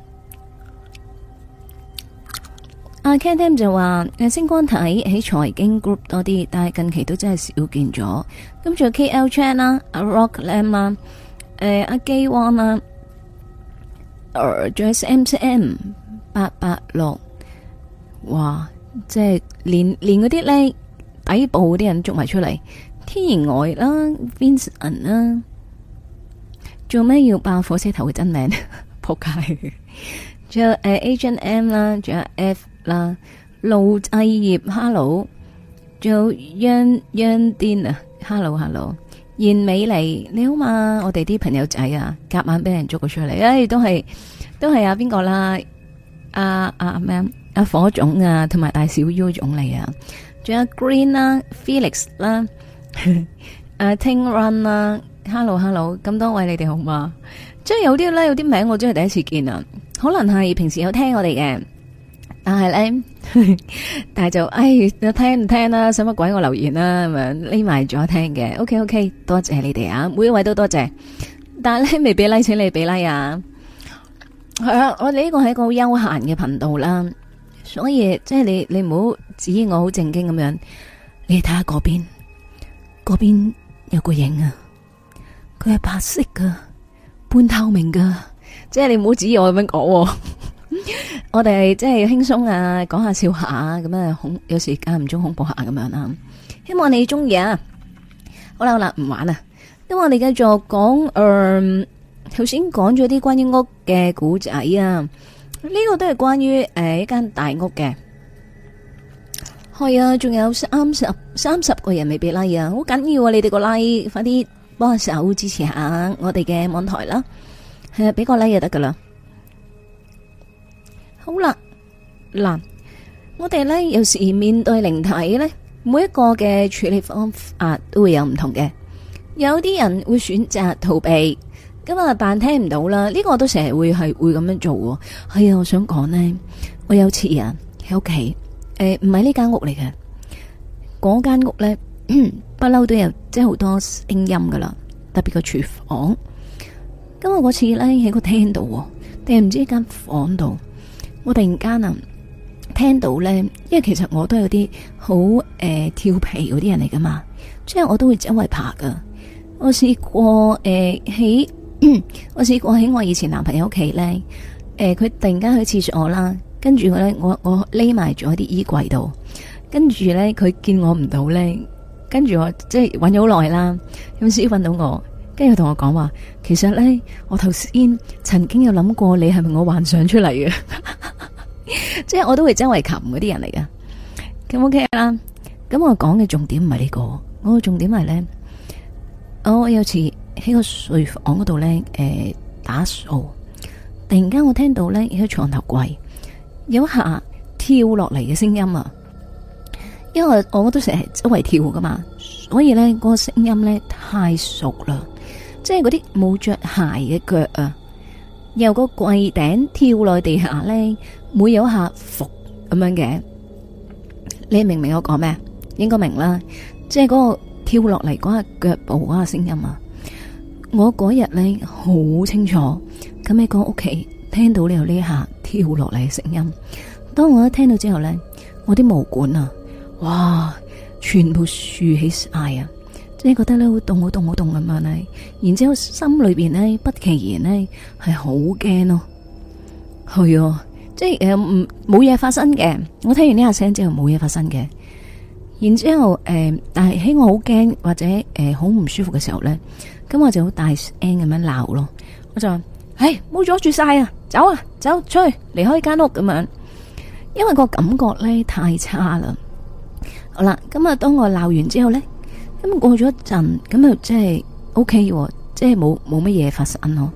阿、啊、Ken Tam 就話：誒，星光體喺財經 group 多啲，但係近期都真係少見咗。咁仲有 K L Chan 啦、啊，阿、啊、Rock Lam 啦、啊，誒、啊，阿基旺啦，Joys M C M 八八六，哇即係連連嗰啲咧底部嗰啲人捉埋出嚟，天然外啦，Vincent 啦，做咩、啊、要爆火車頭嘅真名？仆街 還有，仲有誒 agent M 啦，仲有 F 啦，路藝業，hello，仲有 Young d 楊癲啊，hello hello，燕美麗你好嘛？ 我哋啲朋友仔、哎、啊、啊，夾硬俾人捉過出嚟，誒，都係都係阿邊個啦，阿阿咩啊，阿火總啊，同、啊、埋、啊啊啊啊、大小 U 總嚟啊，仲有 Green 啦、啊、 ，Felix 啦、啊，誒、 啊、，Ting Run 啦、啊、，hello hello，咁多位你哋好嘛？即係有啲咧，有啲名我真係第一次見啊！可能係平時有聽我哋嘅，但係咧， 但係就哎，聽唔聽啦、啊？使乜鬼我留言啦、啊？咁樣匿埋咗聽嘅。O K O K，多謝你哋啊！每一位都多謝，但係咧未俾 like，請你俾拉、like、啊！係啊，我哋呢個係一個好休閒嘅頻道啦、啊，所以即係你你唔好指我好正經咁樣。你睇下嗰邊，嗰邊有個影啊，佢係白色噶。半透明噶，即係你唔好指意我咁樣講，我哋即係輕鬆啊，講下笑下咁啊，咁樣恐有時間唔中恐怖下、啊、咁樣啦。希望你中意啊。好啦好啦，唔玩啦，因為我哋繼續講。嗯、呃，頭先講咗啲關於屋嘅古仔啊，呢個都係關於誒、呃、一間大屋嘅，係、哎、啊，仲有三十三十個人未俾 like 呀，好緊要啊，你哋個 like 快啲。幫手支持下我哋嘅網台啦，誒，俾個 like 就得噶啦。好啦，嗱，我哋咧有時面對靈體咧，每一個嘅處理方法都會有唔同嘅，有啲人會選擇逃避，咁話扮聽唔到啦，呢個我都成日會係會咁樣做喎。係啊，我想講呢，我有次啊喺屋企，誒，唔係呢間屋嚟嘅，嗰間屋咧。不嬲都有，即係好多聲音噶啦。特別個廚房，咁我嗰次咧喺個廳度，定係唔知一間房度，我突然間啊聽到咧，因為其實我都有啲好誒調皮嗰啲人嚟噶嘛，即係我都會周圍爬噶。我試過誒喺、呃，我試過喺我以前男朋友屋企咧，誒、呃、佢突然間去廁所啦，跟住我咧，我我匿埋咗喺啲衣櫃度，跟住咧佢見我唔到咧。跟住我即係揾咗好耐啦，有本書揾到我，跟住佢同我講話，其實咧我頭先曾經有諗過，你係咪我幻想出嚟嘅？即係我都會周圍琴嗰啲人嚟噶，OK 啦。咁我講嘅重點唔係呢個，我嘅重點係咧，我有次喺個睡房嗰度咧，誒、呃、打掃，突然間我聽到咧喺床頭櫃有一下跳落嚟嘅聲音啊！因為我,我都成日周圍跳噶嘛，所以咧嗰個聲音咧太熟啦，即係嗰啲冇着鞋嘅腳啊，由個櫃頂跳落地下咧，會有一下伏咁樣嘅。你明唔明我講咩？應該明啦。即係嗰個跳落嚟嗰下腳步嗰下聲音啊。我嗰日咧好清楚，咁喺個屋企聽到你有呢一下跳落嚟嘅聲音。當我一聽到之後咧，我啲毛管啊～哇！全部豎起晒啊，即係覺得咧好凍，好凍，好凍咁樣咧。然之後心裏邊咧不其然咧係好驚咯，係、啊、即係誒唔冇嘢發生嘅。我聽完呢下聲之後冇嘢發生嘅。然之後誒、呃，但係喺我好驚或者誒好唔舒服嘅時候咧，咁我就好大聲咁樣鬧咯。我就話：唉，冇、哎、阻住晒啊，走啊，走出去離開間屋咁樣，因為個感覺咧太差啦。好啦，咁啊，當我鬧完之後呢，咁過咗一陣，咁啊、OK，即係 O K，即係冇冇乜嘢發生哦。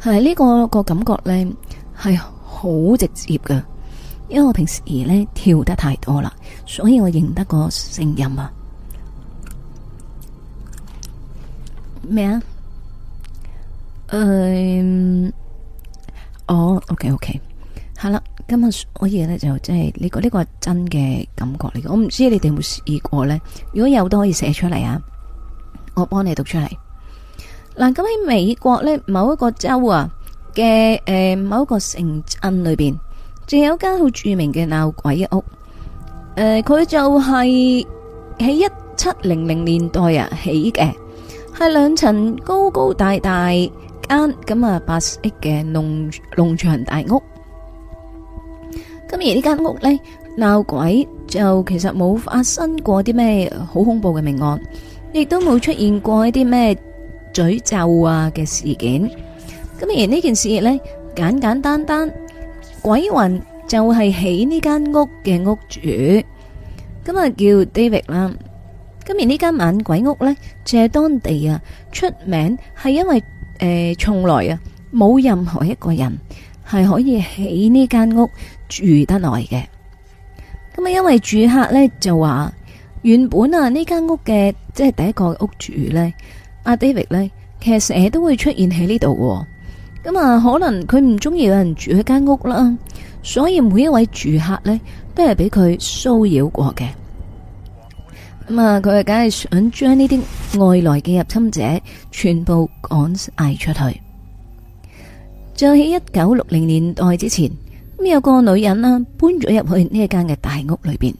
係呢、呢個個感覺呢，係好直接噶，因為我平時呢跳得太多啦，所以我認得個聲音啊。咩啊？嗯、呃，哦，O K O K，好啦。今日所以咧就即係呢個呢、這個真嘅感覺嚟嘅，我唔知你哋有冇試過咧？如果有，都可以寫出嚟啊！我幫你讀出嚟。嗱，咁喺美國呢某一個州啊嘅誒，某一個城鎮裏邊，仲有間好著名嘅鬧鬼屋。誒、呃，佢就係喺一七零零年代啊起嘅，係兩層高高大大間咁啊，白色嘅農農場大屋。咁而呢間屋呢鬧鬼，就其實冇發生過啲咩好恐怖嘅命案，亦都冇出現過一啲咩詛咒啊嘅事件。咁而呢件事亦呢簡簡單單，鬼魂就係起呢間屋嘅屋主，咁啊叫 David 啦。咁而呢間猛鬼屋呢，就係當地啊出名係因為誒從來啊冇任何一個人係可以起呢間屋住得耐嘅，咁啊，因為住客呢就話原本啊呢間屋嘅即係第一個屋主呢，阿、啊、David 呢，其實成日都會出現喺呢度，咁、嗯、啊可能佢唔中意有人住喺間屋啦，所以每一位住客呢，都係俾佢騷擾過嘅，咁啊佢啊梗係想將呢啲外來嘅入侵者全部趕嗌出，出去。就喺一九六零年代之前。咁有個女人啦，搬咗入去呢一間嘅大屋裏邊，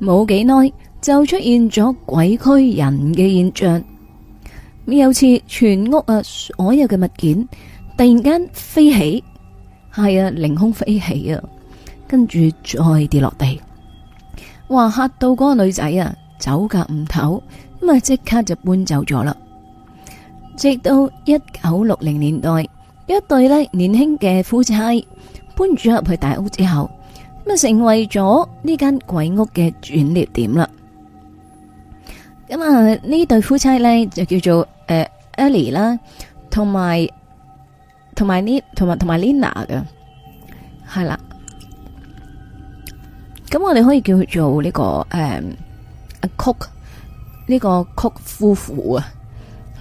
冇幾耐就出現咗鬼區人嘅現象。咁有次全屋啊，所有嘅物件突然間飛起，係啊，凌空飛起啊，跟住再跌落地，哇吓，到嗰個女仔啊，走夾唔唞咁啊，即刻就搬走咗啦。直到一九六零年代，一對呢年輕嘅夫妻。搬住入去大屋之後，咁啊成為咗呢間鬼屋嘅轉捩點啦。咁啊呢對夫妻咧就叫做誒、呃、Ellie 啦，同埋同埋呢同埋同埋 Lina 嘅係啦。咁、嗯、我哋可以叫佢做呢、這個誒、嗯、阿 Cook 呢個 Cook 夫婦啊。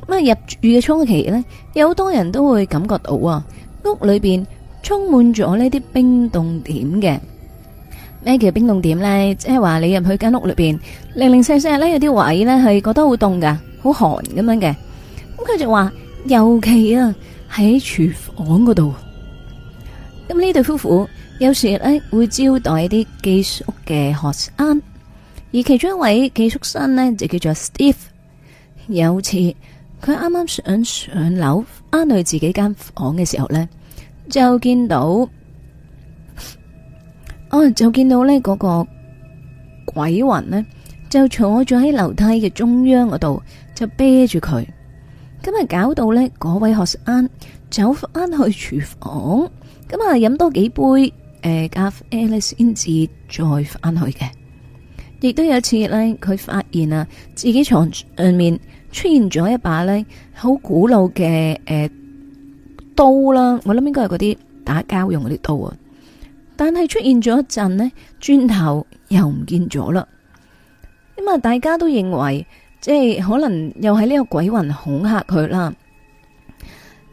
咁、嗯、啊入住嘅初期咧，有好多人都會感覺到啊屋裏邊。充滿咗呢啲冰凍點嘅，咩叫冰凍點呢？即係話你入去間屋裏邊零零碎碎咧，有啲位咧係覺得好凍噶，好寒咁樣嘅。咁佢就話尤其啊喺廚房嗰度。咁呢對夫婦有時咧會招待一啲寄宿嘅學生，而其中一位寄宿生呢，就叫做 Steve。有次佢啱啱想上樓返去自己間房嘅時候呢，就見到，哦、啊，就見到呢嗰、嗰個鬼魂呢，就坐咗喺樓梯嘅中央嗰度，就啤住佢。咁啊，搞到呢嗰位學生走翻去廚房，咁啊，飲多幾杯誒咖啡先至再翻去嘅。亦都有一次呢，佢發現啊，自己床上面出現咗一把呢好古老嘅誒。呃刀啦，我諗應該係嗰啲打交用嗰啲刀啊。但係出現咗一陣呢，轉頭又唔見咗啦。咁啊，大家都認為即係可能又係呢個鬼魂恐嚇佢啦。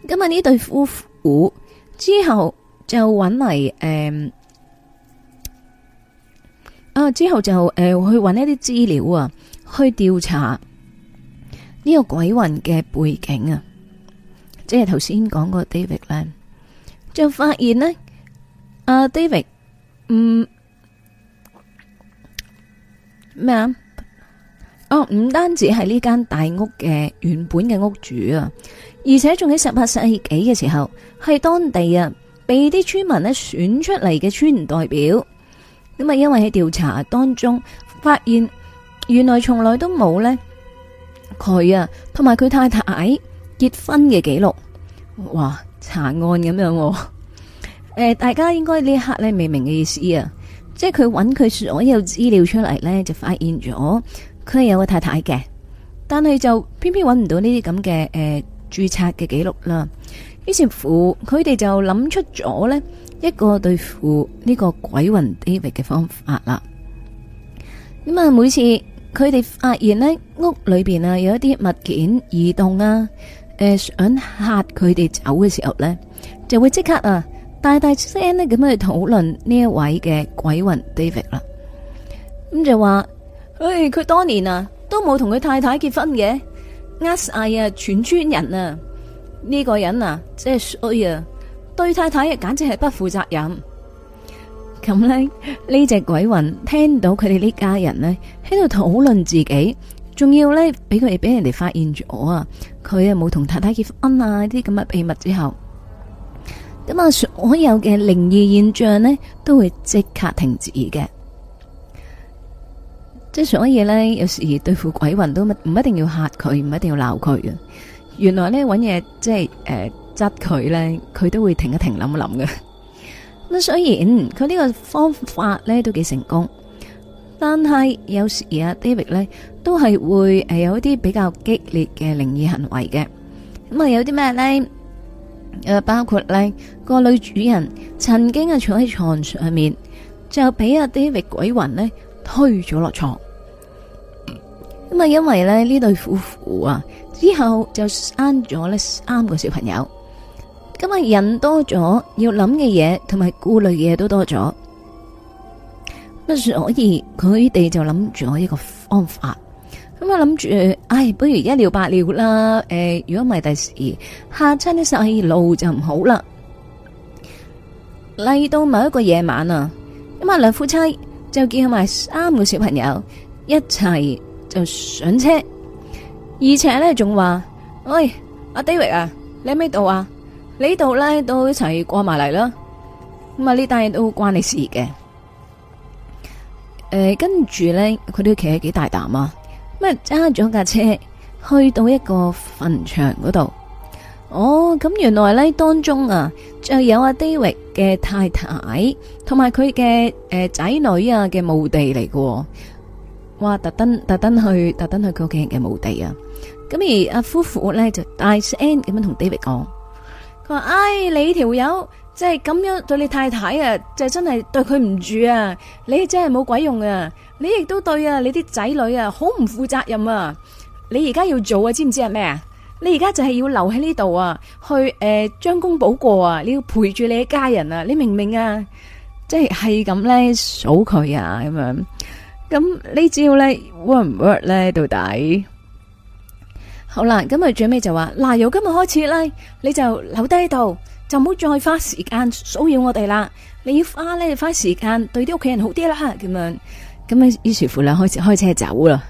咁啊，呢對夫婦之後就揾嚟誒，啊之後就誒去揾一啲資料啊，去調查呢個鬼魂嘅背景啊。即係頭先講過 David 咧，就發現呢阿、啊、David 唔咩啊？哦，唔單止係呢間大屋嘅原本嘅屋主啊，而且仲喺十八世紀嘅時候，係當地啊被啲村民咧選出嚟嘅村代表。咁啊，因為喺調查當中發現，原來從來都冇呢，佢啊，同埋佢太太。結婚嘅記錄，哇！查案咁樣，啊，誒，大家應該呢一刻咧未明嘅意思啊，即係佢揾佢所有資料出嚟呢，就發現咗佢係有個太太嘅，但係就偏偏揾唔到呢啲咁嘅誒註冊嘅記錄啦。於、呃、是乎，佢哋就諗出咗呢一個對付呢個鬼魂 David 嘅方法啦。咁啊，每次佢哋發現呢，屋裏邊啊有一啲物件移動啊。誒，想嚇佢哋走嘅時候呢，就會即刻啊，大大聲呢咁去討論呢一位嘅鬼魂 David 啦。咁就話，唉、哎，佢多年啊，都冇同佢太太結婚嘅，呃晒啊全村人啊，呢、這個人啊，即、就、係、是、衰啊，對太太啊，簡直係不負責任。咁呢，呢隻鬼魂聽到佢哋呢家人呢，喺度討論自己。仲要呢，俾佢哋俾人哋發現咗啊！佢啊冇同太太結婚啊，啲咁嘅秘密之後，咁啊所有嘅靈異現象呢都會即刻停止嘅。即係所以呢，有時對付鬼魂都唔一定要嚇佢，唔一定要鬧佢嘅。原來呢，搵嘢即係誒，窒佢呢，佢都會停一停諗一諗嘅。咁所以，佢呢個方法呢都幾成功，但係有時阿 David 咧都係會誒有一啲比較激烈嘅靈異行為嘅，咁啊有啲咩咧？誒包括咧，個女主人曾經啊坐喺床上面，就俾阿 David 鬼魂咧推咗落床。咁啊因為咧呢對夫婦啊之後就生咗呢三個小朋友，咁啊人多咗，要諗嘅嘢，同埋顧慮嘅嘢都多咗。所以，佢哋就諗住我一個方法，咁啊諗住，唉，不如一了百了啦。誒、呃，如果唔係第時，吓親啲細路就唔好啦。嚟到某一個夜晚啊，咁啊兩夫妻就叫埋三個小朋友一齊就上車，而且咧仲話：喂，阿 David 啊，你喺邊度啊？你度咧都一齊過埋嚟啦。咁啊，呢單嘢都關你事嘅。誒、呃，跟住咧，佢都企喺幾大膽啊！咁啊揸咗架車去到一個墳場嗰度。哦，咁、嗯、原來咧當中啊，就有阿 David 嘅太太同埋佢嘅誒仔女啊嘅墓地嚟喎，哦。哇，特登特登去特登去佢屋企人嘅墓地啊！咁、嗯、而阿、啊、夫婦咧就大聲咁樣同 David 講，佢話：唉，你條友！即係咁樣對你太太啊，就是、真係對佢唔住啊！你真係冇鬼用啊！你亦都對啊！你啲仔女啊，好唔負責任啊！你而家要做啊，知唔知係咩啊？你而家就係要留喺呢度啊，去誒、呃、將功補過啊！你要陪住你一家人啊！你明唔明啊？即係係咁咧數佢啊，咁樣咁你只要咧 work 唔 work 咧到底？好啦，咁佢最尾就話嗱，由今日開始咧，你就留低喺度。就唔好再花時間騷擾我哋啦！你要花呢就花時間對啲屋企人好啲啦，咁樣咁啊，於是乎咧，開始開車走啦。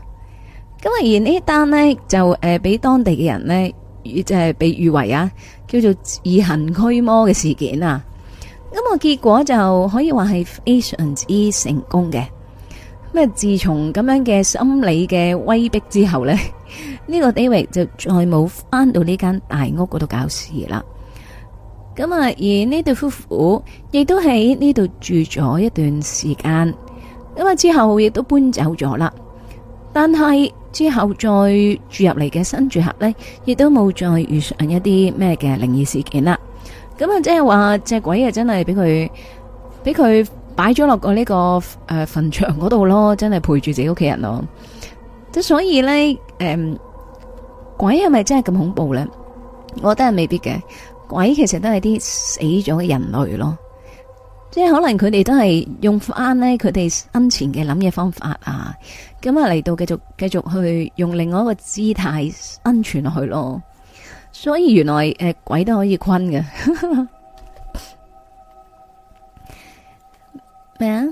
咁啊，而呢單呢，就誒，俾、呃、當地嘅人呢，就係、呃、被譽為啊，叫做以行驅魔嘅事件啊。咁啊，結果就可以話係非常之成功嘅。咁啊，自從咁樣嘅心理嘅威逼之後呢，呢、呢個 David 就再冇翻到呢間大屋嗰度搞事啦。咁啊，而呢對夫婦亦都喺呢度住咗一段時間，咁啊，之後亦都搬走咗啦。但係之後再住入嚟嘅新住客呢，亦都冇再遇上一啲咩嘅靈異事件啦。咁、就、啊、是，即係話隻鬼啊，真係俾佢俾佢擺咗落個呢個誒墳場嗰度咯，真係陪住自己屋企人咯。即所以呢，誒、嗯，鬼係咪真係咁恐怖呢？我覺得係未必嘅。鬼其實都係啲死咗嘅人類咯，即係可能佢哋都係用翻咧佢哋生前嘅諗嘢方法啊，咁啊嚟到繼續繼續去用另外一個姿態生存落去咯。所以原來誒、呃、鬼都可以昆嘅。咩 啊？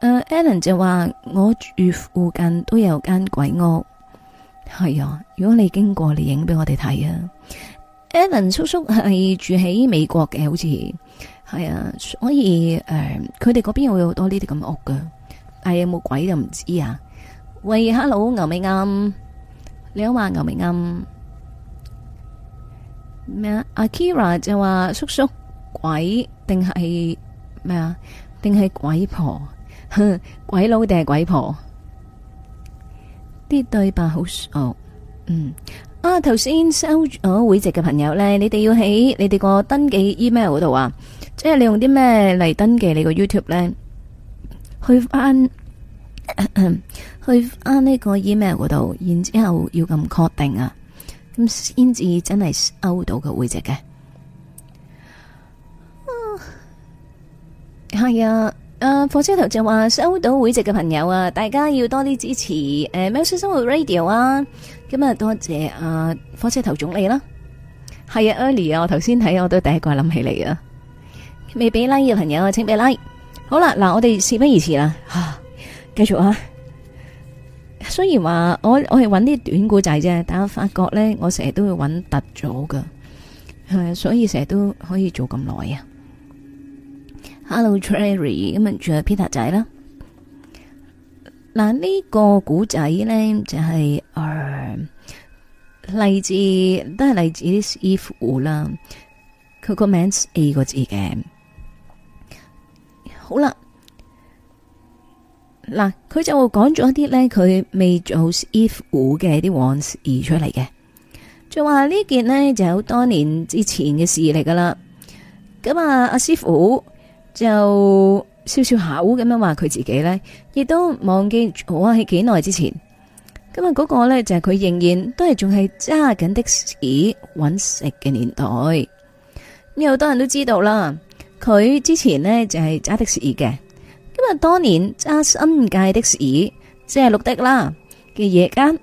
誒、uh, Alan 就話，我住附近都有間鬼屋，係啊。如果你經過，你影俾我哋睇啊。Evan 叔叔係住喺美國嘅，好似係啊，所以誒，佢哋嗰邊會有好多呢啲咁嘅屋嘅，係有冇鬼就唔知啊。喂，Hello，牛尾啱？你好嘛，牛尾啱？咩啊？阿 Kira 就話叔叔鬼，定係咩啊？定係鬼婆， 鬼佬定係鬼婆？啲對白好熟。嗯。啊！頭先收咗會籍嘅朋友呢，你哋要喺你哋個登記 email 嗰度啊，即係你用啲咩嚟登記你個 YouTube 呢？去翻去翻呢個 email 嗰度，然之後要咁確定啊，咁先至真係收到個會籍嘅。啊，係啊，誒、啊，火車頭就話收到會籍嘅朋友啊，大家要多啲支持誒，喵、啊、喵式生活 Radio 啊！今日多謝阿、啊、火車頭總理啦，係啊，Early 啊，early, 我頭先睇我都第一個諗起嚟啊，未俾 like 嘅朋友請俾 like、like、好啦，嗱我哋事不宜遲啦，吓、啊、繼續啊，雖然話我我係揾啲短故仔啫，但係發覺咧我成日都會揾突咗噶，係、啊、所以成日都可以做咁耐啊 Hello Tracy 咁啊仲有 Peter 仔啦。嗱、這個，呢個古仔咧就係、是，誒、呃，嚟自都係嚟自啲師傅啦，佢個名係四個字嘅。好啦，嗱，佢就講咗一啲咧，佢未做師傅嘅啲往事而出嚟嘅。就話呢件咧，就好多年之前嘅事嚟噶啦。咁啊，阿師傅就笑笑口烏咁樣話佢自己呢，亦都忘記咗喺幾耐之前。今日嗰個呢，就係佢仍然都係仲係揸緊的士搵食嘅年代。咁好多人都知道啦，佢之前呢就係揸的士嘅。今日當年揸新界的士，即係綠的啦嘅夜間。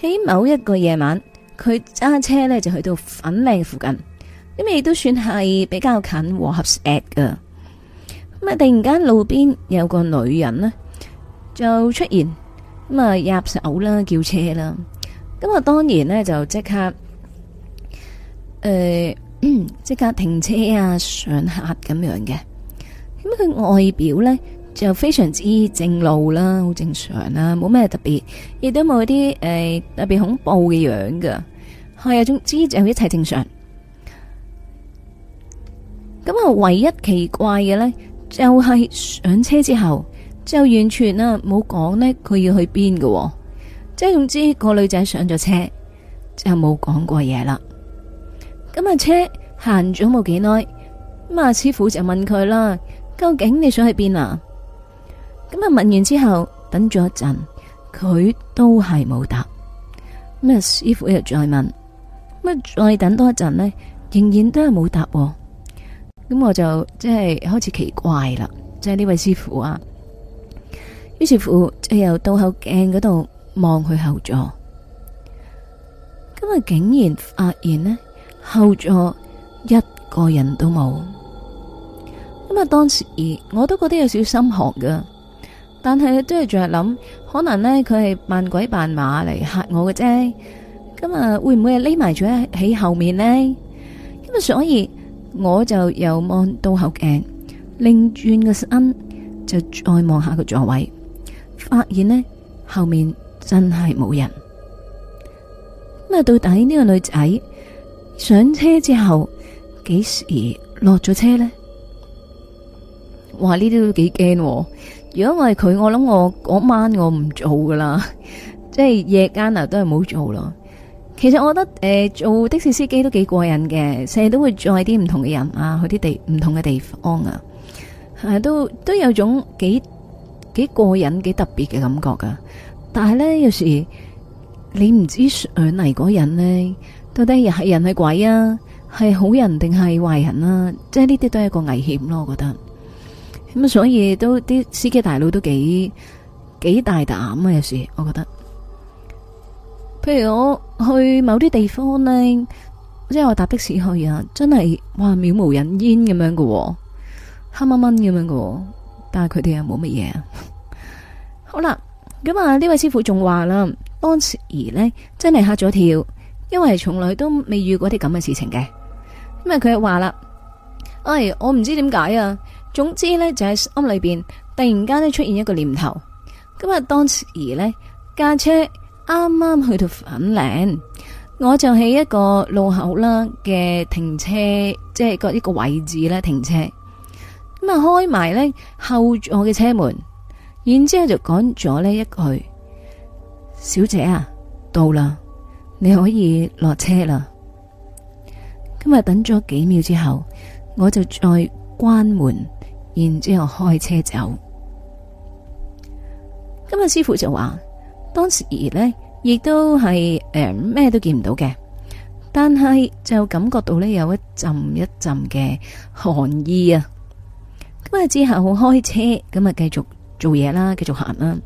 喺某一個夜晚，佢揸車呢就去到粉嶺附近，因為都算係比較近和合石嘅。咁啊！突然間路邊有個女人呢，就出現咁啊，入手啦，叫車啦。咁啊，當然呢，就即刻誒，即刻停車啊，上客咁樣嘅。咁、那、佢、個、外表呢，就非常之正路啦，好正常啦，冇咩特別，亦都冇啲誒特別恐怖嘅樣噶，係啊，總之就一切正常。咁啊，唯一奇怪嘅呢。就係、是、上車之後，就完全啊冇講呢，佢要去邊嘅，即係總之個女仔上咗車就冇講過嘢啦。咁啊車行咗冇幾耐，咁啊師傅就問佢啦：究竟你想去邊啊？咁啊問完之後，等咗一陣，佢都係冇答。咁啊師傅又再問，咁啊再等多一陣呢，仍然都係冇答。咁我就即係開始奇怪啦，即係呢位師傅啊。於是乎，即係由倒後鏡嗰度望去後座，咁佢竟然發現呢，後座一個人都冇。咁啊，當時我都覺得有少少心寒噶，但係都係仲係諗，可能呢，佢係扮鬼扮馬嚟吓我嘅啫。咁會唔會係匿埋咗喺後面呢？咁啊，所以。我就又望到後鏡，擰轉個身，就再望下個座位，發現呢，後面真係冇人。咁啊，到底呢個女仔上車之後幾時落咗車呢？哇！呢啲都幾驚。如果我係佢，我諗我嗰晚我唔做噶啦，即係夜間啊，都係冇做啦。其實我覺得誒、呃，做的士司機都幾過癮嘅，成日都會載啲唔同嘅人啊，去啲地唔同嘅地方啊，係、啊、都都有一種幾幾過癮、幾特別嘅感覺噶。但係呢，有時你唔知上嚟嗰人呢，到底人係人係鬼啊，係好人定係壞人啊？即係呢啲都係一個危險咯。我覺得咁、嗯、所以都啲司機大佬都幾幾大膽啊，有時我覺得。譬如我去某啲地方呢，即係我搭的士去啊，真係哇渺無人煙咁樣噶，黑蚊蚊咁樣噶，但係佢哋又冇乜嘢啊。 好啦，咁啊呢位師傅仲話啦，當時呢，真係吓咗跳，因為從來都未遇過啲咁嘅事情嘅。咁啊佢又話啦，哎我唔知點解啊，總之呢，就係、是、屋裏邊突然間呢出現一個念頭，今日當時呢，駕車。啱啱去到粉嶺，我就喺一個路口啦嘅停車，即係個一個位置咧停車。咁啊，開埋呢後座嘅車門，然之後就講咗呢一句： 小姐啊，到啦，你可以落車啦。今日等咗幾秒之後，我就再關門，然之後開車走。今日師傅就話，當時呢……」亦都係誒咩都見唔到嘅，但係就感覺到呢有一陣一陣嘅寒意啊！咁啊之後開車咁啊繼續做嘢啦，繼續行啦，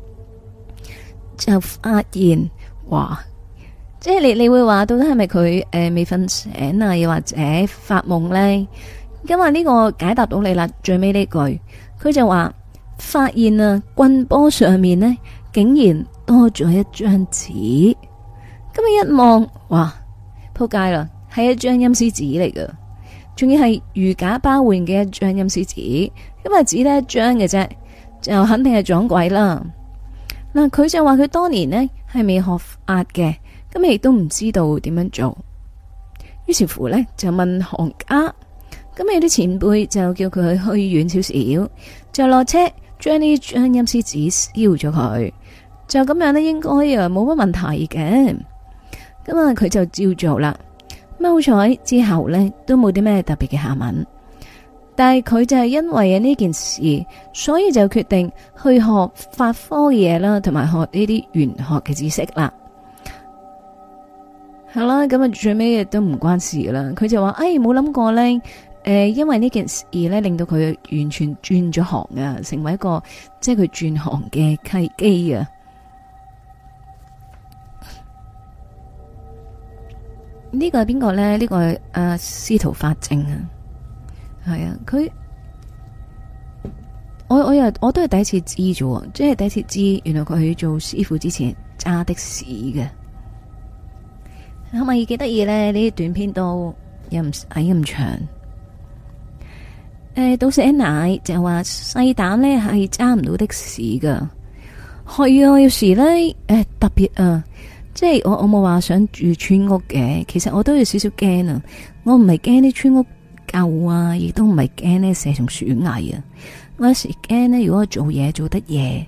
就發現哇即係、就是、你你會話到底係咪佢誒未瞓醒啊，又或者發夢呢？咁啊呢個解答到你啦，最尾呢句佢就話發現啊，棍波上面呢，竟然。多咗一張紙，噉佢一望，哇，撲街啦，係一張陰司紙嚟噶，仲要係如假包換嘅一張陰司紙，因為只得一張嘅啫，就肯定係撞鬼啦。嗱，佢就話佢當年呢係未學壓嘅，噉亦都唔知道點樣做，於是乎呢，就問行家，噉有啲前輩就叫佢去遠少少，就落車將呢張陰司紙燒咗佢。就咁樣咧，應該誒冇乜問題嘅。咁、嗯、啊，佢就照做啦。咪好彩？之後呢都冇啲咩特別嘅下文。但係佢就係因為呢件事，所以就決定去學法科嘢啦，同埋學呢啲玄學嘅知識啦。好、嗯、啦，咁、嗯、啊最尾亦都唔關事啦。佢就話：，誒、哎，冇諗過呢，誒、呃，因為呢件事呢令到佢完全轉咗行啊，成為一個即係佢轉行嘅契機啊！這個、是呢、這個係邊個咧？呢個誒，司徒法正啊，係啊，佢我我又我都係第一次知咗，即係第一次知，原來佢去做師傅之前揸的士嘅， 可咪幾得意咧？呢啲短片都又唔矮又唔長，誒，到寫奶就話細膽咧係揸唔到的士噶，係啊，有時咧誒特別啊！即係我我冇話想住村屋嘅，其實我都有少少驚啊！我唔係驚啲村屋舊啊，亦都唔係驚呢蛇蟲鼠蟻啊。我有時驚呢，如果我做嘢做得嘢，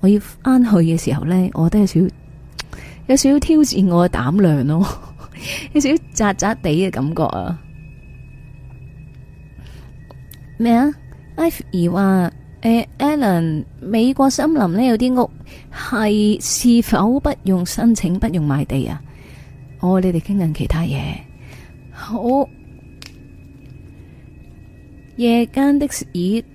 我要翻去嘅時候呢，我都有少有少挑戰我嘅膽量咯，有少少扎扎地嘅感覺啊！咩啊？Ivy 話。誒、uh,，Alan，美國森林咧有啲屋係是，是否不用申請，不用買地啊？哦、oh,，你哋傾緊其他嘢。好、oh. yeah,，夜間的士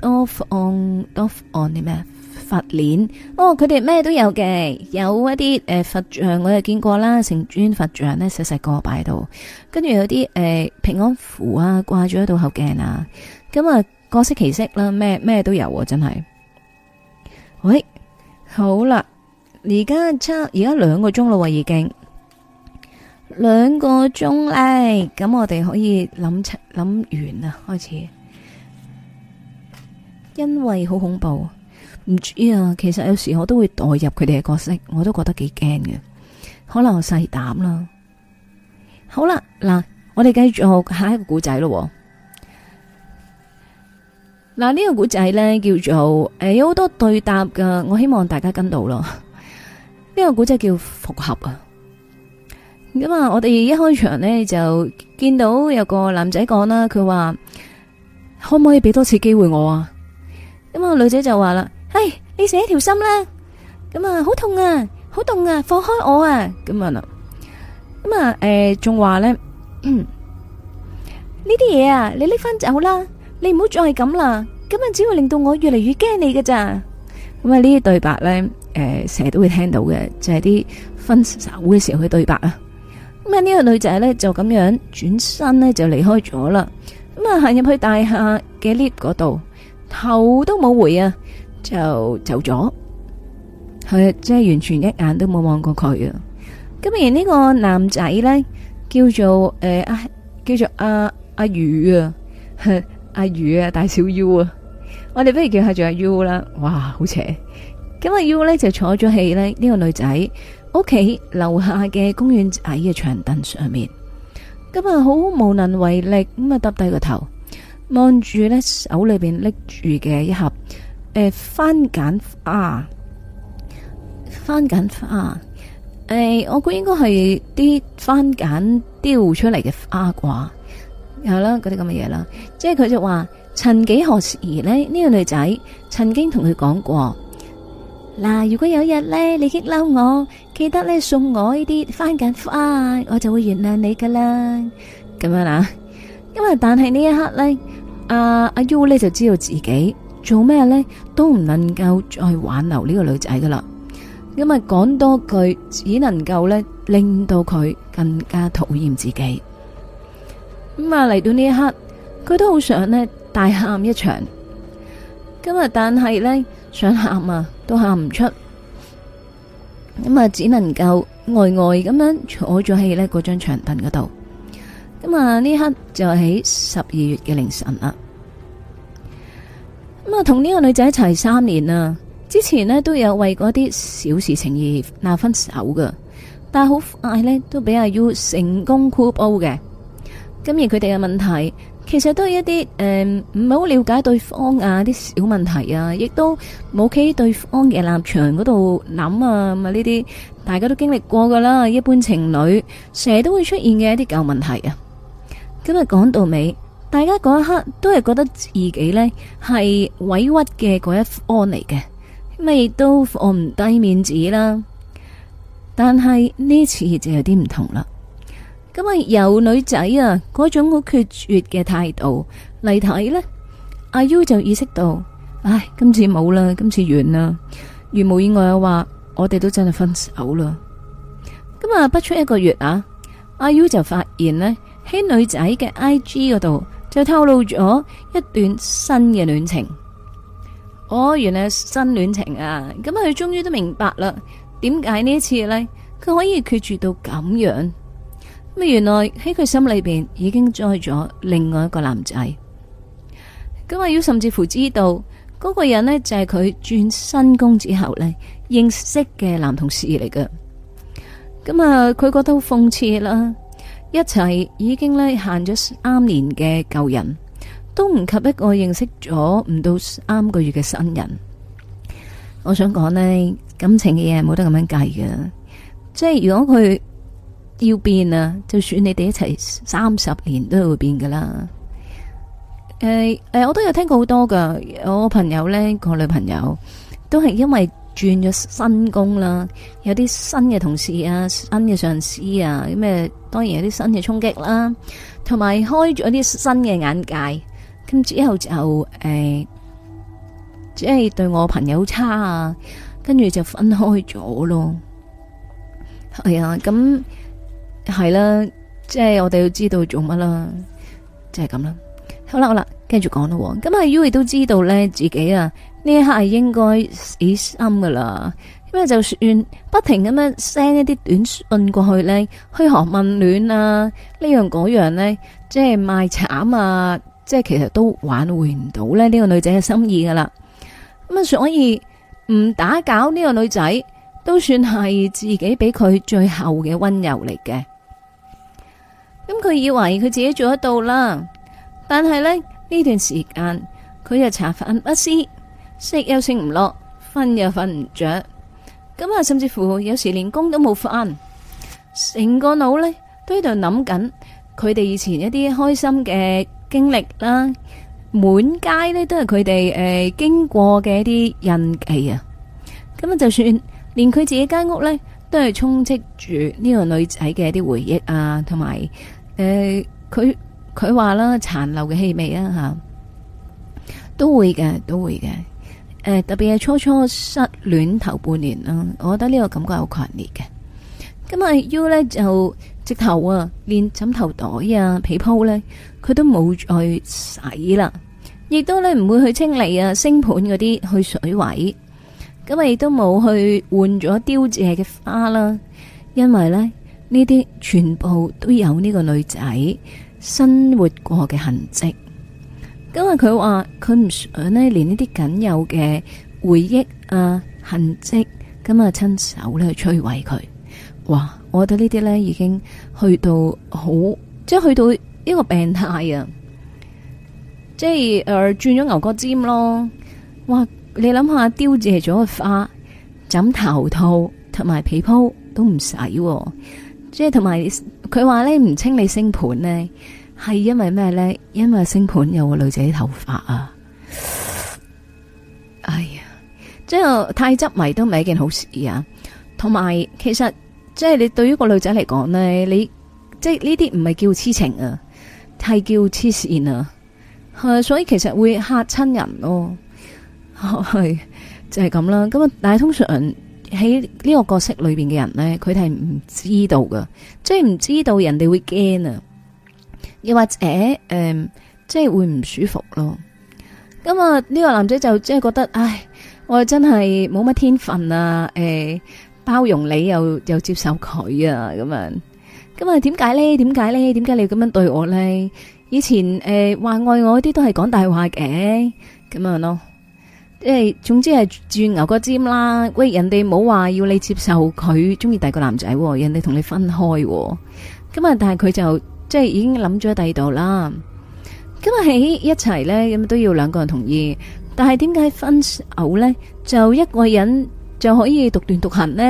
，off on，off on 啲咩佛鏈？哦，佢哋咩都有嘅，有一啲誒、呃、佛像，我又見過啦，成尊佛像咧細細個擺喺度，跟住有啲誒、呃、平安符啊掛咗喺度後鏡啊，咁啊。各色其色啦，咩咩都有、啊，真係。喂、哎，好啦，而家差而家兩個鐘啦，已經兩個鐘喇。咁我哋可以諗清諗完啦，開始。因為好恐怖，唔知啊。其實有時我都會代入佢哋嘅角色，我都覺得幾驚嘅，可能我細膽啦。好啦，嗱，我哋繼續下一個故仔咯、啊。嗱，呢個古仔咧叫做誒，有好多對答噶，我希望大家跟到咯。呢個古仔叫復合啊。咁啊，我哋一開場咧就見到有個男仔講啦，佢話可唔可以俾多次機會我啊？咁啊，女仔就話啦，唉，你死一條心啦。咁啊，好痛啊，好凍啊，放開我啊。咁啊，咁啊，誒，仲話咧呢啲嘢啊，你拎翻就好啦。你唔好再係咁啦，咁樣只會令到我越嚟越驚你㗎咋。咁啊，呢啲對白咧，誒，成日都會聽到嘅，就係啲分手嘅時候嘅對白啊。咁啊，呢個女仔咧就咁樣轉身咧就離開咗啦。咁啊，行入去大廈嘅 lift 嗰度，頭都冇回啊，就走咗。係即係完全一眼都冇望過佢啊。咁而呢個男仔咧叫做誒，阿叫做阿阿如啊。阿魚啊，大小 U 啊，我哋不如叫下做阿 U 啦。哇，好邪！咁阿 U 咧就坐咗喺咧呢個女仔屋企樓下嘅公園仔嘅長凳上面，咁啊好無能為力咁啊耷低個頭，望住咧手裏邊拎住嘅，一盒誒番鹼花，番鹼花誒、呃，我估應該係啲番鹼雕出嚟嘅花啩。係啦，嗰啲咁嘅嘢啦，即係佢就話：曾幾何時呢呢、呢個女仔曾經同佢講過，嗱，如果有日呢，你激嬲我，記得呢送我呢啲番緊花，我就會原諒你噶啦。咁樣啦，因為，但係呢一刻呢，啊、阿阿 U 呢就知道自己做咩呢都唔能夠再挽留呢個女仔噶啦，因為講多句，只能夠呢令到佢更加討厭自己。咁啊，嚟到呢一刻，佢都好想呢大喊一場。今日但係呢，想喊啊，都喊唔出。咁啊，只能夠呆呆咁樣坐咗喺呢嗰張長凳嗰度。咁啊，呢一刻就喺十二月嘅凌晨啦。咁啊，同呢個女仔一齊三年啦，之前呢，都有為嗰啲小事情而鬧分手噶，但係好快呢，都俾阿 U 成功箍煲嘅。咁而佢哋嘅問題，其實都係一啲誒，唔係好了解對方啊，啲小問題啊，亦都冇企喺對方嘅立場嗰度諗啊，啊呢啲大家都經歷過噶啦，一般情侶成日都會出現嘅一啲舊問題啊。今日講到尾，大家嗰一刻都係覺得自己呢係委屈嘅嗰一方嚟嘅，咪都放唔低面子啦。但係呢次就有啲唔同啦。咁啊，由女仔啊嗰種好決絕嘅態度嚟睇呢，阿 U 就意識到，唉，今次冇啦，今次完啦，如無意外嘅話，我哋都真係分手啦。咁、嗯、啊，不出一個月啊，阿 U 就發現呢，喺女仔嘅 IG 嗰度就透露咗一段新嘅戀情。哦，原來新戀情啊！咁啊，佢終於都明白啦，點解呢一次呢，佢可以決絕到咁樣。咁原來喺佢心裏邊已經栽咗另外一個男仔，咁啊要甚至乎知道嗰個人呢，就係佢轉新工之後咧認識嘅男同事嚟嘅，咁啊佢覺得好諷刺啦！一齊已經呢行咗三年嘅舊人都唔及一個認識咗唔到三個月嘅新人。我想講呢，感情嘅嘢，冇得咁樣計嘅，即係如果佢。要變啊！就算你哋一齊三十年，都係會變噶啦。誒、欸、誒，我都有聽過好多噶。我朋友呢，個女朋友都係因為轉咗新工啦，有啲新嘅同事啊，新嘅上司啊，咁誒，當然有啲新嘅衝擊啦，同埋開咗啲新嘅眼界。咁之後就誒，即係對我朋友差啊，跟住就分開咗咯。係啊，咁。係啦，即係我哋要知道做乜啦，即係咁啦。好啦好啦，跟住講啦。咁啊，Yui 都知道咧，自己啊呢一刻係應該死心噶啦。咁就算不停咁樣 send 一啲短信過去咧，噓寒問暖啊，呢樣嗰樣咧，即係賣慘啊，即係其實都挽回唔到咧呢個女仔嘅心意噶啦。咁啊，所以唔打攪呢個女仔，都算係自己俾佢最後嘅溫柔嚟嘅。咁佢以為佢自己做得到啦，但係呢，呢段時間佢又茶飯不思，食又食唔落，瞓又瞓唔着，咁啊，甚至乎有時連工都冇翻，成個腦呢，都喺度諗緊佢哋以前一啲開心嘅經歷啦，滿街呢，都係佢哋誒經過嘅一啲印記啊。咁啊，就算連佢自己間屋呢，都係充斥住呢個女仔嘅一啲回憶啊，同埋。誒、呃，佢佢話啦，殘留嘅氣味啊吓，都會嘅，都會嘅。誒、呃，特別係初初失戀頭半年啦，我覺得呢個感覺好強烈嘅。咁啊，U 呢？就直頭啊，連枕頭袋啊、被鋪呢，佢都冇去洗啦，亦都呢唔會去清理啊、星盆嗰啲去水位，咁啊亦都冇去換咗凋謝嘅花啦，因為呢。呢啲全部都有呢個女仔生，生活過嘅痕迹，今日佢話佢唔想呢，連呢啲僅有嘅回憶啊痕迹，咁啊親手咧摧毀佢。哇！我覺得呢啲呢已經去到好，即係去到一個病態啊！即係誒轉咗牛角尖咯。哇！你諗下，凋謝咗個花，枕頭套同埋被鋪都唔使喎、啊。即係同埋佢話咧唔清理星盤咧係因為咩咧？因為星盤有個女仔頭髮啊！哎呀，即係太執迷都唔係一件好事啊！同埋其實即係、就是、你對於個女仔嚟講咧，你即係呢啲唔係叫癡情啊，係叫癡線啊！啊，所以其實會吓親人咯、啊，係就係、是、咁啦。咁啊，但係通常。喺呢個角色裏邊嘅人呢，佢係唔知道㗎，即係唔知道人哋會驚啊，又或者誒、嗯，即係會唔舒服咯。咁啊，呢、這個男仔就即係覺得，唉，我真係冇乜天分啊！誒、欸，包容你又又接受佢啊，咁啊，咁啊，點解呢？點解呢？點解你要咁樣對我呢？以前誒、呃，話愛我啲都係講大話嘅，咁樣咯。即係總之係轉牛角尖啦。喂，人哋冇話要你接受佢中意第二個男仔，人哋同你分開。咁啊，但係佢就即係已經諗咗第二度啦。咁啊喺一齊呢，咁都要兩個人同意。但係點解分手呢？就一個人就可以獨斷獨行呢？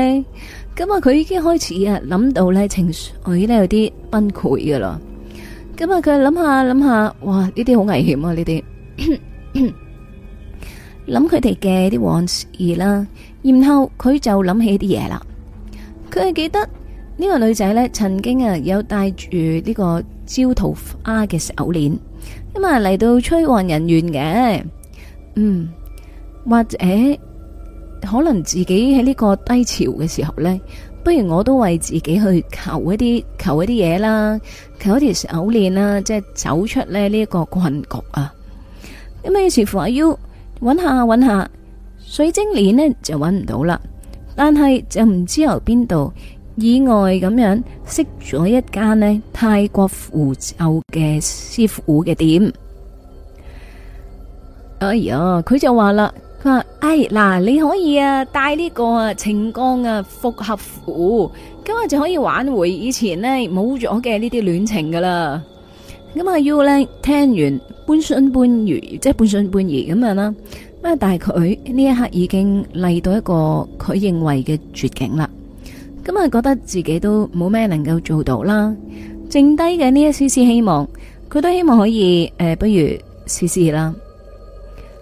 咁啊，佢已經開始啊諗到呢情緒都有啲崩潰噶啦。咁啊，佢諗下諗下，哇！呢啲好危險啊！呢啲。 諗佢哋嘅啲往事啦，然後佢就諗起啲嘢啦。佢係記得呢個女仔咧，曾經啊有帶住呢個招桃花嘅手鏈，咁啊嚟到催旺人緣嘅。嗯，或者可能自己喺呢個低潮嘅時候呢，不如我都為自己去求一啲求一啲嘢啦，求一條手鏈啦，即係走出咧呢一個困局啊。咁啊，似乎阿 U。揾下揾下，水晶鏈呢就揾唔到啦。但係就唔知由邊度意外咁樣識咗一間呢泰國符咒嘅師傅嘅店。哎呀，佢就話啦，佢話哎嗱，你可以啊帶呢個情啊清光啊復合符，今日就可以挽回以前呢冇咗嘅呢啲戀情噶啦。咁啊，U 咧聽完半信半疑，即係半信半疑咁樣啦。咁啊，但係佢呢一刻已經嚟到一個佢認為嘅絕境啦。咁啊，覺得自己都冇咩能夠做到啦。剩低嘅呢一絲絲希望，佢都希望可以誒、呃，不如試試啦。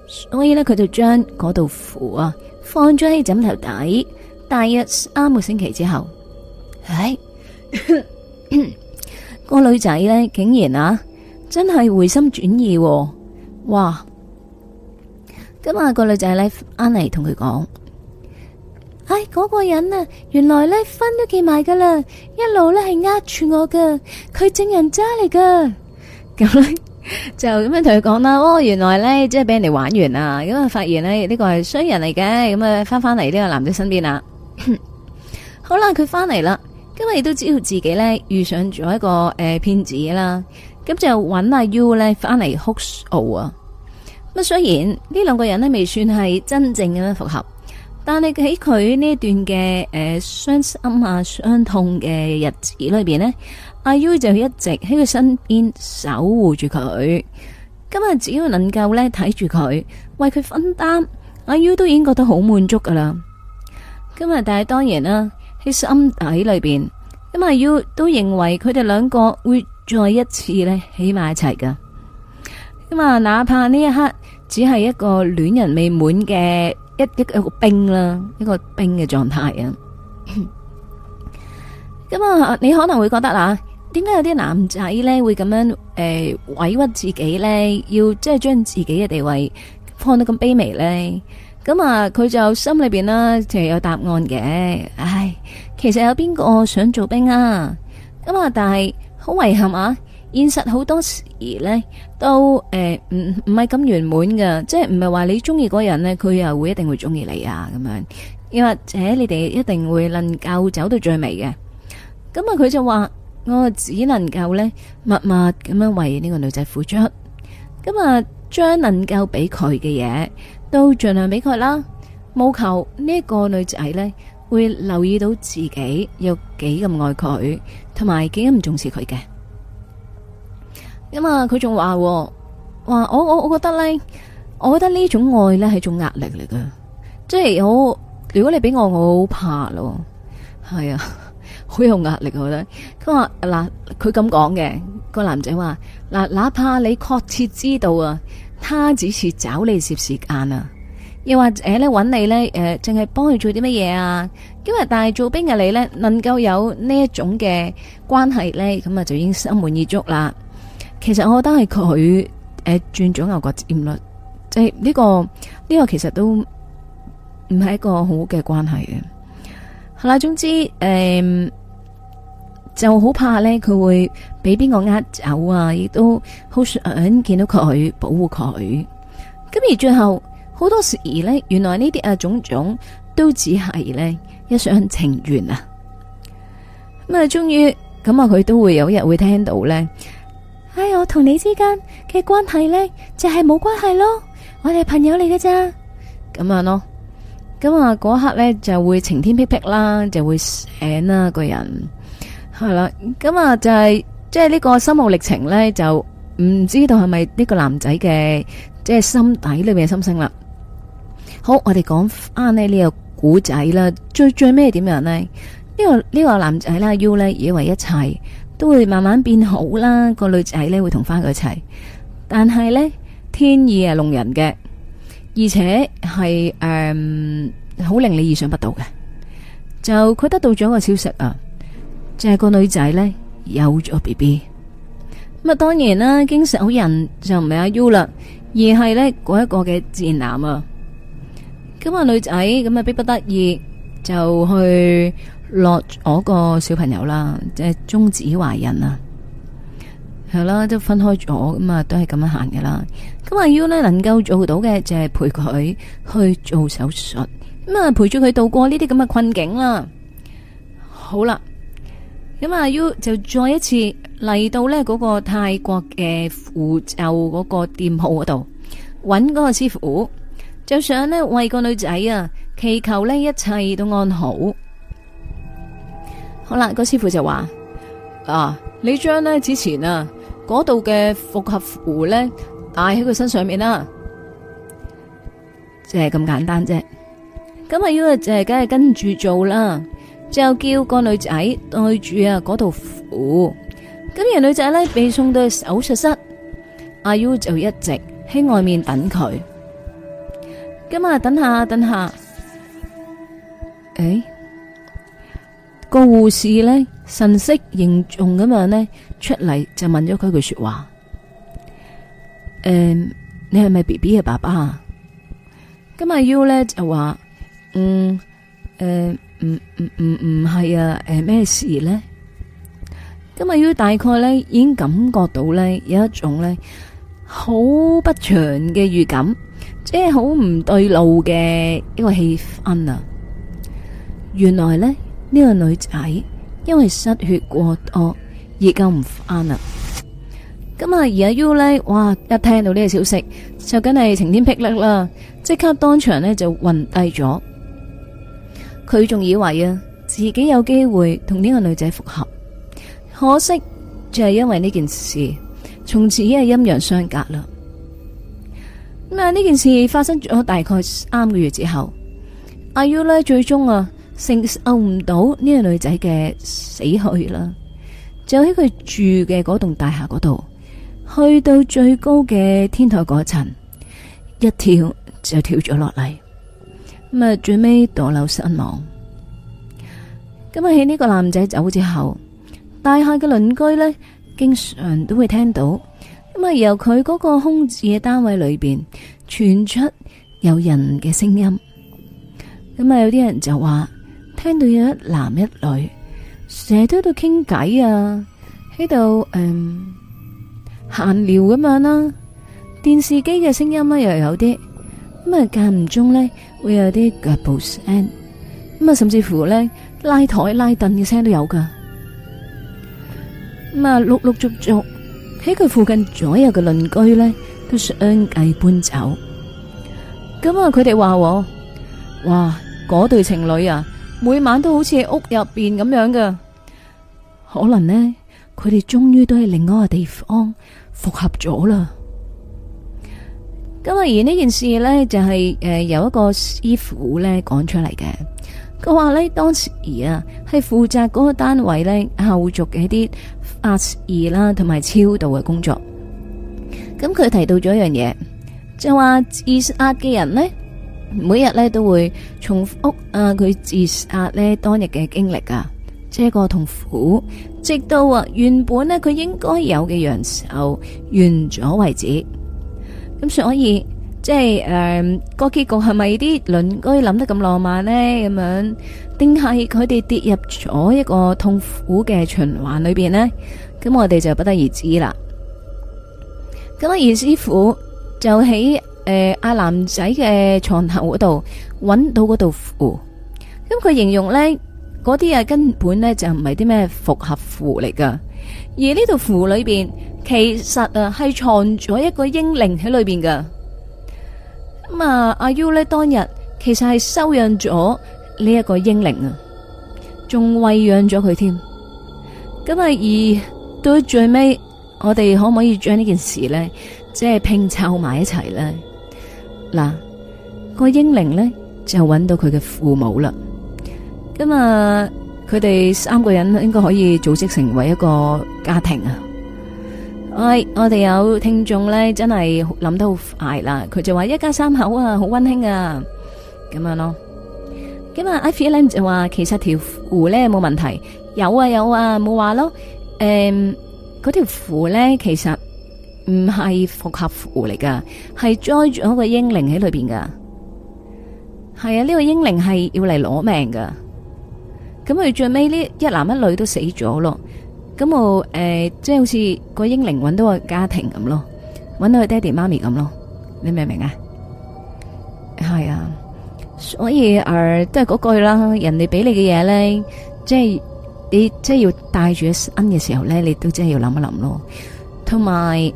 所以咧，佢就將嗰道符啊放咗喺枕頭底。大約三個星期之後，哎。 那個女仔呢，竟然啊，真係回心轉意，啊，哇！咁、那、啊個女仔呢，翻嚟同佢講：，唉、哎，嗰、那個人啊，原來呢，婚都結埋噶啦，一路呢係呃住我噶，佢正人渣嚟噶。咁呢就咁樣同佢講啦，哦，原來呢，即係俾人哋玩完啦，咁、嗯、啊發現呢，呢、這個係衰人嚟嘅，咁啊翻返嚟呢個男仔身邊啦。 好啦，佢翻嚟啦。今日亦都知道自己咧遇上咗一個誒騙、呃、子啦，咁就揾阿 U 咧翻嚟，哭訴啊！咁雖然呢兩個人呢未算係真正咁樣復合，但係喺佢呢一段嘅誒、呃、傷心啊傷痛嘅日子裏邊呢，阿 U 就一直喺佢身邊守護住佢。今日只要能夠咧睇住佢，為佢分擔，阿 U 都已經覺得好滿足噶啦。今日但係當然啦。喺心底裏邊，因為要都認為佢哋兩個會再一次咧起埋一齊噶，咁啊哪怕呢一刻只係一個戀人未滿嘅一一個冰啦，一個冰嘅狀態啊，咁啊你可能會覺得啦，點解有啲男仔咧會咁樣誒委屈自己咧，要即係將自己嘅地位放得咁卑微咧？咁啊佢就心裏邊啦，就係有答案嘅，唉。其實有邊個想做兵啊？咁啊，但係好遺憾啊！現實好多時咧，都誒唔唔係咁圓滿嘅，即係唔係話你中意嗰人咧，佢又會一定會中意你啊？咁樣又或者你哋一定會能夠走到最尾嘅。咁啊，佢就話我只能夠咧默默咁樣為呢個女仔付出，咁啊，將能夠俾佢嘅嘢都盡量俾佢啦，務求呢個女仔咧。會留意到自己有幾咁愛佢，同埋幾咁重視佢嘅。咁啊，佢仲話話我我我覺得咧，我覺得呢種愛咧係種壓力嚟噶， 即係我如果你俾我，我好怕咯，係啊，好 有壓力我覺得。佢話嗱，佢咁講嘅個男仔話嗱，哪怕你確切知道啊，他只是找你攝時間啊。又或者咧揾你咧誒，淨係幫佢做啲乜嘢啊？因為大做兵嘅你咧，能夠有呢一種嘅關係咧，咁啊就已經心滿意足啦。其實我覺得係佢誒轉咗牛角尖啦，即係呢、呢個呢、呢個其實都唔係一個好嘅關係嘅。係啦，總之誒、呃、就好怕咧，佢會俾邊個呃走啊，亦都好想見到佢保護佢。咁而最後。好多時呢，原來呢啲啊種種都只係呢一廂情願啊！咁啊，終於咁啊，佢都會有一日會聽到呢，喺，哎，我同你之間嘅關係呢就係冇關係咯，我哋係朋友嚟嘅啫咁樣咯，咁啊嗰刻呢就會晴天霹靂啦，就會醒啦個人係啦，咁啊就係即係呢個心路歷程呢就唔知道係咪呢個男仔嘅即係心底裏面嘅心聲啦。好，我哋講翻呢個古仔啦。最最咩點樣呢呢、呢個呢、呢個男仔啦 u 呢，以為一切都會慢慢變好啦，個女仔呢，會同翻佢一齊。但係呢，天意係弄人嘅，而且係誒好令你意想不到嘅。就佢得到咗個消息啊，就係、係、個女仔呢，有咗 B B。咁啊，當然啦，經手人就唔係阿 U 啦，而係呢嗰一個嘅賤男啊。咁啊，女仔咁啊，逼不得已就去落嗰個小朋友啦，即係中止懷孕啊，係啦，都分開咗，咁啊，都係咁樣行噶啦。咁啊，U 呢，能夠做到嘅就係陪佢去做手術，咁啊，陪住佢度過呢啲咁嘅困境啦。好啦，咁啊，U 就再一次嚟到呢嗰個泰國嘅符咒嗰個店鋪嗰度，揾嗰個師傅。就想呢為個女仔啊祈求呢一切都安好，好。好啦，個師傅就話：，啊，你將呢之前啊嗰度嘅複合符呢帶喺佢身上面啦，即係咁簡單啫。咁阿 U 就梗係跟住做啦，就叫個女仔對住啊嗰度符。咁而女仔呢，被送到手術室，阿 U 就一直喺外面等佢。今日等下，等下，誒，個護士咧神色凝重咁樣咧出嚟，就問咗佢一句說話：誒，你係咪 BB 嘅爸爸啊？今日 U 咧就話：嗯，誒，唔唔唔唔係啊，誒咩事咧？今日 U 大概咧已經感覺到咧有一種咧好不祥嘅預感。即係好唔對路嘅一個氣氛啊！ 原來呢，呢、呢個女仔因為失血過多，而家唔翻啦。咁啊而阿 U 呢哇，一聽到呢個消息，就梗係晴天霹靂啦！即刻當場呢就暈低咗。佢仲以為啊自己有機會同呢個女仔復合，可惜就係因為呢件事，從此已經係陰陽相隔啦。咁啊！呢件事發生咗大概三個月之後，阿 U 呢最終啊，承受唔到呢個女仔嘅死去啦，就喺佢住嘅嗰棟大廈嗰度，去到最高嘅天台嗰層，一跳就跳咗落嚟，咁啊最尾墮樓身亡。咁啊喺呢個男仔走之後，大廈嘅鄰居呢經常都會聽到。咁啊，由佢嗰個空置嘅單位裏邊傳出有人嘅聲音，咁、嗯、啊，有啲人就話聽到有一男一女成日都喺度傾偈啊，喺度嗯閒聊咁樣啦、啊。電視機嘅聲音咧又有啲，咁啊間唔中咧會有啲腳步聲，咁、嗯、啊甚至乎咧拉台拉凳嘅聲都有噶，咁啊陸陸續續。綠綠綠綠喺佢附近左右嘅鄰居咧都相繼搬走。咁啊，佢哋話喎，哇，嗰對情侶啊，每晚都好似喺屋入邊咁樣嘅。可能呢，佢哋終於都喺另外一個地方復合咗啦。咁啊，而呢件事呢，就係誒，有一個師傅咧講出嚟嘅。佢話呢，當時啊，係負責嗰個單位呢後續嘅一啲。壓抑啦，同埋超度嘅工作。咁佢提到咗一樣嘢，就話自殺嘅人呢，每日呢都會重複啊佢自殺呢當日嘅經歷啊，即係個痛苦，直到話原本呢，佢應該有嘅陽壽完咗為止。咁所以即係誒個結局係咪啲鄰居諗得咁浪漫呢？咁樣。定係佢哋跌入咗一個痛苦嘅循環裏邊呢？咁我哋就不得而知啦。咁啊，二師傅就喺誒阿男仔嘅床頭嗰度揾到嗰道符，咁佢形容呢嗰啲，啊根本呢就唔係啲咩復合符嚟噶，而呢道符裏邊其實啊係藏咗一個英靈喺裏邊噶。咁啊，阿 U 呢，當日其實係收養咗。呢、這、一個英靈啊，仲餵養咗佢添。咁啊，而到最尾，我哋可唔可以將呢件事呢？即係拼湊埋一齊呢？嗱、那，個英靈呢，就揾到佢嘅父母啦。咁啊，佢哋三個人應該可以組織成為一個家庭啊。我我哋有聽眾呢，真係諗得好快啦。佢就話一家三口啊，好溫馨啊，咁樣咯。咁、so, 啊，I feel 咧就話其實條符咧冇問題，有啊有啊冇話咯。誒、um，嗰條符咧其實唔係復合符嚟噶，係載住一個嬰靈喺裏邊噶。係啊，呢、這個嬰靈係要嚟攞命噶。咁佢最尾呢，一男一女都死咗咯。咁我誒，即、uh、係、就是、好似個嬰靈揾到個家庭咁咯，揾到佢爹哋媽咪咁咯。你明唔明啊？係啊。所以誒，都係嗰句啦。人哋俾你嘅嘢咧，即係你即係要帶住身嘅時候咧，你都真係要諗一諗咯。同埋誒，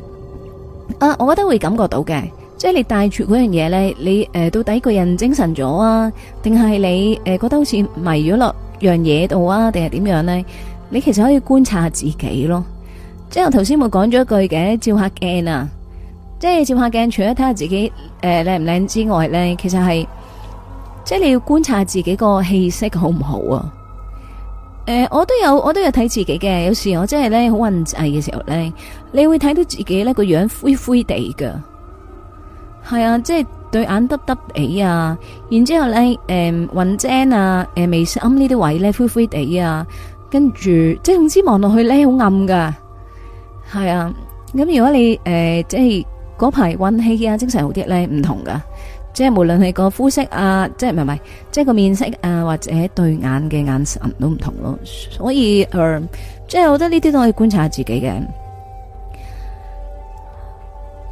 我覺得會感覺到嘅，即係你帶住嗰樣嘢咧，你誒、呃、到底個人精神咗啊？定係你誒、呃、覺得好似迷咗落樣嘢度啊？定係點樣咧？你其實可以觀察下自己咯。即係我頭先冇講咗一句嘅，照下鏡啊，即係照下鏡，除咗睇下自己誒靚唔靚之外咧，其實係。即係你要觀察自己個氣色好唔好啊？誒、呃，我都有，我都有睇自己嘅。有時我真係咧好運滯嘅時候咧，你會睇到自己咧個樣灰灰地㗎，係啊，即係對眼耷耷地啊，然之後咧誒，運、呃、睛啊，誒、呃，眉呢啲位咧灰灰地啊，跟住即係總之望落去咧好暗噶。係啊，咁如果你誒、呃、即係嗰排運氣啊，精神好啲咧，唔同噶。即係無論係個膚色啊，即係唔係唔係，即係個面色啊，或者對眼嘅眼神都唔同咯。所以誒，即係我覺得呢啲都可以觀察下自己嘅。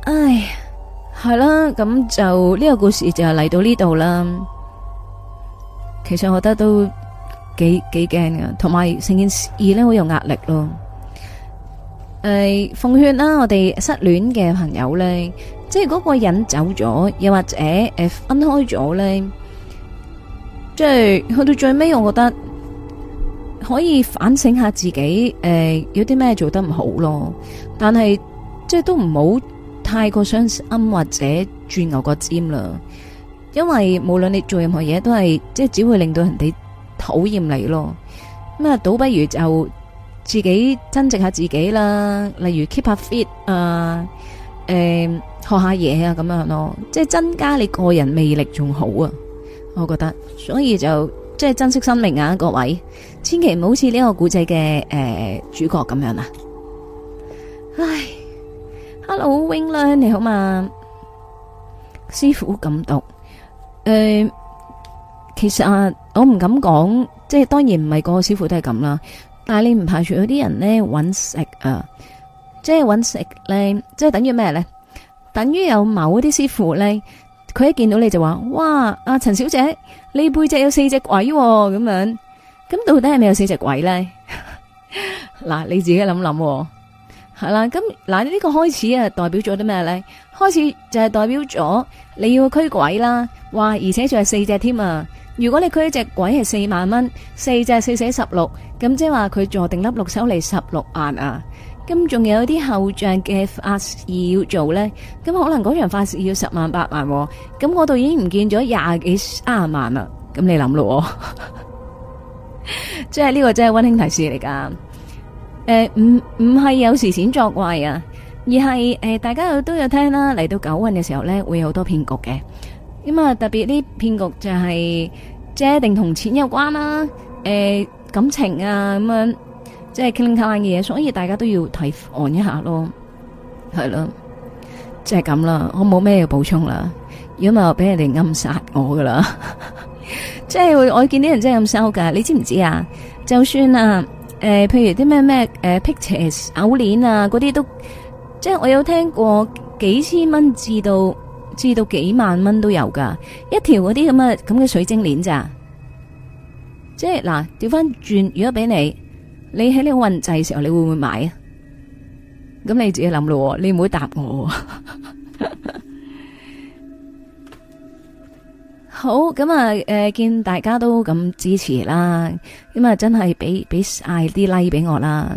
唉，係啦，咁就呢個故事就嚟到呢度啦。其實我覺得都幾幾驚噶，同埋成件事咧好有壓力咯。誒，奉勸啦，我哋失戀嘅朋友咧。即係嗰個人走咗，又或者誒、呃、分開咗咧，即係去到最尾，我覺得可以反省下自己誒、呃，有啲咩做得唔好咯。但係即係都唔好太過傷心或者鑽牛角尖啦。因為無論你做任何嘢，都係即係只會令到人哋討厭你咯。咁啊，倒不如就自己增值下自己啦。例如 keep 下 fit 啊。誒、嗯，學下嘢啊，咁樣咯，即係增加你個人魅力仲好啊，我覺得，所以就即係珍惜生命啊，各位，千祈唔好似呢個古仔嘅誒主角咁樣啦，啊。唉，Hello Wing Le，你好嘛？師傅咁讀，誒、嗯，其實、啊、我唔敢講，即係當然唔係個個師傅都係咁啦，但係你唔排除有啲人咧揾食啊。即係搵食呢，即係等於咩呢？等於有某啲師傅呢，佢一見到你就話，哇，阿陳小姐，你背脊有四隻鬼咁，哦，樣。咁到底係咪有四隻鬼呢？嗱， 你自己諗諗。係啦，咁嗱呢個開始啊，代表咗啲咩呢？開始就係代表咗你要驅鬼啦。哇，而且仲係四隻添啊！如果你驅一隻鬼係四萬蚊，四隻四四十六，咁即係話佢坐定粒六手嚟，十六萬啊！咁仲有啲後仗嘅法事要做咧，咁可能嗰場法事要十萬八萬、哦，咁我度已經唔見咗廿幾卅萬啦，咁你諗咯， 即係呢、呢個真係溫馨提示嚟噶。誒、呃，唔唔係有時錢作怪啊，而係誒、呃、大家有都有聽啦，嚟到九運嘅時候咧，會有好多騙局嘅。咁啊，特別啲騙局就係、是、即係一定同錢有關啦、啊，誒、呃、感情啊咁樣即係傾偷眼嘅嘢，所以大家都要提防一下咯，係咯，即係咁啦。我冇咩要補充啦，如果咪俾人哋暗殺我噶啦，即 係我見啲人真係咁收噶。你知唔知啊？就算啊，誒、呃，譬如啲咩咩誒辟邪手鏈啊，嗰啲都，即係我有聽過幾千蚊至到至到幾萬蚊都有噶，一條嗰啲咁啊咁嘅水晶鏈咋，即係嗱調翻轉，如果俾你。你喺你運滯時候，你會唔會買啊？咁你自己諗咯，你唔會答我。好，咁啊，誒，見大家都咁支持啦，咁啊真係俾俾晒啲 like 俾我啦。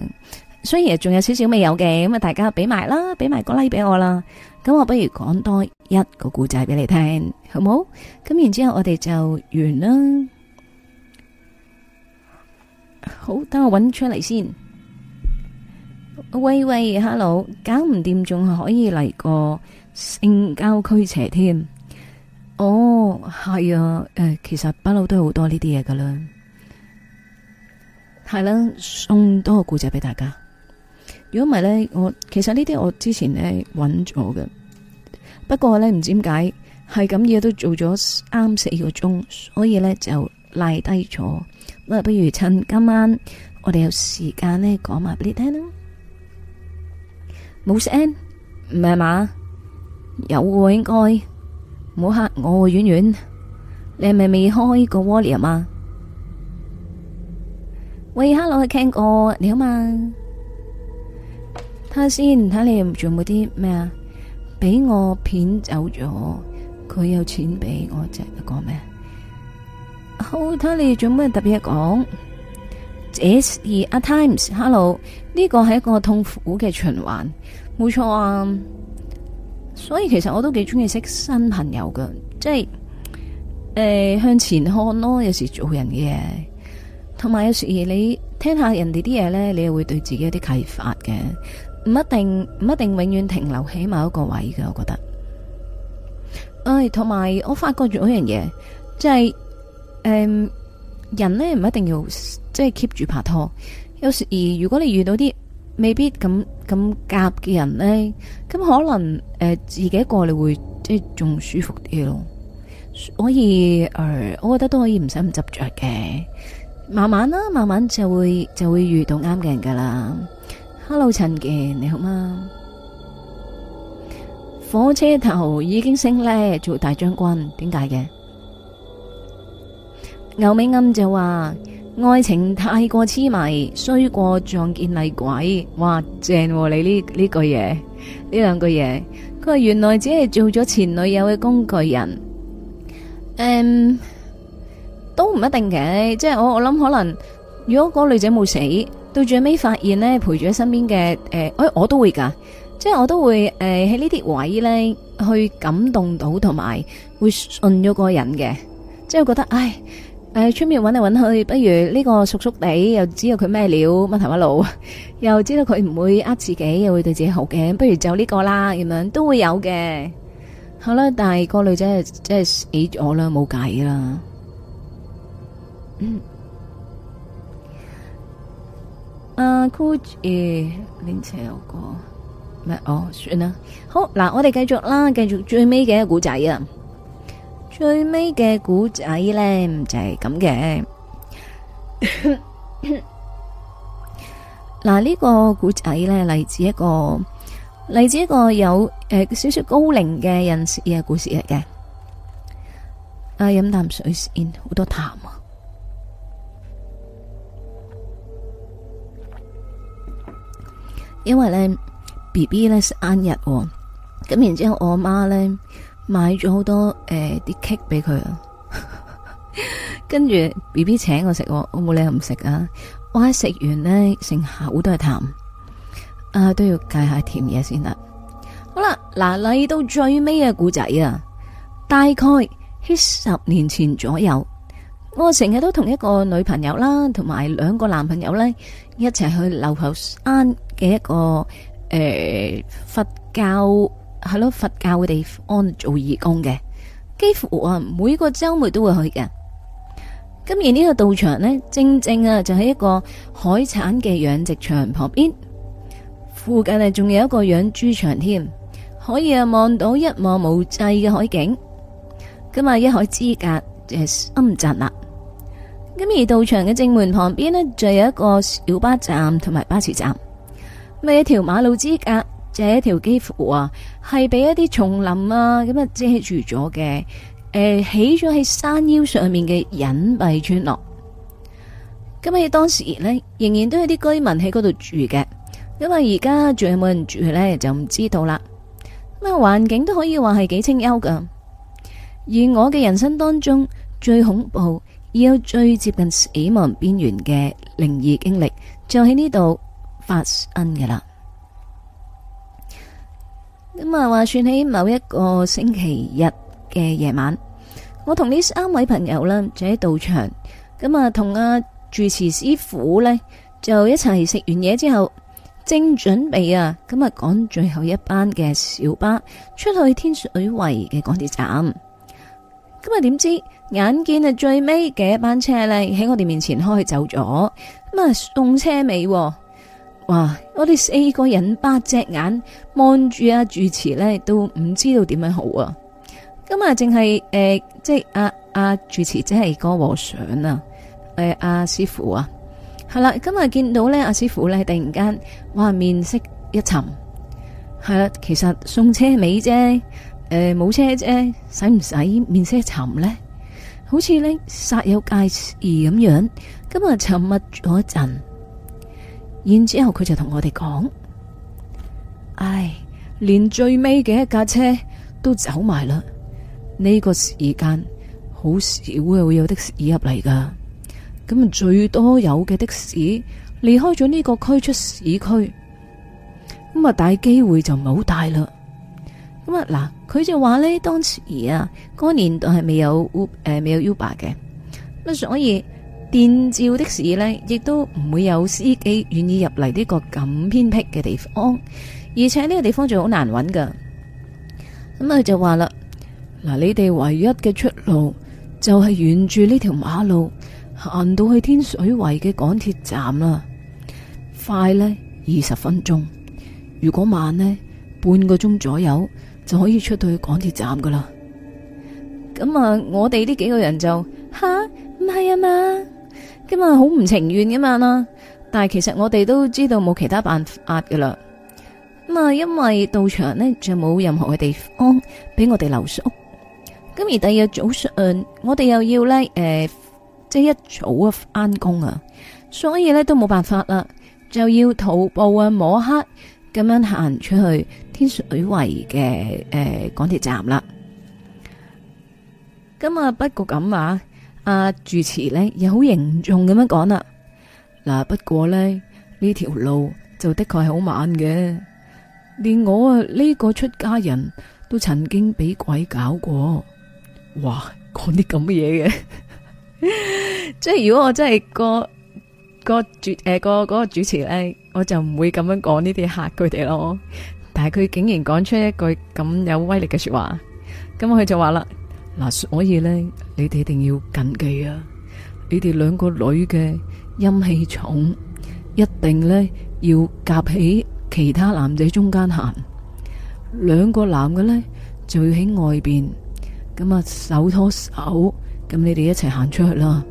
雖然仲有少少未有嘅，咁啊大家俾埋啦，俾埋個 like 俾我啦。咁我不如講多一個故仔俾你聽，好唔好？咁然之後我哋就完啦。好，等我搵出嚟先。喂喂，hello，搞唔掂仲可以嚟個性交驅邪添？哦，係啊，誒、欸，其實不嬲都有好多呢啲嘢噶啦。係啦、啊，送多個故仔俾大家。如果唔係呢，我其實呢啲我之前呢搵咗嘅。不過呢，唔知點解係咁嘢都做咗三四個鐘，所以呢就賴低咗。不如趁今晚我哋有時間咧講埋俾你聽咯。冇聲，唔係嘛？有個應該，唔好吓我婉婉。你係咪未開個窩嚟嘛？喂，哈羅，Ken 哥你好嘛？睇下先，睇你仲有冇啲咩啊？俾我片走咗，佢有錢俾我一個，就講咩？好睇你做咩特別講？S E A Times，hello，呢個係一個痛苦嘅循環，冇錯啊。所以其實我都幾中意識新朋友㗎。即係誒、欸、向前看咯。有時做人嘅嘢，同埋有,有時你聽下人哋啲嘢呢，你又會對自己有啲啟發嘅。唔一定唔一定永遠停留喺某一個位嘅，我覺得。唉、欸，同埋我發覺咗一樣嘢，即係。誒、um,，人呢，唔一定要即係 keep 住拍拖，有時而如果你遇到啲未必咁咁夾嘅人呢，咁可能誒、呃、自己一個人會即係仲舒服啲咯，所以誒、呃，我覺得都可以唔使咁執着嘅，慢慢啦、啊，慢慢就會就會遇到啱嘅人噶啦。Hello，陳健，你好嗎？火車頭已經升呢，做大將軍，點解嘅？牛尾啱就話愛情太過痴迷，衰過撞見厲鬼。哇，正、啊、你呢呢句嘢，呢兩句嘢。佢話原來只係做咗前女友嘅工具人。誒、嗯，都唔一定嘅，即係我我諗可能，如果個女仔冇死，到最尾發現呢，陪住喺身邊嘅誒，哎，我都會噶，即係我都會誒喺呢啲位呢，去感動到，同埋會信咗個人嘅，即係覺得唉。誒、呃，出面搵嚟搵去，不如呢個叔叔地，又知道佢咩料，乜頭乜路，又知道佢唔會呃自己，又會對自己好嘅，不如就呢個啦，咁樣都會有嘅。好啦，但係個女仔即係死咗啦，冇計啦。嗯，啊，酷熱，連車有個咩？哦，算啦。好，嗱，我哋繼續啦，繼續最尾嘅一個古仔啊。最尾嘅古仔呢，就係咁嘅。嗱，呢個古仔呢，嚟自一個嚟自一個有誒少少高齡嘅人士嘅故事嚟嘅。啊，飲啖水先，好多痰啊！因為呢，B B 呢是生日，咁然之後我媽呢。買咗好多誒啲 cake 俾佢，跟住 B B 請我食，我冇理由唔食啊！我喺食完呢，成口都係淡，啊都要戒下甜嘢先得。好啦，嗱，嚟到最尾嘅古仔啊，大概喺十年前左右，我成日都同一個女朋友啦，同埋兩個男朋友呢，一齊去流浮山嘅一個誒、欸、佛教。係咯，佛教嘅地方做義工嘅，幾乎啊每個周末都會去嘅。咁而呢個道場呢，正正啊就喺一個海產嘅養殖場旁邊，附近啊仲有一個養豬場添，可以啊望到一望無際嘅海景。咁啊，一海之隔就係安扎深圳啦。咁而道場嘅正門旁邊呢，就有一個小巴站同埋巴士站，咪一條馬路之隔。第一條幾乎啊，係俾一啲叢林啊咁啊遮住咗嘅，誒、呃，起咗喺山腰上面嘅隱蔽村落。咁喺當時呢，仍然都有啲居民喺嗰度住嘅，因為而家仲有冇人住呢，就唔知道啦。咁啊，環境都可以話係幾清幽噶。而我嘅人生當中最恐怖，而又最接近死亡邊緣嘅靈異經歷，就喺呢度發生噶啦。咁啊，話算起某一個星期日嘅夜晚，我同呢三位朋友啦，就喺道場。咁啊，同阿住持師傅呢就一齊食完嘢之後，正準備啊，咁啊，趕最後一班嘅小巴出去天水圍嘅港鐵站。咁啊點知，眼見啊最尾嘅一班車呢喺我哋面前開走咗，咁啊，送車尾。哇！我哋四個人八隻眼望、啊、住阿住持咧，都唔知道點樣好啊！今日淨係誒，即係阿阿住持，即係個和尚啊，誒、呃、阿、啊、師傅啊，係啦。今日見到咧阿、啊、師傅咧，突然間哇面色一沉，係啦，其實送車尾啫，誒、呃、冇車啫，使唔使面色一沉呢？好似咧煞有介事咁樣。今日沉默咗一陣。然之後佢就同我哋講：唉、哎，連最尾嘅一架車都走埋啦。呢、這個時間好少會有的士入嚟噶。咁啊，最多有嘅的士離開咗呢個區出市區，咁啊，大機會就唔係好大啦。咁啊，嗱，佢就話呢，當時啊，嗰年都係未有誒，未有 Uber 嘅，咁所以。電召的士呢，亦都唔會有司機願意入嚟呢個咁偏僻嘅地方，而且呢個地方仲好難揾噶。咁佢就話啦，嗱，你哋唯一嘅出路就係沿住呢條馬路行到去天水圍嘅港鐵站啦。快呢，二十分鐘，如果慢呢，半個鐘左右就可以出到去港鐵站噶啦。咁啊，我哋呢幾個人就吓，唔係啊嘛？好唔情願嘅嘛啦，但係其實我哋都知道冇其他辦法噶啦。咁啊，因為到場呢，就冇任何嘅地方俾我哋留宿。咁而第二日早上，我哋又要呢，誒、呃，即、就、係、是、一早啊翻工啊，所以呢，都冇辦法啦，就要徒步啊摸黑咁樣行出去天水圍嘅誒港鐵站啦。咁啊，不過咁啊。啊！主持咧，又好凝重咁樣講啦，嗱，不過咧，呢條路就的確係好慢嘅，連我啊呢個出家人都曾經俾鬼搞過，哇！講啲咁嘅嘢嘅， 即係如果我真係、嗰個個主誒個個主持咧，我就唔會咁樣講呢啲吓佢哋咯，但係佢竟然講出一句咁有威力嘅說話，咁佢就話啦，嗱，所以咧。你哋一定要謹記啊！你哋兩個女嘅陰氣重，一定咧要夾喺其他男仔中間行。兩個男嘅咧就要喺外邊，咁啊手拖手，咁你哋一齊行出去啦。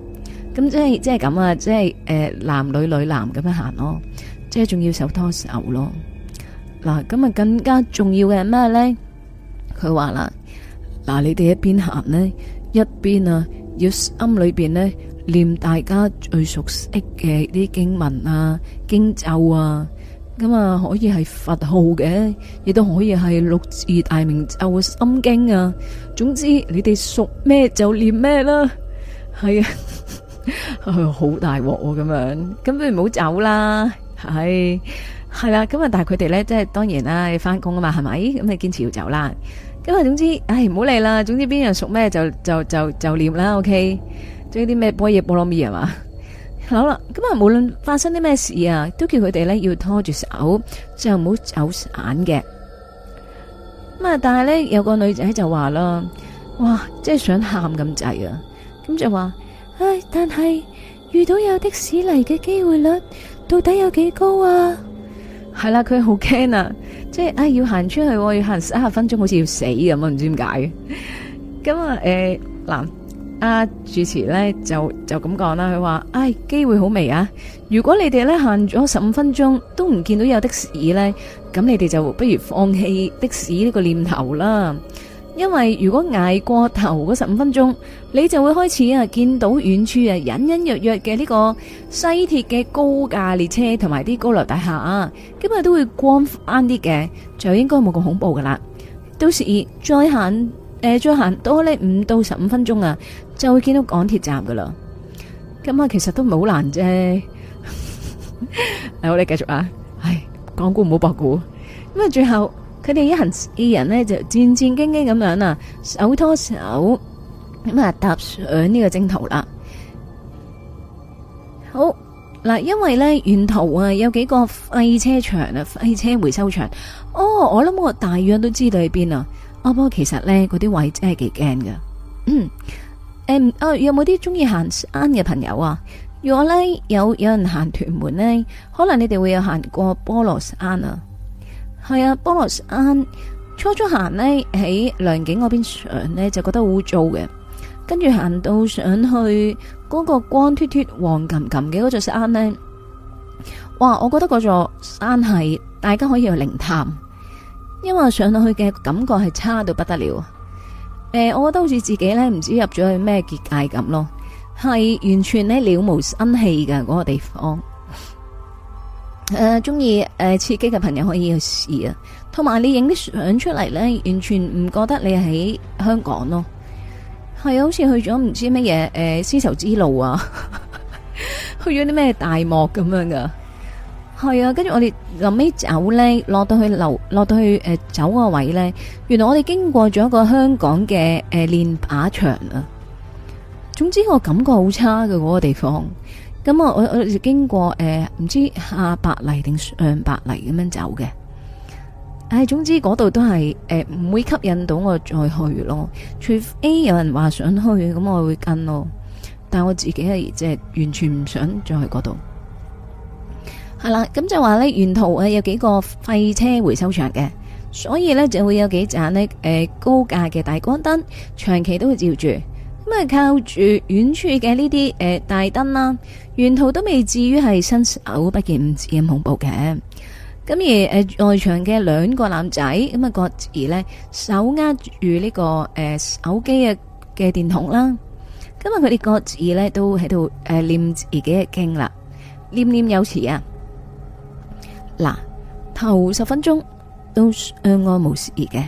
咁即係即係咁啊！即係誒，男女女男咁樣行咯，即係仲要手拖手咯。嗱，咁啊更加重要嘅係咩咧？佢話啦，嗱，你哋一邊行咧。一邊啊，要心裏邊咧念大家最熟悉的嘅啲經文啊、經咒啊，咁啊可以係佛號嘅，亦都可以係六字大明咒嘅心經啊。總之你哋熟咩就念咩啦，係啊，好大鑊咁樣。咁不如唔好走啦，係係啦。咁啊，但係佢哋咧，即係當然啦，要翻工啊嘛，係咪？咁你堅持要走啦。咁啊，總之，唉，唔好理啦。總之邊人熟咩就就就就，就念啦，OK。仲有啲咩波嘢、菠蘿蜜係嘛，好啦。咁啊，無論發生啲咩事啊，都叫佢哋咧要拖住手，最後唔好走散嘅。咁啊，但係咧有個女仔就話啦，哇，真係想喊咁滯啊，咁就話，唉，但係遇到有的士嚟嘅機會率到底有幾高啊？係啦，佢好驚啊！即係啊、哎，要行出去，要行三十分鐘，好似要死咁、 嗯呃、啊！唔知點解咁啊，誒，嗱，阿主持咧就就咁講啦，佢話，唉、哎，機會好微啊！如果你哋咧行咗十五分鐘都唔見到有的士咧，咁你哋就不如放棄的士呢個念頭啦。因為如果挨過頭嗰十五分鐘，你就會開始啊見到遠處啊隱隱約約嘅呢個西鐵嘅高架列車同埋啲高樓大廈啊，今日都會光啱啲嘅，就應該冇咁恐怖噶啦。到時再行誒、呃、再行多呢五到十五分鐘啊，就會見到港鐵站噶啦。今日其實都唔係 好難啫，係好，你繼續啊，唉，港股唔好博股，咁啊最後。佢哋一行二人呢，就戰戰兢兢咁樣啊，手拖手咁啊，踏上呢個征途啦。好嗱，因為呢，沿途啊，有幾個廢車場啊，廢車回收場。哦，我諗我大約都知道喺邊啊。不過其實呢，嗰啲位真係幾驚噶。嗯，誒、嗯，啊，有冇啲中意行山嘅朋友啊？如果呢，有有人行屯門呢，可能你哋會有行過菠蘿山啊。係啊，菠蘿山初初行呢，喺良景嗰邊上呢，就覺得污糟嘅，跟住行到上去嗰、嗰個光脫脫、黃冚冚嘅嗰座山呢。哇！我覺得嗰座山係大家可以去靈探，因為上到去嘅感覺係差到不得了。誒、呃，我覺得好似自己呢，唔知入咗去咩結界咁咯，係完全呢，了無生氣嘅嗰個地方。誒、呃，中意誒刺激嘅朋友可以去試啊！同埋你影啲相出嚟咧，完全唔覺得你喺香港咯，係啊，好似去咗唔知乜嘢誒絲綢之路啊， 去咗啲咩大漠咁樣噶，係啊！跟住我哋臨尾走咧，落到去樓，落到去誒走個位咧，原來我哋經過咗一個香港嘅誒練靶場啊！總之我感覺好差嘅嗰、那個地方。咁我我我經過誒，唔、呃、知下白泥定上白泥咁樣走嘅。唉、哎，總之嗰度都係誒唔會吸引到我再去咯，除非有人話想去，咁我會跟咯。但我自己係即係完全唔想再去嗰度。係啦，咁就話呢，沿途啊有幾個廢車回收場嘅，所以呢就會有幾盞咧誒高架嘅大光燈，長期都會照住。咁啊，靠住遠處嘅呢啲誒大燈啦，沿途都未至於係伸手不見五指咁恐怖嘅。咁而誒外、呃、場嘅兩個男仔咁啊，各自呢手握住呢個誒、呃、手機嘅嘅電筒啦。咁、呃、啊，佢哋各自呢都喺度誒念自己嘅經啦，念念有詞啊。嗱，頭十分鐘都相安無事嘅。咁、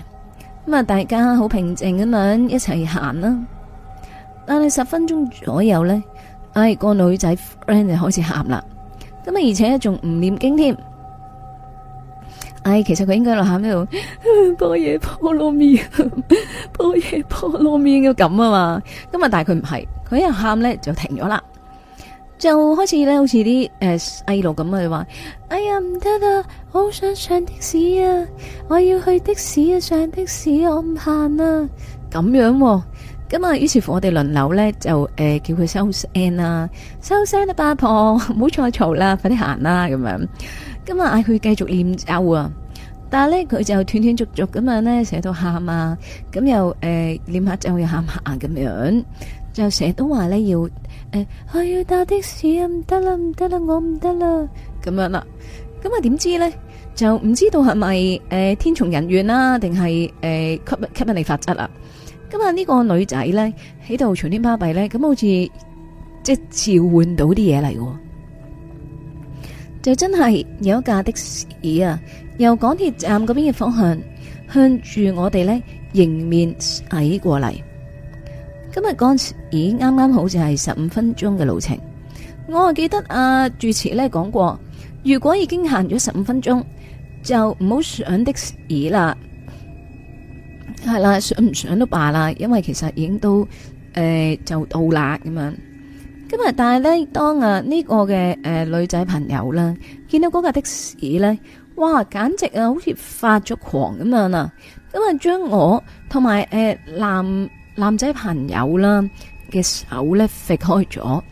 呃、啊，大家好平靜咁樣一齊行啦。但係十分鐘左右咧，哎，個女仔 friend 就開始喊啦，咁啊，而且仲唔念經添？哎，其實佢應該喺度喊波野破羅面，波野破羅面要咁啊嘛，咁啊但係佢唔係，佢一喊咧就停咗啦，就開始咧好似啲誒 I 咁啊，佢、欸、話：哎呀唔得啊，我好想上的士啊，我要去的士啊，上的士我唔行啊，咁、啊、樣。咁啊，於是乎我哋輪流咧就誒叫佢收聲啦，收聲啦，八婆，唔好再嘈啦，快啲行啦咁樣。咁啊嗌佢繼續念咒啊，但係咧佢就斷斷續續咁樣咧，成日都喊啊，咁又誒念下咒又喊下咁樣，就成日都話咧要誒我要打的士啊，唔得啦唔得啦，我唔得啦咁樣啦。咁啊點知咧就唔知道係咪誒天從人願啦，定係誒吸吸引你法則啦？今日呢個女仔呢，喺度嘈天巴閉呢，咁好似即係召喚到啲嘢嚟嘅，就真係有架的士啊，由港鐵站嗰邊嘅方向向住我哋呢迎面駛過嚟。今日講咦，啱啱好似係十五分鐘嘅路程，我記得啊主持呢講過，如果已經行咗十五分鐘，就唔好上的士啦。係啦，想唔想都罷啦，因為其實已經都誒、呃、就到啦咁樣。咁啊，但係咧，當啊呢、這個嘅誒、呃、女仔朋友啦，見到嗰架的士呢，哇，簡直啊好似發咗狂咁樣啊！咁啊，將我同埋誒男男仔朋友啦嘅手呢甩開咗，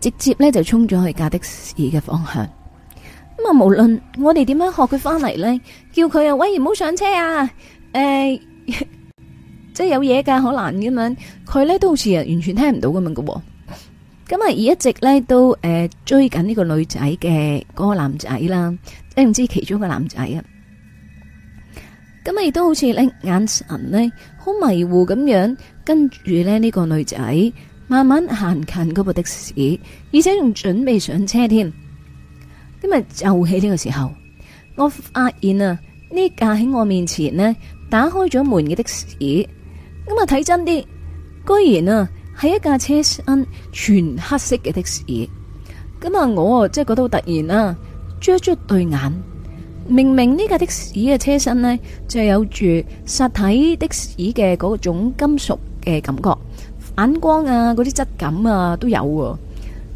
直接呢就衝咗去架的士嘅方向。咁、嗯、啊，無論我哋點樣學佢翻嚟呢叫佢啊，喂，唔好上車啊！誒， 即係有嘢噶，好難咁樣。佢咧都好似啊，完全聽唔到咁樣嘅。咁、嗯、啊，而一直咧都誒、呃、追緊呢個女仔嘅嗰個男仔啦，你唔知其中個男仔啊。咁、嗯、啊，亦都好似咧眼神咧好迷糊咁樣，跟住咧呢、呢個女仔慢慢行近嗰部的士，而且仲準備上車添。咁、嗯、啊，就喺呢個時候，我發現啊，呢架喺我面前呢。打開咗門嘅的，的士，咁啊睇真啲，居然啊係一架車身全黑色嘅的，的士，咁啊我啊，即係覺得好突然啊，眨一眨對眼，明明呢架的士嘅車身呢，就有住實體的士嘅嗰種金屬嘅感覺，反光啊嗰啲質感啊都有啊，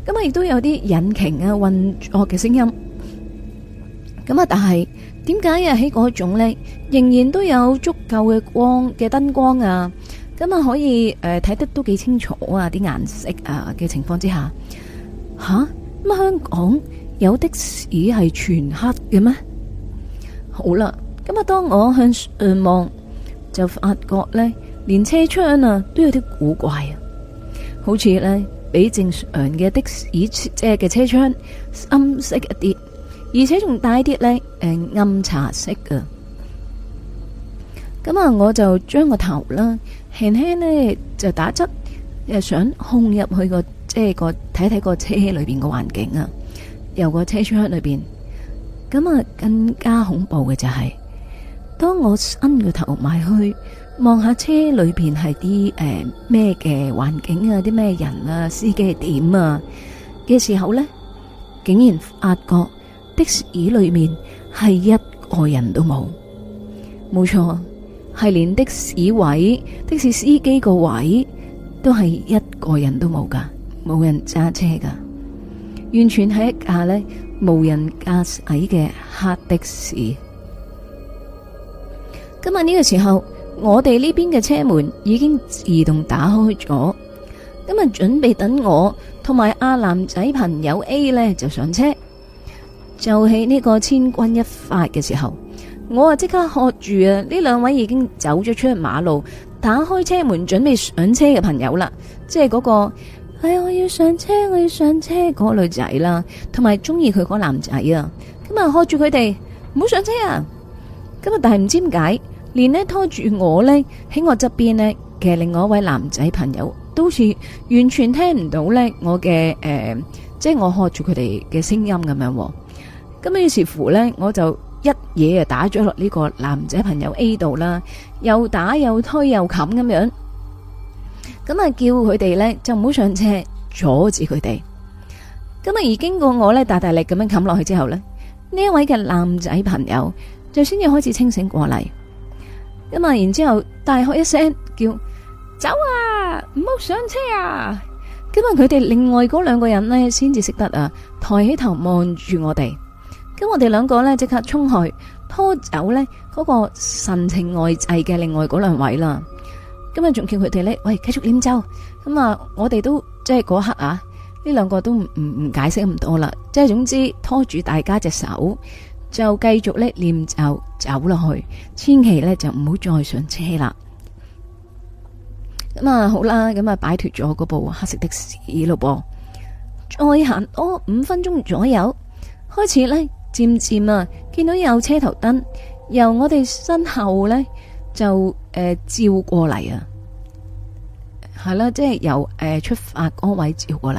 咁啊亦都有啲引擎啊運作嘅聲音，咁啊但係。點解啊？喺嗰種咧，仍然都有足夠嘅光嘅燈光啊，咁啊可以誒睇得都幾清楚啊，啲顏色啊嘅情況之下，吓，咁啊香港有的士係全黑嘅咩？好啦，咁啊當我向上望，就發覺咧，連車窗啊都有啲古怪啊，好似咧比正常嘅的士即係嘅車窗暗色一啲。而且仲帶啲咧，誒暗茶色嘅。咁啊，我就將個頭啦，輕輕咧就打側，誒想控入去個即係個睇睇個車裏邊個環境啊。由個車窗裏邊，咁啊更加恐怖嘅就係，當我伸個頭埋去望下車裏邊係啲誒咩嘅環境啊，啲咩人啊，司機係點啊嘅時候咧，竟然發覺。的士裏面係一個人都冇，冇錯，係連的士位、的士司機個位都係一個人都冇噶，冇人揸車噶，完全係一架呢無人駕駛嘅黑的士。今日呢個時候，我哋呢邊嘅車門已經自動打開咗，今日準備等我同埋阿男仔朋友 A 呢就上車。就喺呢個千鈞一髮嘅時候，我啊即刻喝住啊！呢兩位已經走咗出馬路，打開車門準備上車嘅朋友啦，即係嗰、嗰個哎我要上車，我要上車嗰女仔啦，同埋中意佢嗰男仔啊。咁啊，喝住佢哋唔好上車啊。咁啊，但係唔知點解連呢拖住我呢喺我側邊呢其實另外一位男仔朋友，都好似完全聽唔到呢我嘅誒，即、呃、係、就是、我喝住佢哋嘅聲音咁樣。咁於是乎呢，我就一嘢啊，打咗落呢個男仔朋友 A 度啦，又打又推又冚咁樣。咁啊，叫佢哋呢，就唔好上車，阻止佢哋。咁啊，而經過我呢，大大力咁樣冚落去之後呢，呢一位嘅男仔朋友就先至開始清醒過嚟。咁啊，然之後大喝一聲叫走啊，唔好上車啊。咁啊，佢哋另外嗰兩個人呢，先至識得啊，抬起頭望住我哋。咁我哋兩個呢，即刻衝去拖走呢、嗰嗰個神情外滯嘅另外嗰兩位啦。今日仲叫佢哋呢，喂，繼續念咒。咁啊，我哋都即係嗰刻啊，呢兩個都唔唔解釋咁多啦。即係總之拖住大家隻手，就繼續呢念咒走落去，千祈呢就唔好再上車啦。咁啊好啦，咁啊擺脫咗嗰部黑色的士咯噃，再行多五分鐘左右，開始呢。漸漸啊，見到有車頭燈由我哋身後呢，就誒、呃、照過嚟啊，係啦，即係由誒、呃、出發嗰位照過嚟。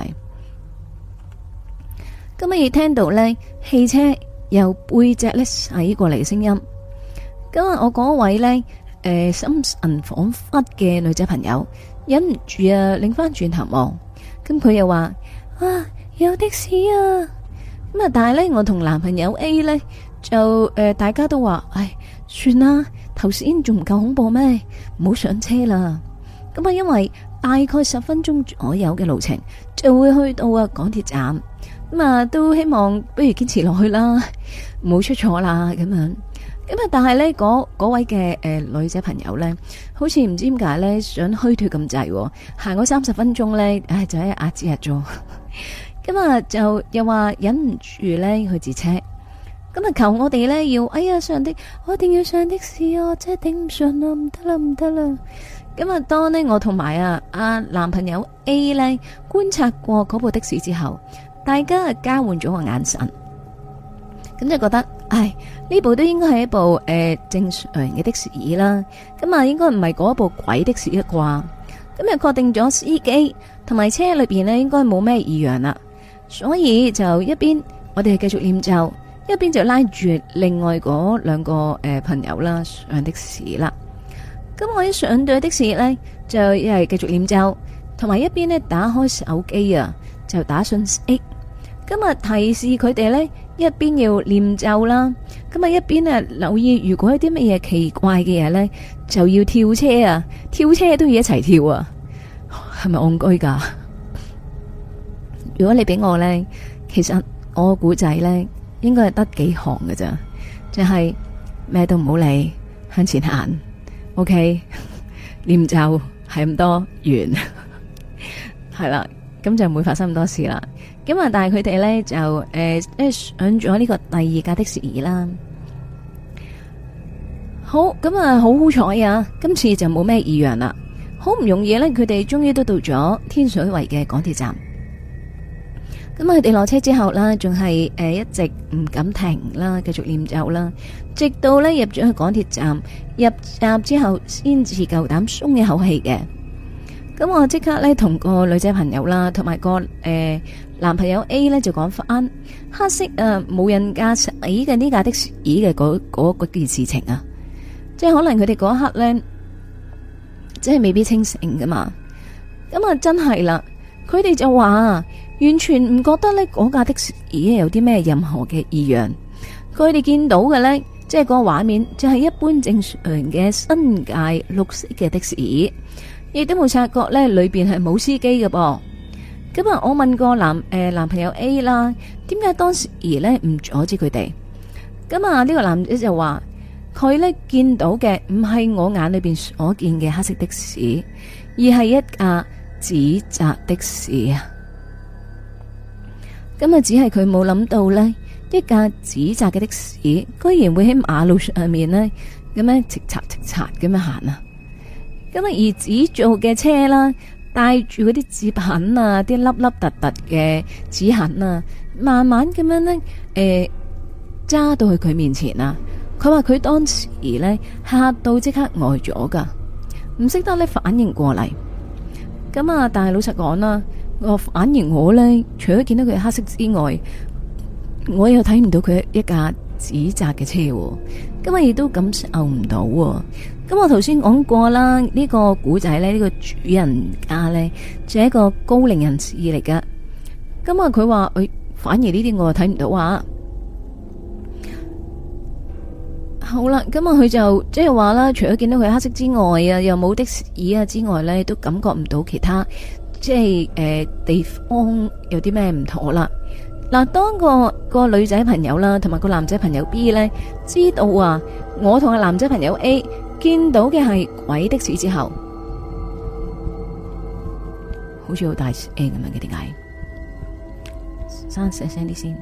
咁、嗯、啊，亦聽到呢，汽車由背脊咧駛過嚟嘅聲音。今、嗯、日我嗰位呢，誒、呃、心神恍惚嘅女仔朋友忍唔住啊，擰翻轉頭望，咁、嗯、佢又話啊，有的士啊！咁啊！但係咧，我同男朋友 A 呢，就、呃、誒，大家都話，唉，算啦，頭先仲唔夠恐怖咩？唔好上車啦。咁啊，因為大概十分鐘左右嘅路程，就會去到啊港鐵站。咁啊，都希望不如堅持落去啦，唔好出錯啦咁樣。咁啊，但係呢，嗰嗰位嘅誒、呃、女仔朋友呢，好似唔知點解呢，想虛脫咁滯，行嗰三十分鐘呢，唉，就喺阿姐日咗。今日就又話忍唔住呢去自車，咁啊求我哋呢要哎呀上的我一定要上的士哦，車頂唔順啊，唔得啦，唔得啦！咁啊當呢我同埋啊男朋友 A 呢觀察過嗰部的士之後，大家交換咗個眼神，咁就覺得唉呢部都應該係一部誒、呃、正常嘅的、的士啦，咁啊應該唔係嗰部鬼的士啩，咁就確定咗司機同埋車裏邊呢應該冇咩異樣啦。所以就一邊我哋繼續念咒，一邊就拉住另外嗰兩個誒朋友啦，上的士啦。咁我一上到的士呢，就一係繼續念咒，同埋一邊呢打開手機啊，就打信息，今日提示佢哋呢一邊要念咒啦，咁啊一邊呢留意，如果有啲乜嘢奇怪嘅嘢呢，就要跳車啊！跳車都要一齊跳啊！係咪戇居噶？是如果你俾我呢，其實我個古仔呢應該係得幾行嘅咋，就係、是、咩都唔好理，向前行。O、okay? K， 念咒係咁多，完係啦，咁 就唔會發生咁多事啦。咁啊，但係佢哋呢，就誒、呃、上咗呢個第二架的士啦。好咁啊，好好彩啊，今次就冇咩異樣啦。好唔容易呢，佢哋終於都到咗天水圍嘅港鐵站。咁佢哋落車之後啦，仲係誒一直唔敢停啦，繼續念咒啦，直到呢入咗去港鐵站，入站之後先至夠膽鬆一口氣嘅。咁我即刻呢同個女仔朋友啦，同埋個誒、呃、男朋友 A 呢，就講翻黑色冇人駕駛椅嘅呢架的士嘅嗰件事情啊，即係可能佢哋嗰一刻呢，即係未必清醒噶嘛。咁啊，真係啦，佢哋就話。完全唔覺得呢嗰架的士有啲咩任何嘅異樣，佢哋見到嘅呢，即係個畫面就係一般正常嘅新界綠色嘅的、的士，亦都冇察覺呢裏邊係冇司機嘅噃。咁啊，我問個男誒、呃、男朋友 A 啦，點解當時而呢唔阻止佢哋？咁啊，呢個男仔就話佢呢見到嘅唔係我眼裏邊所見嘅黑色的士，而係一架紫色的士啊。咁啊，只係佢冇諗到呢，一架紙紮嘅的士，居然會喺馬路上面呢，咁樣直插直插咁樣行啊！咁啊，而紙做嘅車啦，帶住嗰啲紙板啊，啲凹凹凸凸嘅紙痕啊，慢慢咁樣呢，誒、欸，揸到去佢面前啊！佢話佢當時呢，吓到即刻呆咗噶，唔識得呢反應過嚟。咁啊，但係老實講啦。我、哦、反而我呢，除咗見到佢黑色之外，我又睇唔到佢一,一架紙紮嘅車、哦，今日亦都感受唔到、哦。咁、嗯、我頭先講過啦，呢、呢個古仔呢，呢、呢個主人家呢，就係、一個高齡人士嚟噶。今日佢話，誒、嗯哎，反而呢啲我睇唔到啊。好啦，今日佢就即係話啦，除咗見到佢黑色之外啊，又冇的士椅啊之外呢，都感覺唔到其他。即係誒、呃，地方有啲咩唔妥啦？嗱，當個個女仔朋友啦，同埋個男仔朋友 B 咧，知道話我同個男仔朋友 A 見到嘅係鬼的士之後，好似好大聲咁樣嘅點解？細聲啲先，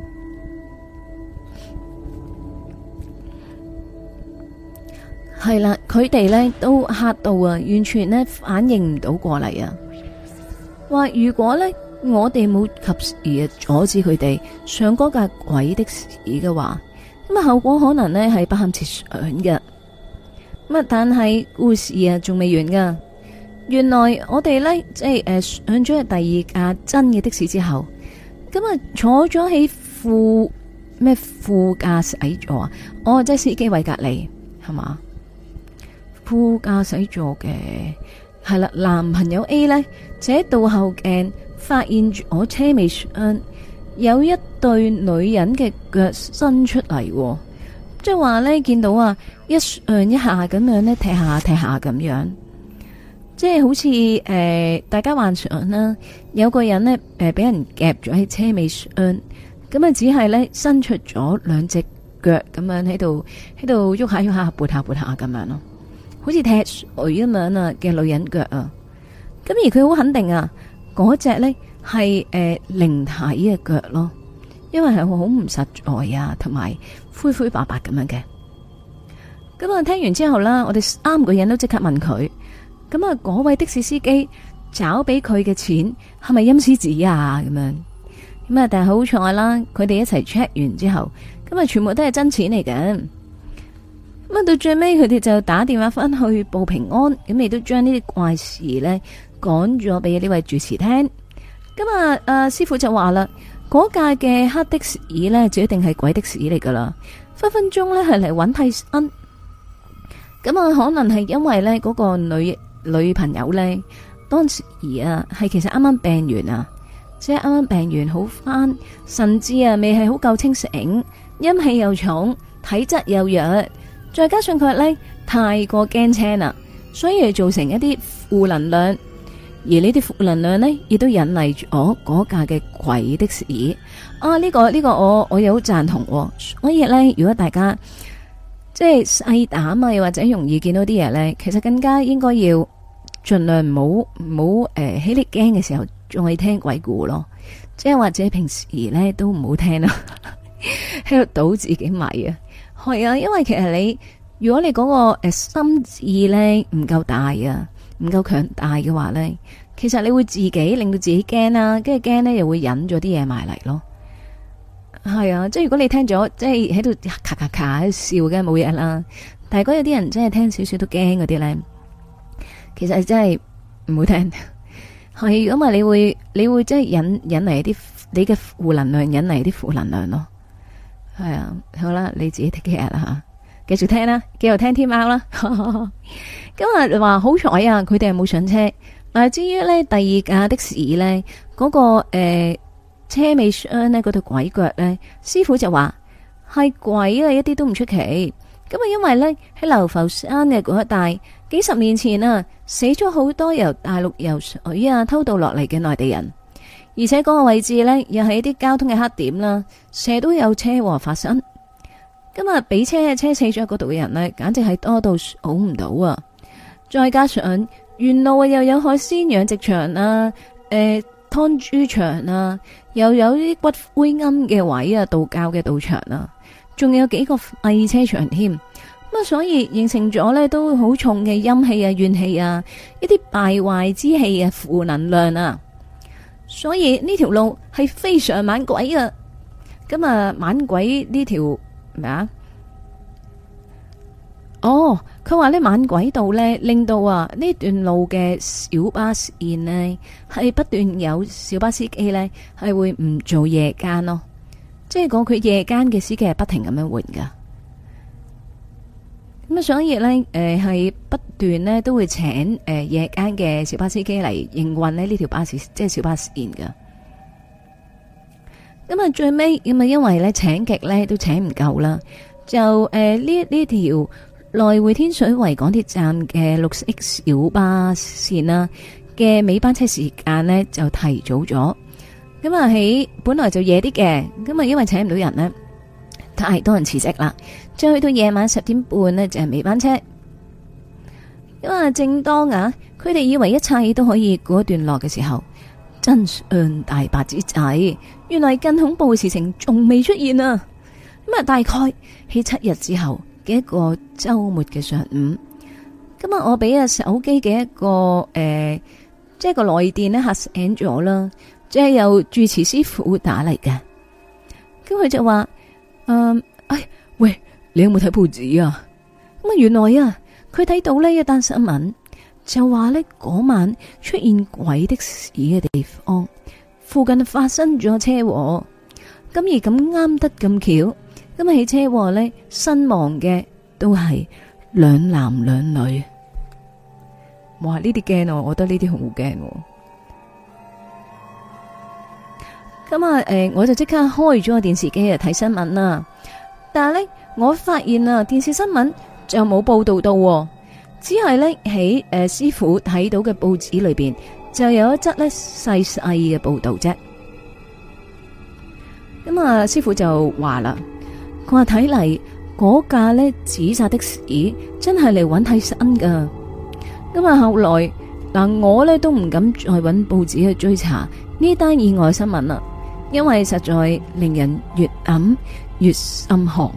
係啦，佢哋咧都吓到啊，完全咧反應唔到過嚟啊！話如果咧我哋冇及時阻止佢哋上嗰架鬼的士嘅話，咁啊後果可能呢係不堪設想嘅。咁啊，但係故事啊仲未完噶，原來我哋呢，即係誒上咗第二架真嘅的,的士之後，咁啊坐咗喺副咩副駕駛座啊，我、哦、即係司機位隔籬係嘛，副駕駛座嘅。係啦，男朋友 A 咧，喺倒後鏡發現住我車尾箱有一對女人嘅腳伸出嚟，即係話咧見到啊一上一下咁樣呢，踢下踢下咁樣，即係好似誒、呃、大家幻想啦，有個人呢誒俾人夾咗喺車尾箱，咁啊只係呢伸出咗兩隻腳咁樣喺度喺度喐下喐下撥下撥下咁樣咯。好似踢水咁樣啊嘅女人腳啊，咁而佢好肯定啊，嗰隻呢係誒靈體嘅腳咯，因為係好唔實在啊，同埋灰灰白白咁樣嘅。咁啊聽完之後啦，我哋三個人都即刻問佢，咁啊嗰位的士司機找俾佢嘅錢係咪陰司紙啊咁樣？咁啊但係好彩啦，佢哋一齊 check 完之後，咁啊全部都係真錢嚟嘅。咁到最尾佢哋就打電話翻去報平安，咁亦都將呢啲怪事咧講咗俾呢位主持聽。咁啊，阿師傅就話啦，嗰架嘅黑的士呢，就一定係鬼的士嚟噶啦，分分鐘呢，係嚟揾替身。」咁啊，可能係因為呢嗰、嗰個女女朋友呢，當時啊係其實啱啱病完啊，即係啱啱病完好翻，甚至啊未係好夠清醒，陰氣又重，體質又弱。再加上佢咧太過驚青啦，所以嚟造成一啲負能量，而呢啲負能量咧亦都引嚟我嗰架嘅鬼的士啊！呢個呢個我我又好贊同、哦。所以咧，如果大家即係細膽啊，又或者容易見到啲嘢咧，其實更加應該要盡量唔好唔好誒喺你驚嘅時候再聽鬼故咯，即係或者平時咧都唔好聽啦、啊，喺度倒自己米啊！係啊，因為其實你如果你嗰個誒心智咧唔夠大啊，唔夠強大嘅話咧，其實你會自己令到自己驚啦、啊，跟住驚咧又會引咗啲嘢埋嚟咯。係啊，即係如果你聽咗，即係喺度咔咔咔笑嘅冇嘢啦。但係如果有啲人真係聽少少都驚嗰啲咧，其實真係唔好聽。係、啊，因為你會你會即係引引嚟一啲你嘅負能量，引嚟啲負能量咯。係啊、 嗯，好啦，你自己聽幾日啦吓，繼續聽啦，繼續聽，聽 天喵啦。今日話好彩啊，佢哋係冇上車。但係至於呢第二架的士呢，嗰、那個誒、呃、車尾箱呢，嗰、那、對、個、鬼腳呢，師傅就話係鬼啊，一啲都唔出奇。咁啊，因為呢，喺流浮山嘅嗰一帶，幾十年前啊，死咗好多由大陸游水啊偷渡落嚟嘅內地人。而且嗰個位置呢，又係一啲交通嘅黑點啦，成日都有車禍、喔、發生。今日俾車車死咗嗰度嘅人呢，簡直係多到數唔到啊！再加上沿路啊、欸、啊，又有海鮮養殖場啦、誒，劏豬場啦，又有啲骨灰龕嘅位啊、道教嘅道場啊，仲有幾個廢車場添。咁啊，所以形成咗呢都好重嘅陰氣啊、怨氣啊、一啲敗壞之氣嘅負能量啊！所以呢條路係非常猛鬼嘅，咁啊猛鬼呢條咩啊？哦，佢話咧猛鬼度咧，令到啊呢段路嘅小巴線咧係不斷有小巴司機咧係會唔做夜間咯，即係講佢夜間嘅司機係不停咁樣換噶。咁所以咧，誒係不斷咧都會請誒，夜間嘅小巴司機嚟營運咧呢條巴士，即係小巴線噶。咁啊最尾咁啊，因為咧請極咧都請唔夠啦，就誒呢呢一條來回天水圍港鐵站嘅六 X 小巴線啦嘅尾班車時間咧就提早咗。咁啊喺本來就夜啲嘅，咁啊因為請唔到人咧。太多人辭職啦，再去到夜晚十點半呢，就係尾班車。因為，正當啊，佢哋以為一切都可以過一段落嘅時候，真相大白之際，原來更恐怖嘅事情仲未出現啊！咁啊，大概喺七日之後嘅一個周末嘅上午，今日我俾啊手機嘅一個誒，即係個來電呢，吓醒咗啦，即係有住持師傅打嚟嘅，咁佢就話。誒、uh，哎，喂，你有冇睇報紙啊？咁啊，原來啊，佢睇到呢一單新聞，就話呢嗰晚出現鬼的士嘅地方，附近發生咗車禍。咁而咁啱得咁巧，今日起車禍呢，身亡嘅都係兩男兩女。哇！呢啲驚喎，我覺得呢啲好驚喎。咁啊，誒，我就即刻開咗個電視機嚟睇新聞啦。但係咧，我發現啊，電視新聞就冇報道到，只係咧喺誒師傅睇到嘅報紙裏邊，就有一則咧細細嘅報道啫。咁啊，師傅就話啦，佢話睇嚟嗰架咧紫色的士真係嚟揾替身噶。咁啊，後來嗱，我咧都唔敢再揾報紙去追查呢單意外新聞啦。因為實在令人越諗越心寒，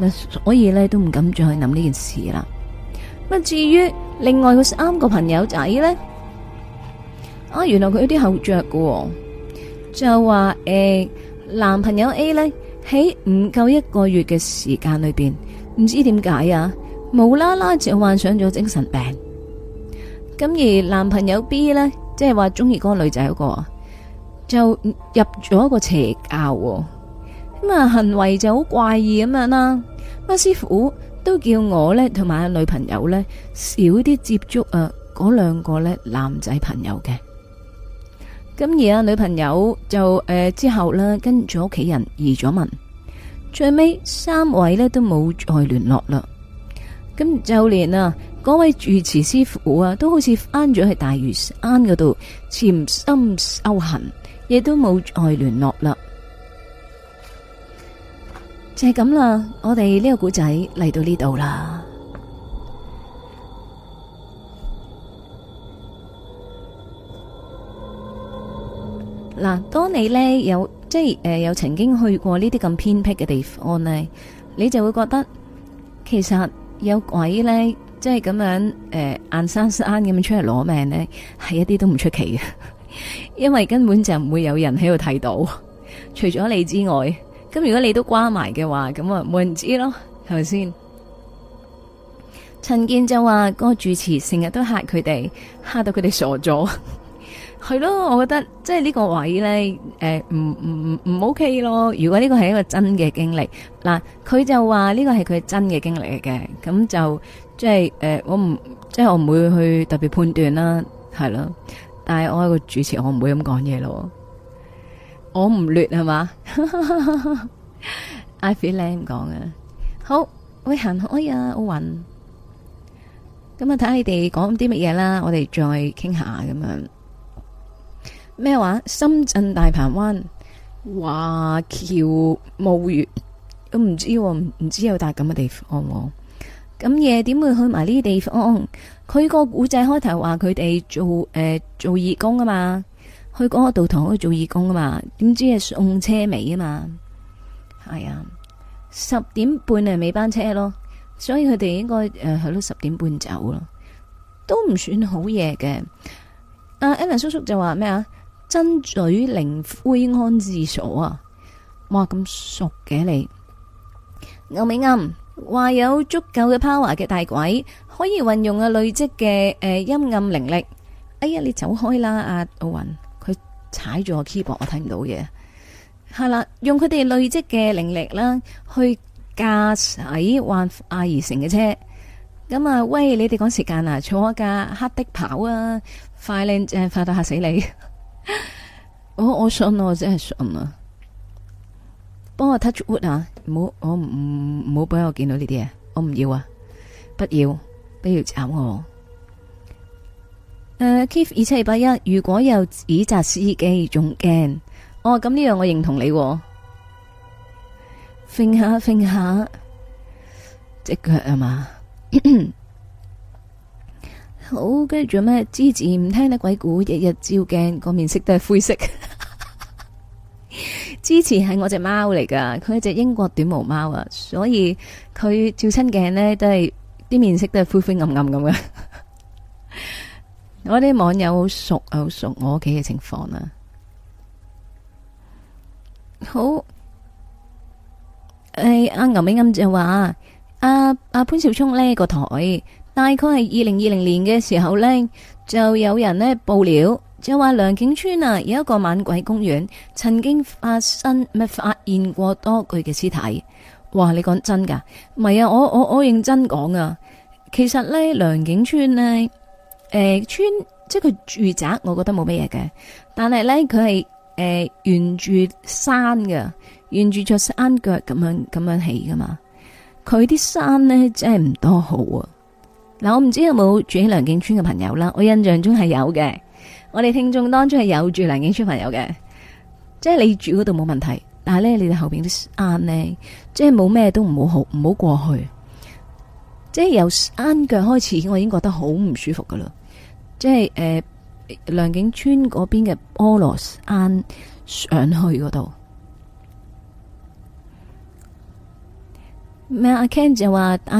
咁所以咧都唔敢再去諗呢件事啦。咁至於另外個三個朋友仔咧，啊原來佢有啲後著噶，就話誒男朋友 A 咧喺唔夠一個月嘅時間裏邊，唔知點解啊，無啦啦就患上咗精神病。咁而男朋友 B 咧，即係話中意嗰個女仔嗰個。就入咗個邪教咁啊，行為就好怪異咁樣啦。阿師傅都叫我呢同埋阿女朋友呢少啲接觸啊。嗰兩個呢男仔朋友嘅，咁而阿女朋友就誒之後呢跟住屋企人移咗民，最尾三位呢都冇再聯絡啦。咁就連啊嗰位住持師傅啊，都好似翻咗去大嶼山嗰度潛心修行。亦都冇再聯絡啦，就係咁啦。我哋呢個古仔嚟到呢度啦。嗱，當你呢有即係誒、呃,有曾經去過呢啲咁偏僻嘅地方呢，你就會覺得其實有鬼呢，即係咁樣誒、呃,硬生生咁樣出嚟攞命呢，係一啲都唔出奇嘅。因為根本就唔會有人喺度睇到，除咗你之外，咁如果你都關埋嘅話，咁啊冇人知咯，係咪先？陳建就話、個主持成日都吓佢哋，吓到佢哋傻咗，係 咯？我覺得即係呢個位呢，誒、呃，唔唔唔唔 OK 咯。如果呢個係一個真嘅經歷，嗱，佢就話呢個係佢真嘅經歷嚟嘅，咁就即係誒、呃，我唔即係我唔會去特別判斷啦，係咯。但係我係個主持，我唔會咁講嘢咯。我唔劣係嘛 ，I feel 靚講嘅。好，喂行開啊，好運。咁啊睇下你哋講啲乜嘢啦，我哋再傾下咁樣。咩話？深圳大鵬灣華僑墓園，我唔知、啊，唔知有大咁嘅地方冇、啊。咁夜點會去埋呢啲地方？佢個古仔開頭話佢哋做誒、呃、做義工啊嘛，去嗰個道堂去做義工啊嘛，點知係送車尾啊嘛，係啊，十點半係，尾班車咯，所以佢哋應該誒喺度十點半走咯，都唔算好夜嘅。阿、啊、Alan 叔叔就話咩啊？真嘴靈灰安置所啊，哇咁熟嘅、啊、你牛美暗。嗯嗯話有足夠嘅 power 嘅大鬼，可以運用啊累積嘅誒陰暗靈力。哎呀，你走開啦，阿、奧、云，佢踩住個 keyboard，我睇唔到嘢。係啦，用佢哋累積嘅靈力啦，去駕駛幻阿二成嘅車。咁啊，喂，你哋趕時間啊，坐一架黑的跑啊，快靚快到吓死你！ 我我信啊，我真係信啊。幫我 touch wood 啊，唔好我唔唔好俾我見到呢啲啊，我唔要啊，不要不要砸我。誒，K 二七二八一，如果有指責司機，仲驚？哦，咁呢樣我認同你、啊。揈下揈下，隻腳啊嘛？好，跟住做咩？之前唔聽得鬼故，日日照鏡個面色都係灰色。 之前係我隻貓嚟噶，佢係隻英國短毛貓啊，所以佢照親鏡呢,都係啲面色都係灰灰暗暗咁樣。 我啲網友好熟啊，好熟我屋企嘅情況啊。好，誒、哎、阿、啊、牛尾暗就話阿阿潘少聰呢個台大概係二零二零年嘅時候呢，就有人呢報料。就話梁景村啊，有一個猛鬼公園，曾經發生咩發現過多具嘅屍體。哇！你講真噶，唔係啊，我我我認真講啊。其實咧，梁景村咧，誒、呃，村即係佢住宅，我覺得冇乜嘢嘅。但係咧，佢係誒沿住山㗎，沿住着，着，着山腳咁樣咁樣起噶嘛。佢啲山咧真係唔多好啊。嗱，我唔知有冇住喺梁景村嘅朋友啦。我印象中係有嘅。我哋聽眾當中係有住梁景村朋友嘅，即係你住嗰度冇問題，但係咧你哋後邊啲山呢，即係冇咩都唔好好唔好過去，即係由山腳開始，我已經覺得好唔舒服噶啦，即係誒、呃、梁景村嗰邊嘅菠蘿山上去嗰度。咩、嗯、阿、啊、Ken 就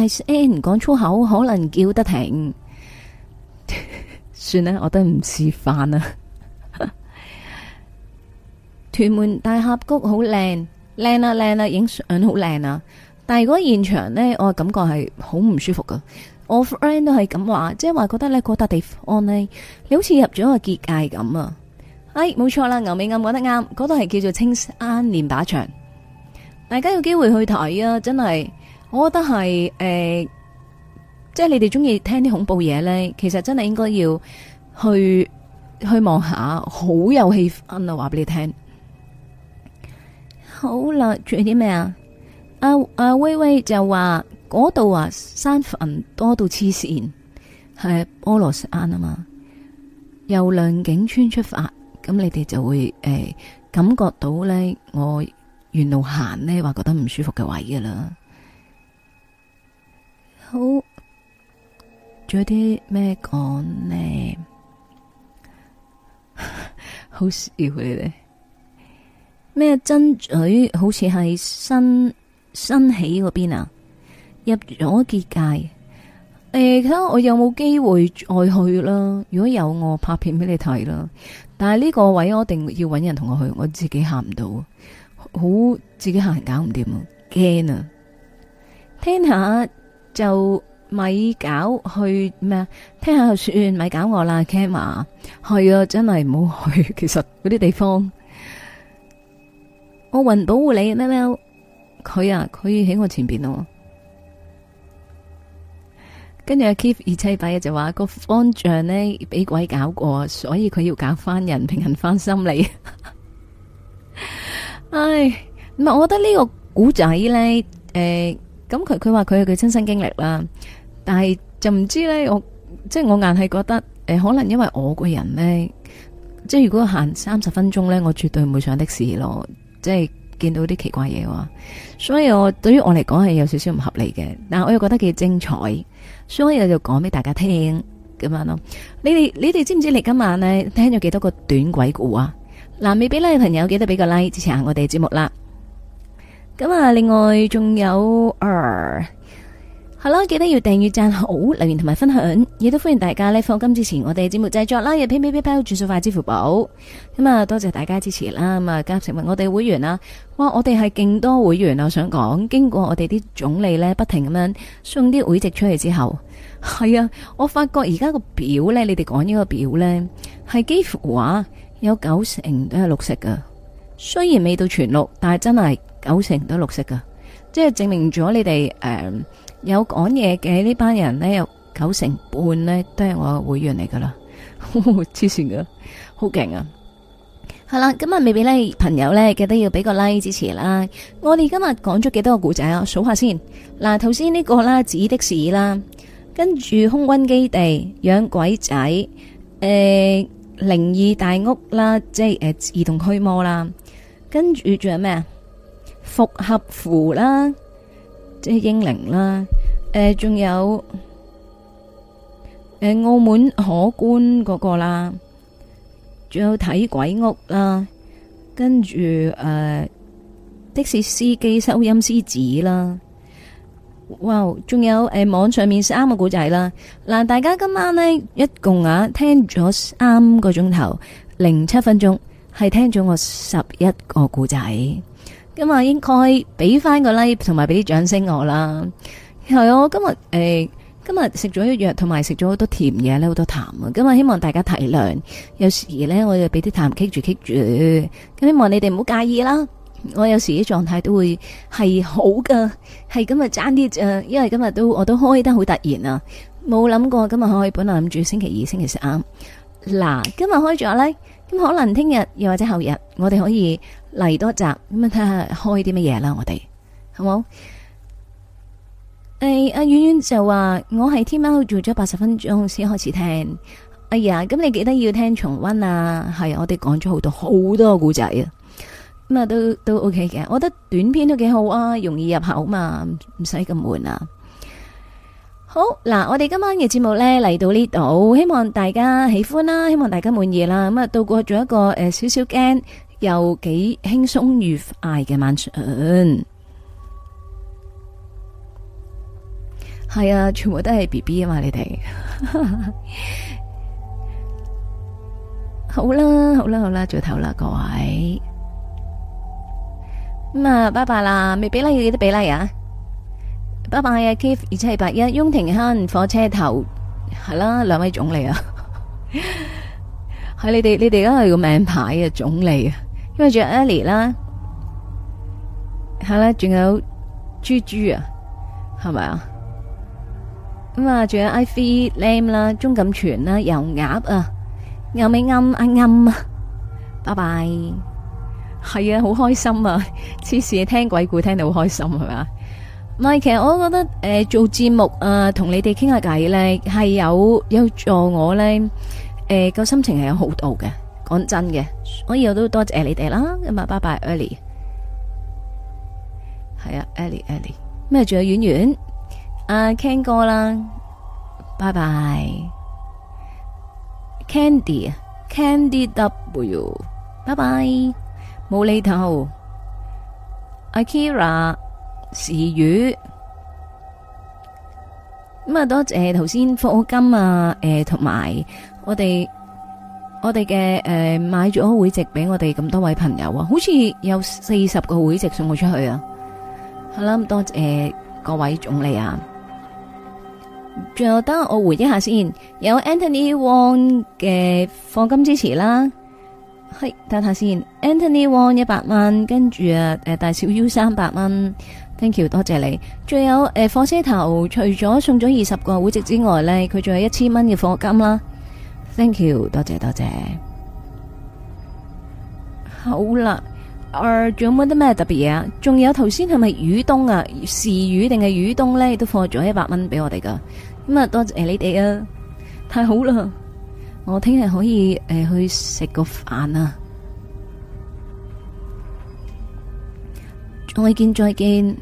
say，話唔講粗口可能叫得停。 算啦，我都唔食飯啊！屯門大峽谷好靚，靚啊靚啊，影相好靚啊！但係如果現場呢，我感覺係好唔舒服噶。我 friend 都係咁話，即係話覺得咧嗰笪地方呢，你好似入咗個結界咁啊！哎，冇錯啦，牛尾啱講得啱，嗰度係叫做青山練靶場，大家有機會去睇啊！真係，我覺得係誒。欸即係你哋中意聽啲恐怖嘢咧，其實真係應該要去去望下，好有氣氛啊！話俾你聽。好啦，仲有啲咩啊？阿阿威威就話嗰度啊，山墳多到黐線，係菠蘿山啊嘛。由良景邨出發，咁你哋就會誒、欸、感覺到咧，我沿路行呢，話覺得唔舒服嘅位噶啦。好。做啲咩講呢？好笑你哋咩？真嘴，好似係新新起嗰邊啊！入咗、啊、結界誒，睇、欸、下我有冇機會再去啦。如果有，我拍片俾你睇啦。但係呢個位我一定要搵人同我去，我自己行唔到，好自己行行搞唔掂啊！驚啊！聽下就。咪搞去咩？聽下就算咪搞我啦，camera。係啊，真係唔好去。其實嗰啲地方，我雲保護你，喵喵。佢啊，佢喺我前邊咯。跟住阿 k e e e 二七八就話個方丈呢俾鬼搞過，所以佢要搞翻人平衡翻心理。 唉，唔係，我覺得個呢個古仔咧，誒、欸，咁佢佢話佢係佢親身經歷啦。但係就唔知呢。我即係我硬係覺得誒，可能因為我個人呢，即係如果行三十分鐘呢，我絕對唔會上的士咯。即係見到啲奇怪嘢嘅話，所以我對於我嚟講係有少少唔合理嘅。但係我又覺得幾精彩，所以我就講俾大家聽咁樣咯。你哋你哋知唔知你今晚呢？聽咗幾多個短鬼故啊？嗱，未俾 like 嘅朋友記得俾個 like，支持下我哋節目啦。咁啊，另外仲有、啊好啦，記得要訂閱、讚好留言同埋分享，亦都歡迎大家呢，放金之前，我哋節目製作啦，日 p p p pay 轉數快支付寶咁啊，多謝大家支持啦。咁啊，加入成為我哋會員啦，哇，我哋係勁多會員啊！我想講經過我哋啲總理呢，不停咁樣送啲會籍出嚟之後，係啊，我發覺而家個表呢，你哋講呢個表呢，係幾乎話有九成都係綠色噶雖然未到全綠，但係真係九成都綠色噶，即係證明咗你哋誒。呃有講嘢嘅呢班人呢，有九成半呢都係我會員嚟噶啦，黐線噶，好勁啊！好啦，今日未俾呢。朋友呢，記得要俾個 like 支持啦。我哋今日講咗幾多個故仔啊？數下先。嗱，頭先呢個啦，指的士啦，跟住空軍基地養鬼仔，誒、呃，靈異大屋啦，即係誒，移、呃、動驅魔啦，跟住仲有咩啊？復合符啦。即係英靈啦，誒、呃，仲有誒、呃、澳門可觀嗰、那個啦，仲有睇鬼屋啦，跟住誒、呃、的士司機收陰司紙啦，哇，仲有誒、呃、網上面三個故仔啦。嗱、呃，大家今晚呢，一共啊聽咗三個鐘頭零七分鐘，係聽咗我十一個故仔。今日應該俾翻個 like，同埋俾啲掌聲我啦。係我今日誒，今日食咗藥，同埋食咗好多甜嘢咧，好多痰啊。今日、哎、希望大家體諒，有時呢我就俾啲痰棘住棘住。咁希望你哋唔好介意啦。我有時啲狀態都會係好噶，係今日爭啲誒，因為今日都我都開得好突然啊，冇諗過今日開，本來諗住星期二、星期三。嗱，今日開咗咧，咁可能聽日又或者後日，我哋可以。嚟多一集咁、哎、啊，睇下開啲乜嘢啦，我哋好冇？誒，阿婉婉就話我係天喵做咗八十分鐘先開始聽，哎呀，咁你記得要聽重温啊！係我哋講咗好多好多古仔啊，咁啊都都 OK 嘅，我覺得短篇都幾好啊，容易入口嘛，唔使咁悶啊！好嗱，我哋今晚嘅節目呢，嚟到呢度，希望大家喜歡啦，希望大家滿意啦，咁啊度過咗一個誒、呃、少少驚。又幾輕鬆愉快嘅晚上，係啊，全部都係 B B 啊嘛，你哋好啦，好啦，好啦，早唞啦，各位咁啊，拜拜啦，未俾啦，要記得俾啦呀。拜拜啊，Keith 二七二八一，雍廷亨火車頭係啦，兩位總理啊，係你哋，你哋而家係個名牌啊，總理啊。因為仲有 Ellie 啦，係啦，仲有豬豬啊，係咪啊？咁啊，仲有 IV Lam 啦，鍾錦泉啦，油鴨啊，後尾啱啱啱，拜拜，係啊，好開心啊，次次聽鬼故聽到好開心，係咪？唔係，其實我覺得誒做節目啊，同你哋傾下偈咧，係有有助我咧，誒個心情係有好多嘅。講真嘅，所以我以後都多謝你哋啦，咁啊，拜拜 ，Ellie，係啊，Ellie，Ellie，咩仲有婉婉，阿 Ken 哥啦，拜拜，Candy，Candy Candy W，拜拜，冇厘頭，Ikira，時雨，咁啊，多謝頭先課金啊，誒、呃，同埋我哋。我哋嘅誒買咗會籍俾我哋咁多位朋友啊，好似有四十個會籍送我出去啊，好、嗯、啦，多謝各位總理啊。仲有，等我回憶下先，有 Anthony Wong 嘅課金支持啦，係等下先，Anthony Wong 一百蚊，跟住啊誒大小 U 三百蚊，Thank you，多謝你。仲有誒火、呃、車頭，除咗送咗二十個會籍之外咧，佢仲有一千蚊嘅課金啦。Thank you，多謝多謝。好啦，仲、呃、有冇啲咩特別嘢啊，仲有頭先係咪雨東啊，是雨定係雨東咧，都放咗一百蚊俾我哋噶。咁、嗯、啊，多謝你哋啊，太好啦，我聽日可以誒、呃、去食個飯啊。再見再見，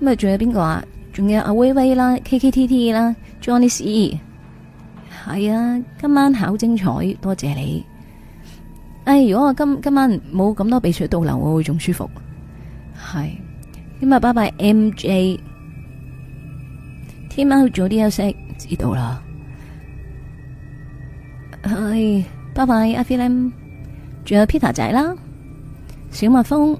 咁啊，仲有邊個啊？仲有阿威威啦，K K T T 啦，Johnny C。係啊，今晚好精彩，多謝你！哎，如果我今今晚冇咁多鼻水倒流，我會仲舒服。係，今日拜拜，MJ。聽晚去早啲休息，知道啦。係，拜拜，F M。仲有 Peter 仔啦，小蜜蜂，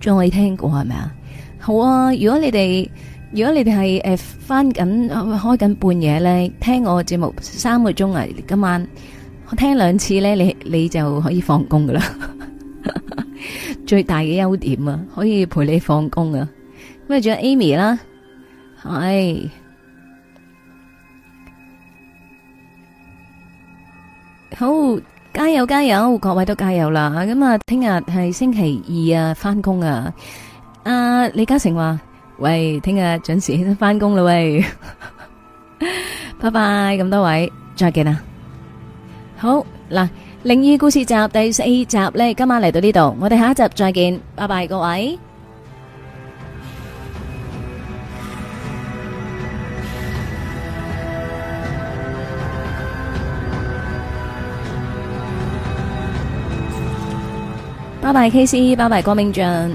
仲可以聽歌係咪啊？好啊，如果你哋。如果你哋係誒翻緊開緊半夜咧，聽我節目三個鐘啊，今晚我聽兩次咧，你你就可以放工噶啦。最大嘅優點啊，可以陪你放工啊。咁啊，仲有 Amy 啦，係好加油，加油，各位都加油啦。咁啊，聽日係星期二啊，翻工啊。啊，李嘉誠話。喂，聽日準時翻工啦喂，拜拜咁多位，再見啦。好嗱，靈異故事集第四集呢，今晚嚟到呢度，我哋下一集再見，拜拜各位。拜拜 KC，拜拜光明將。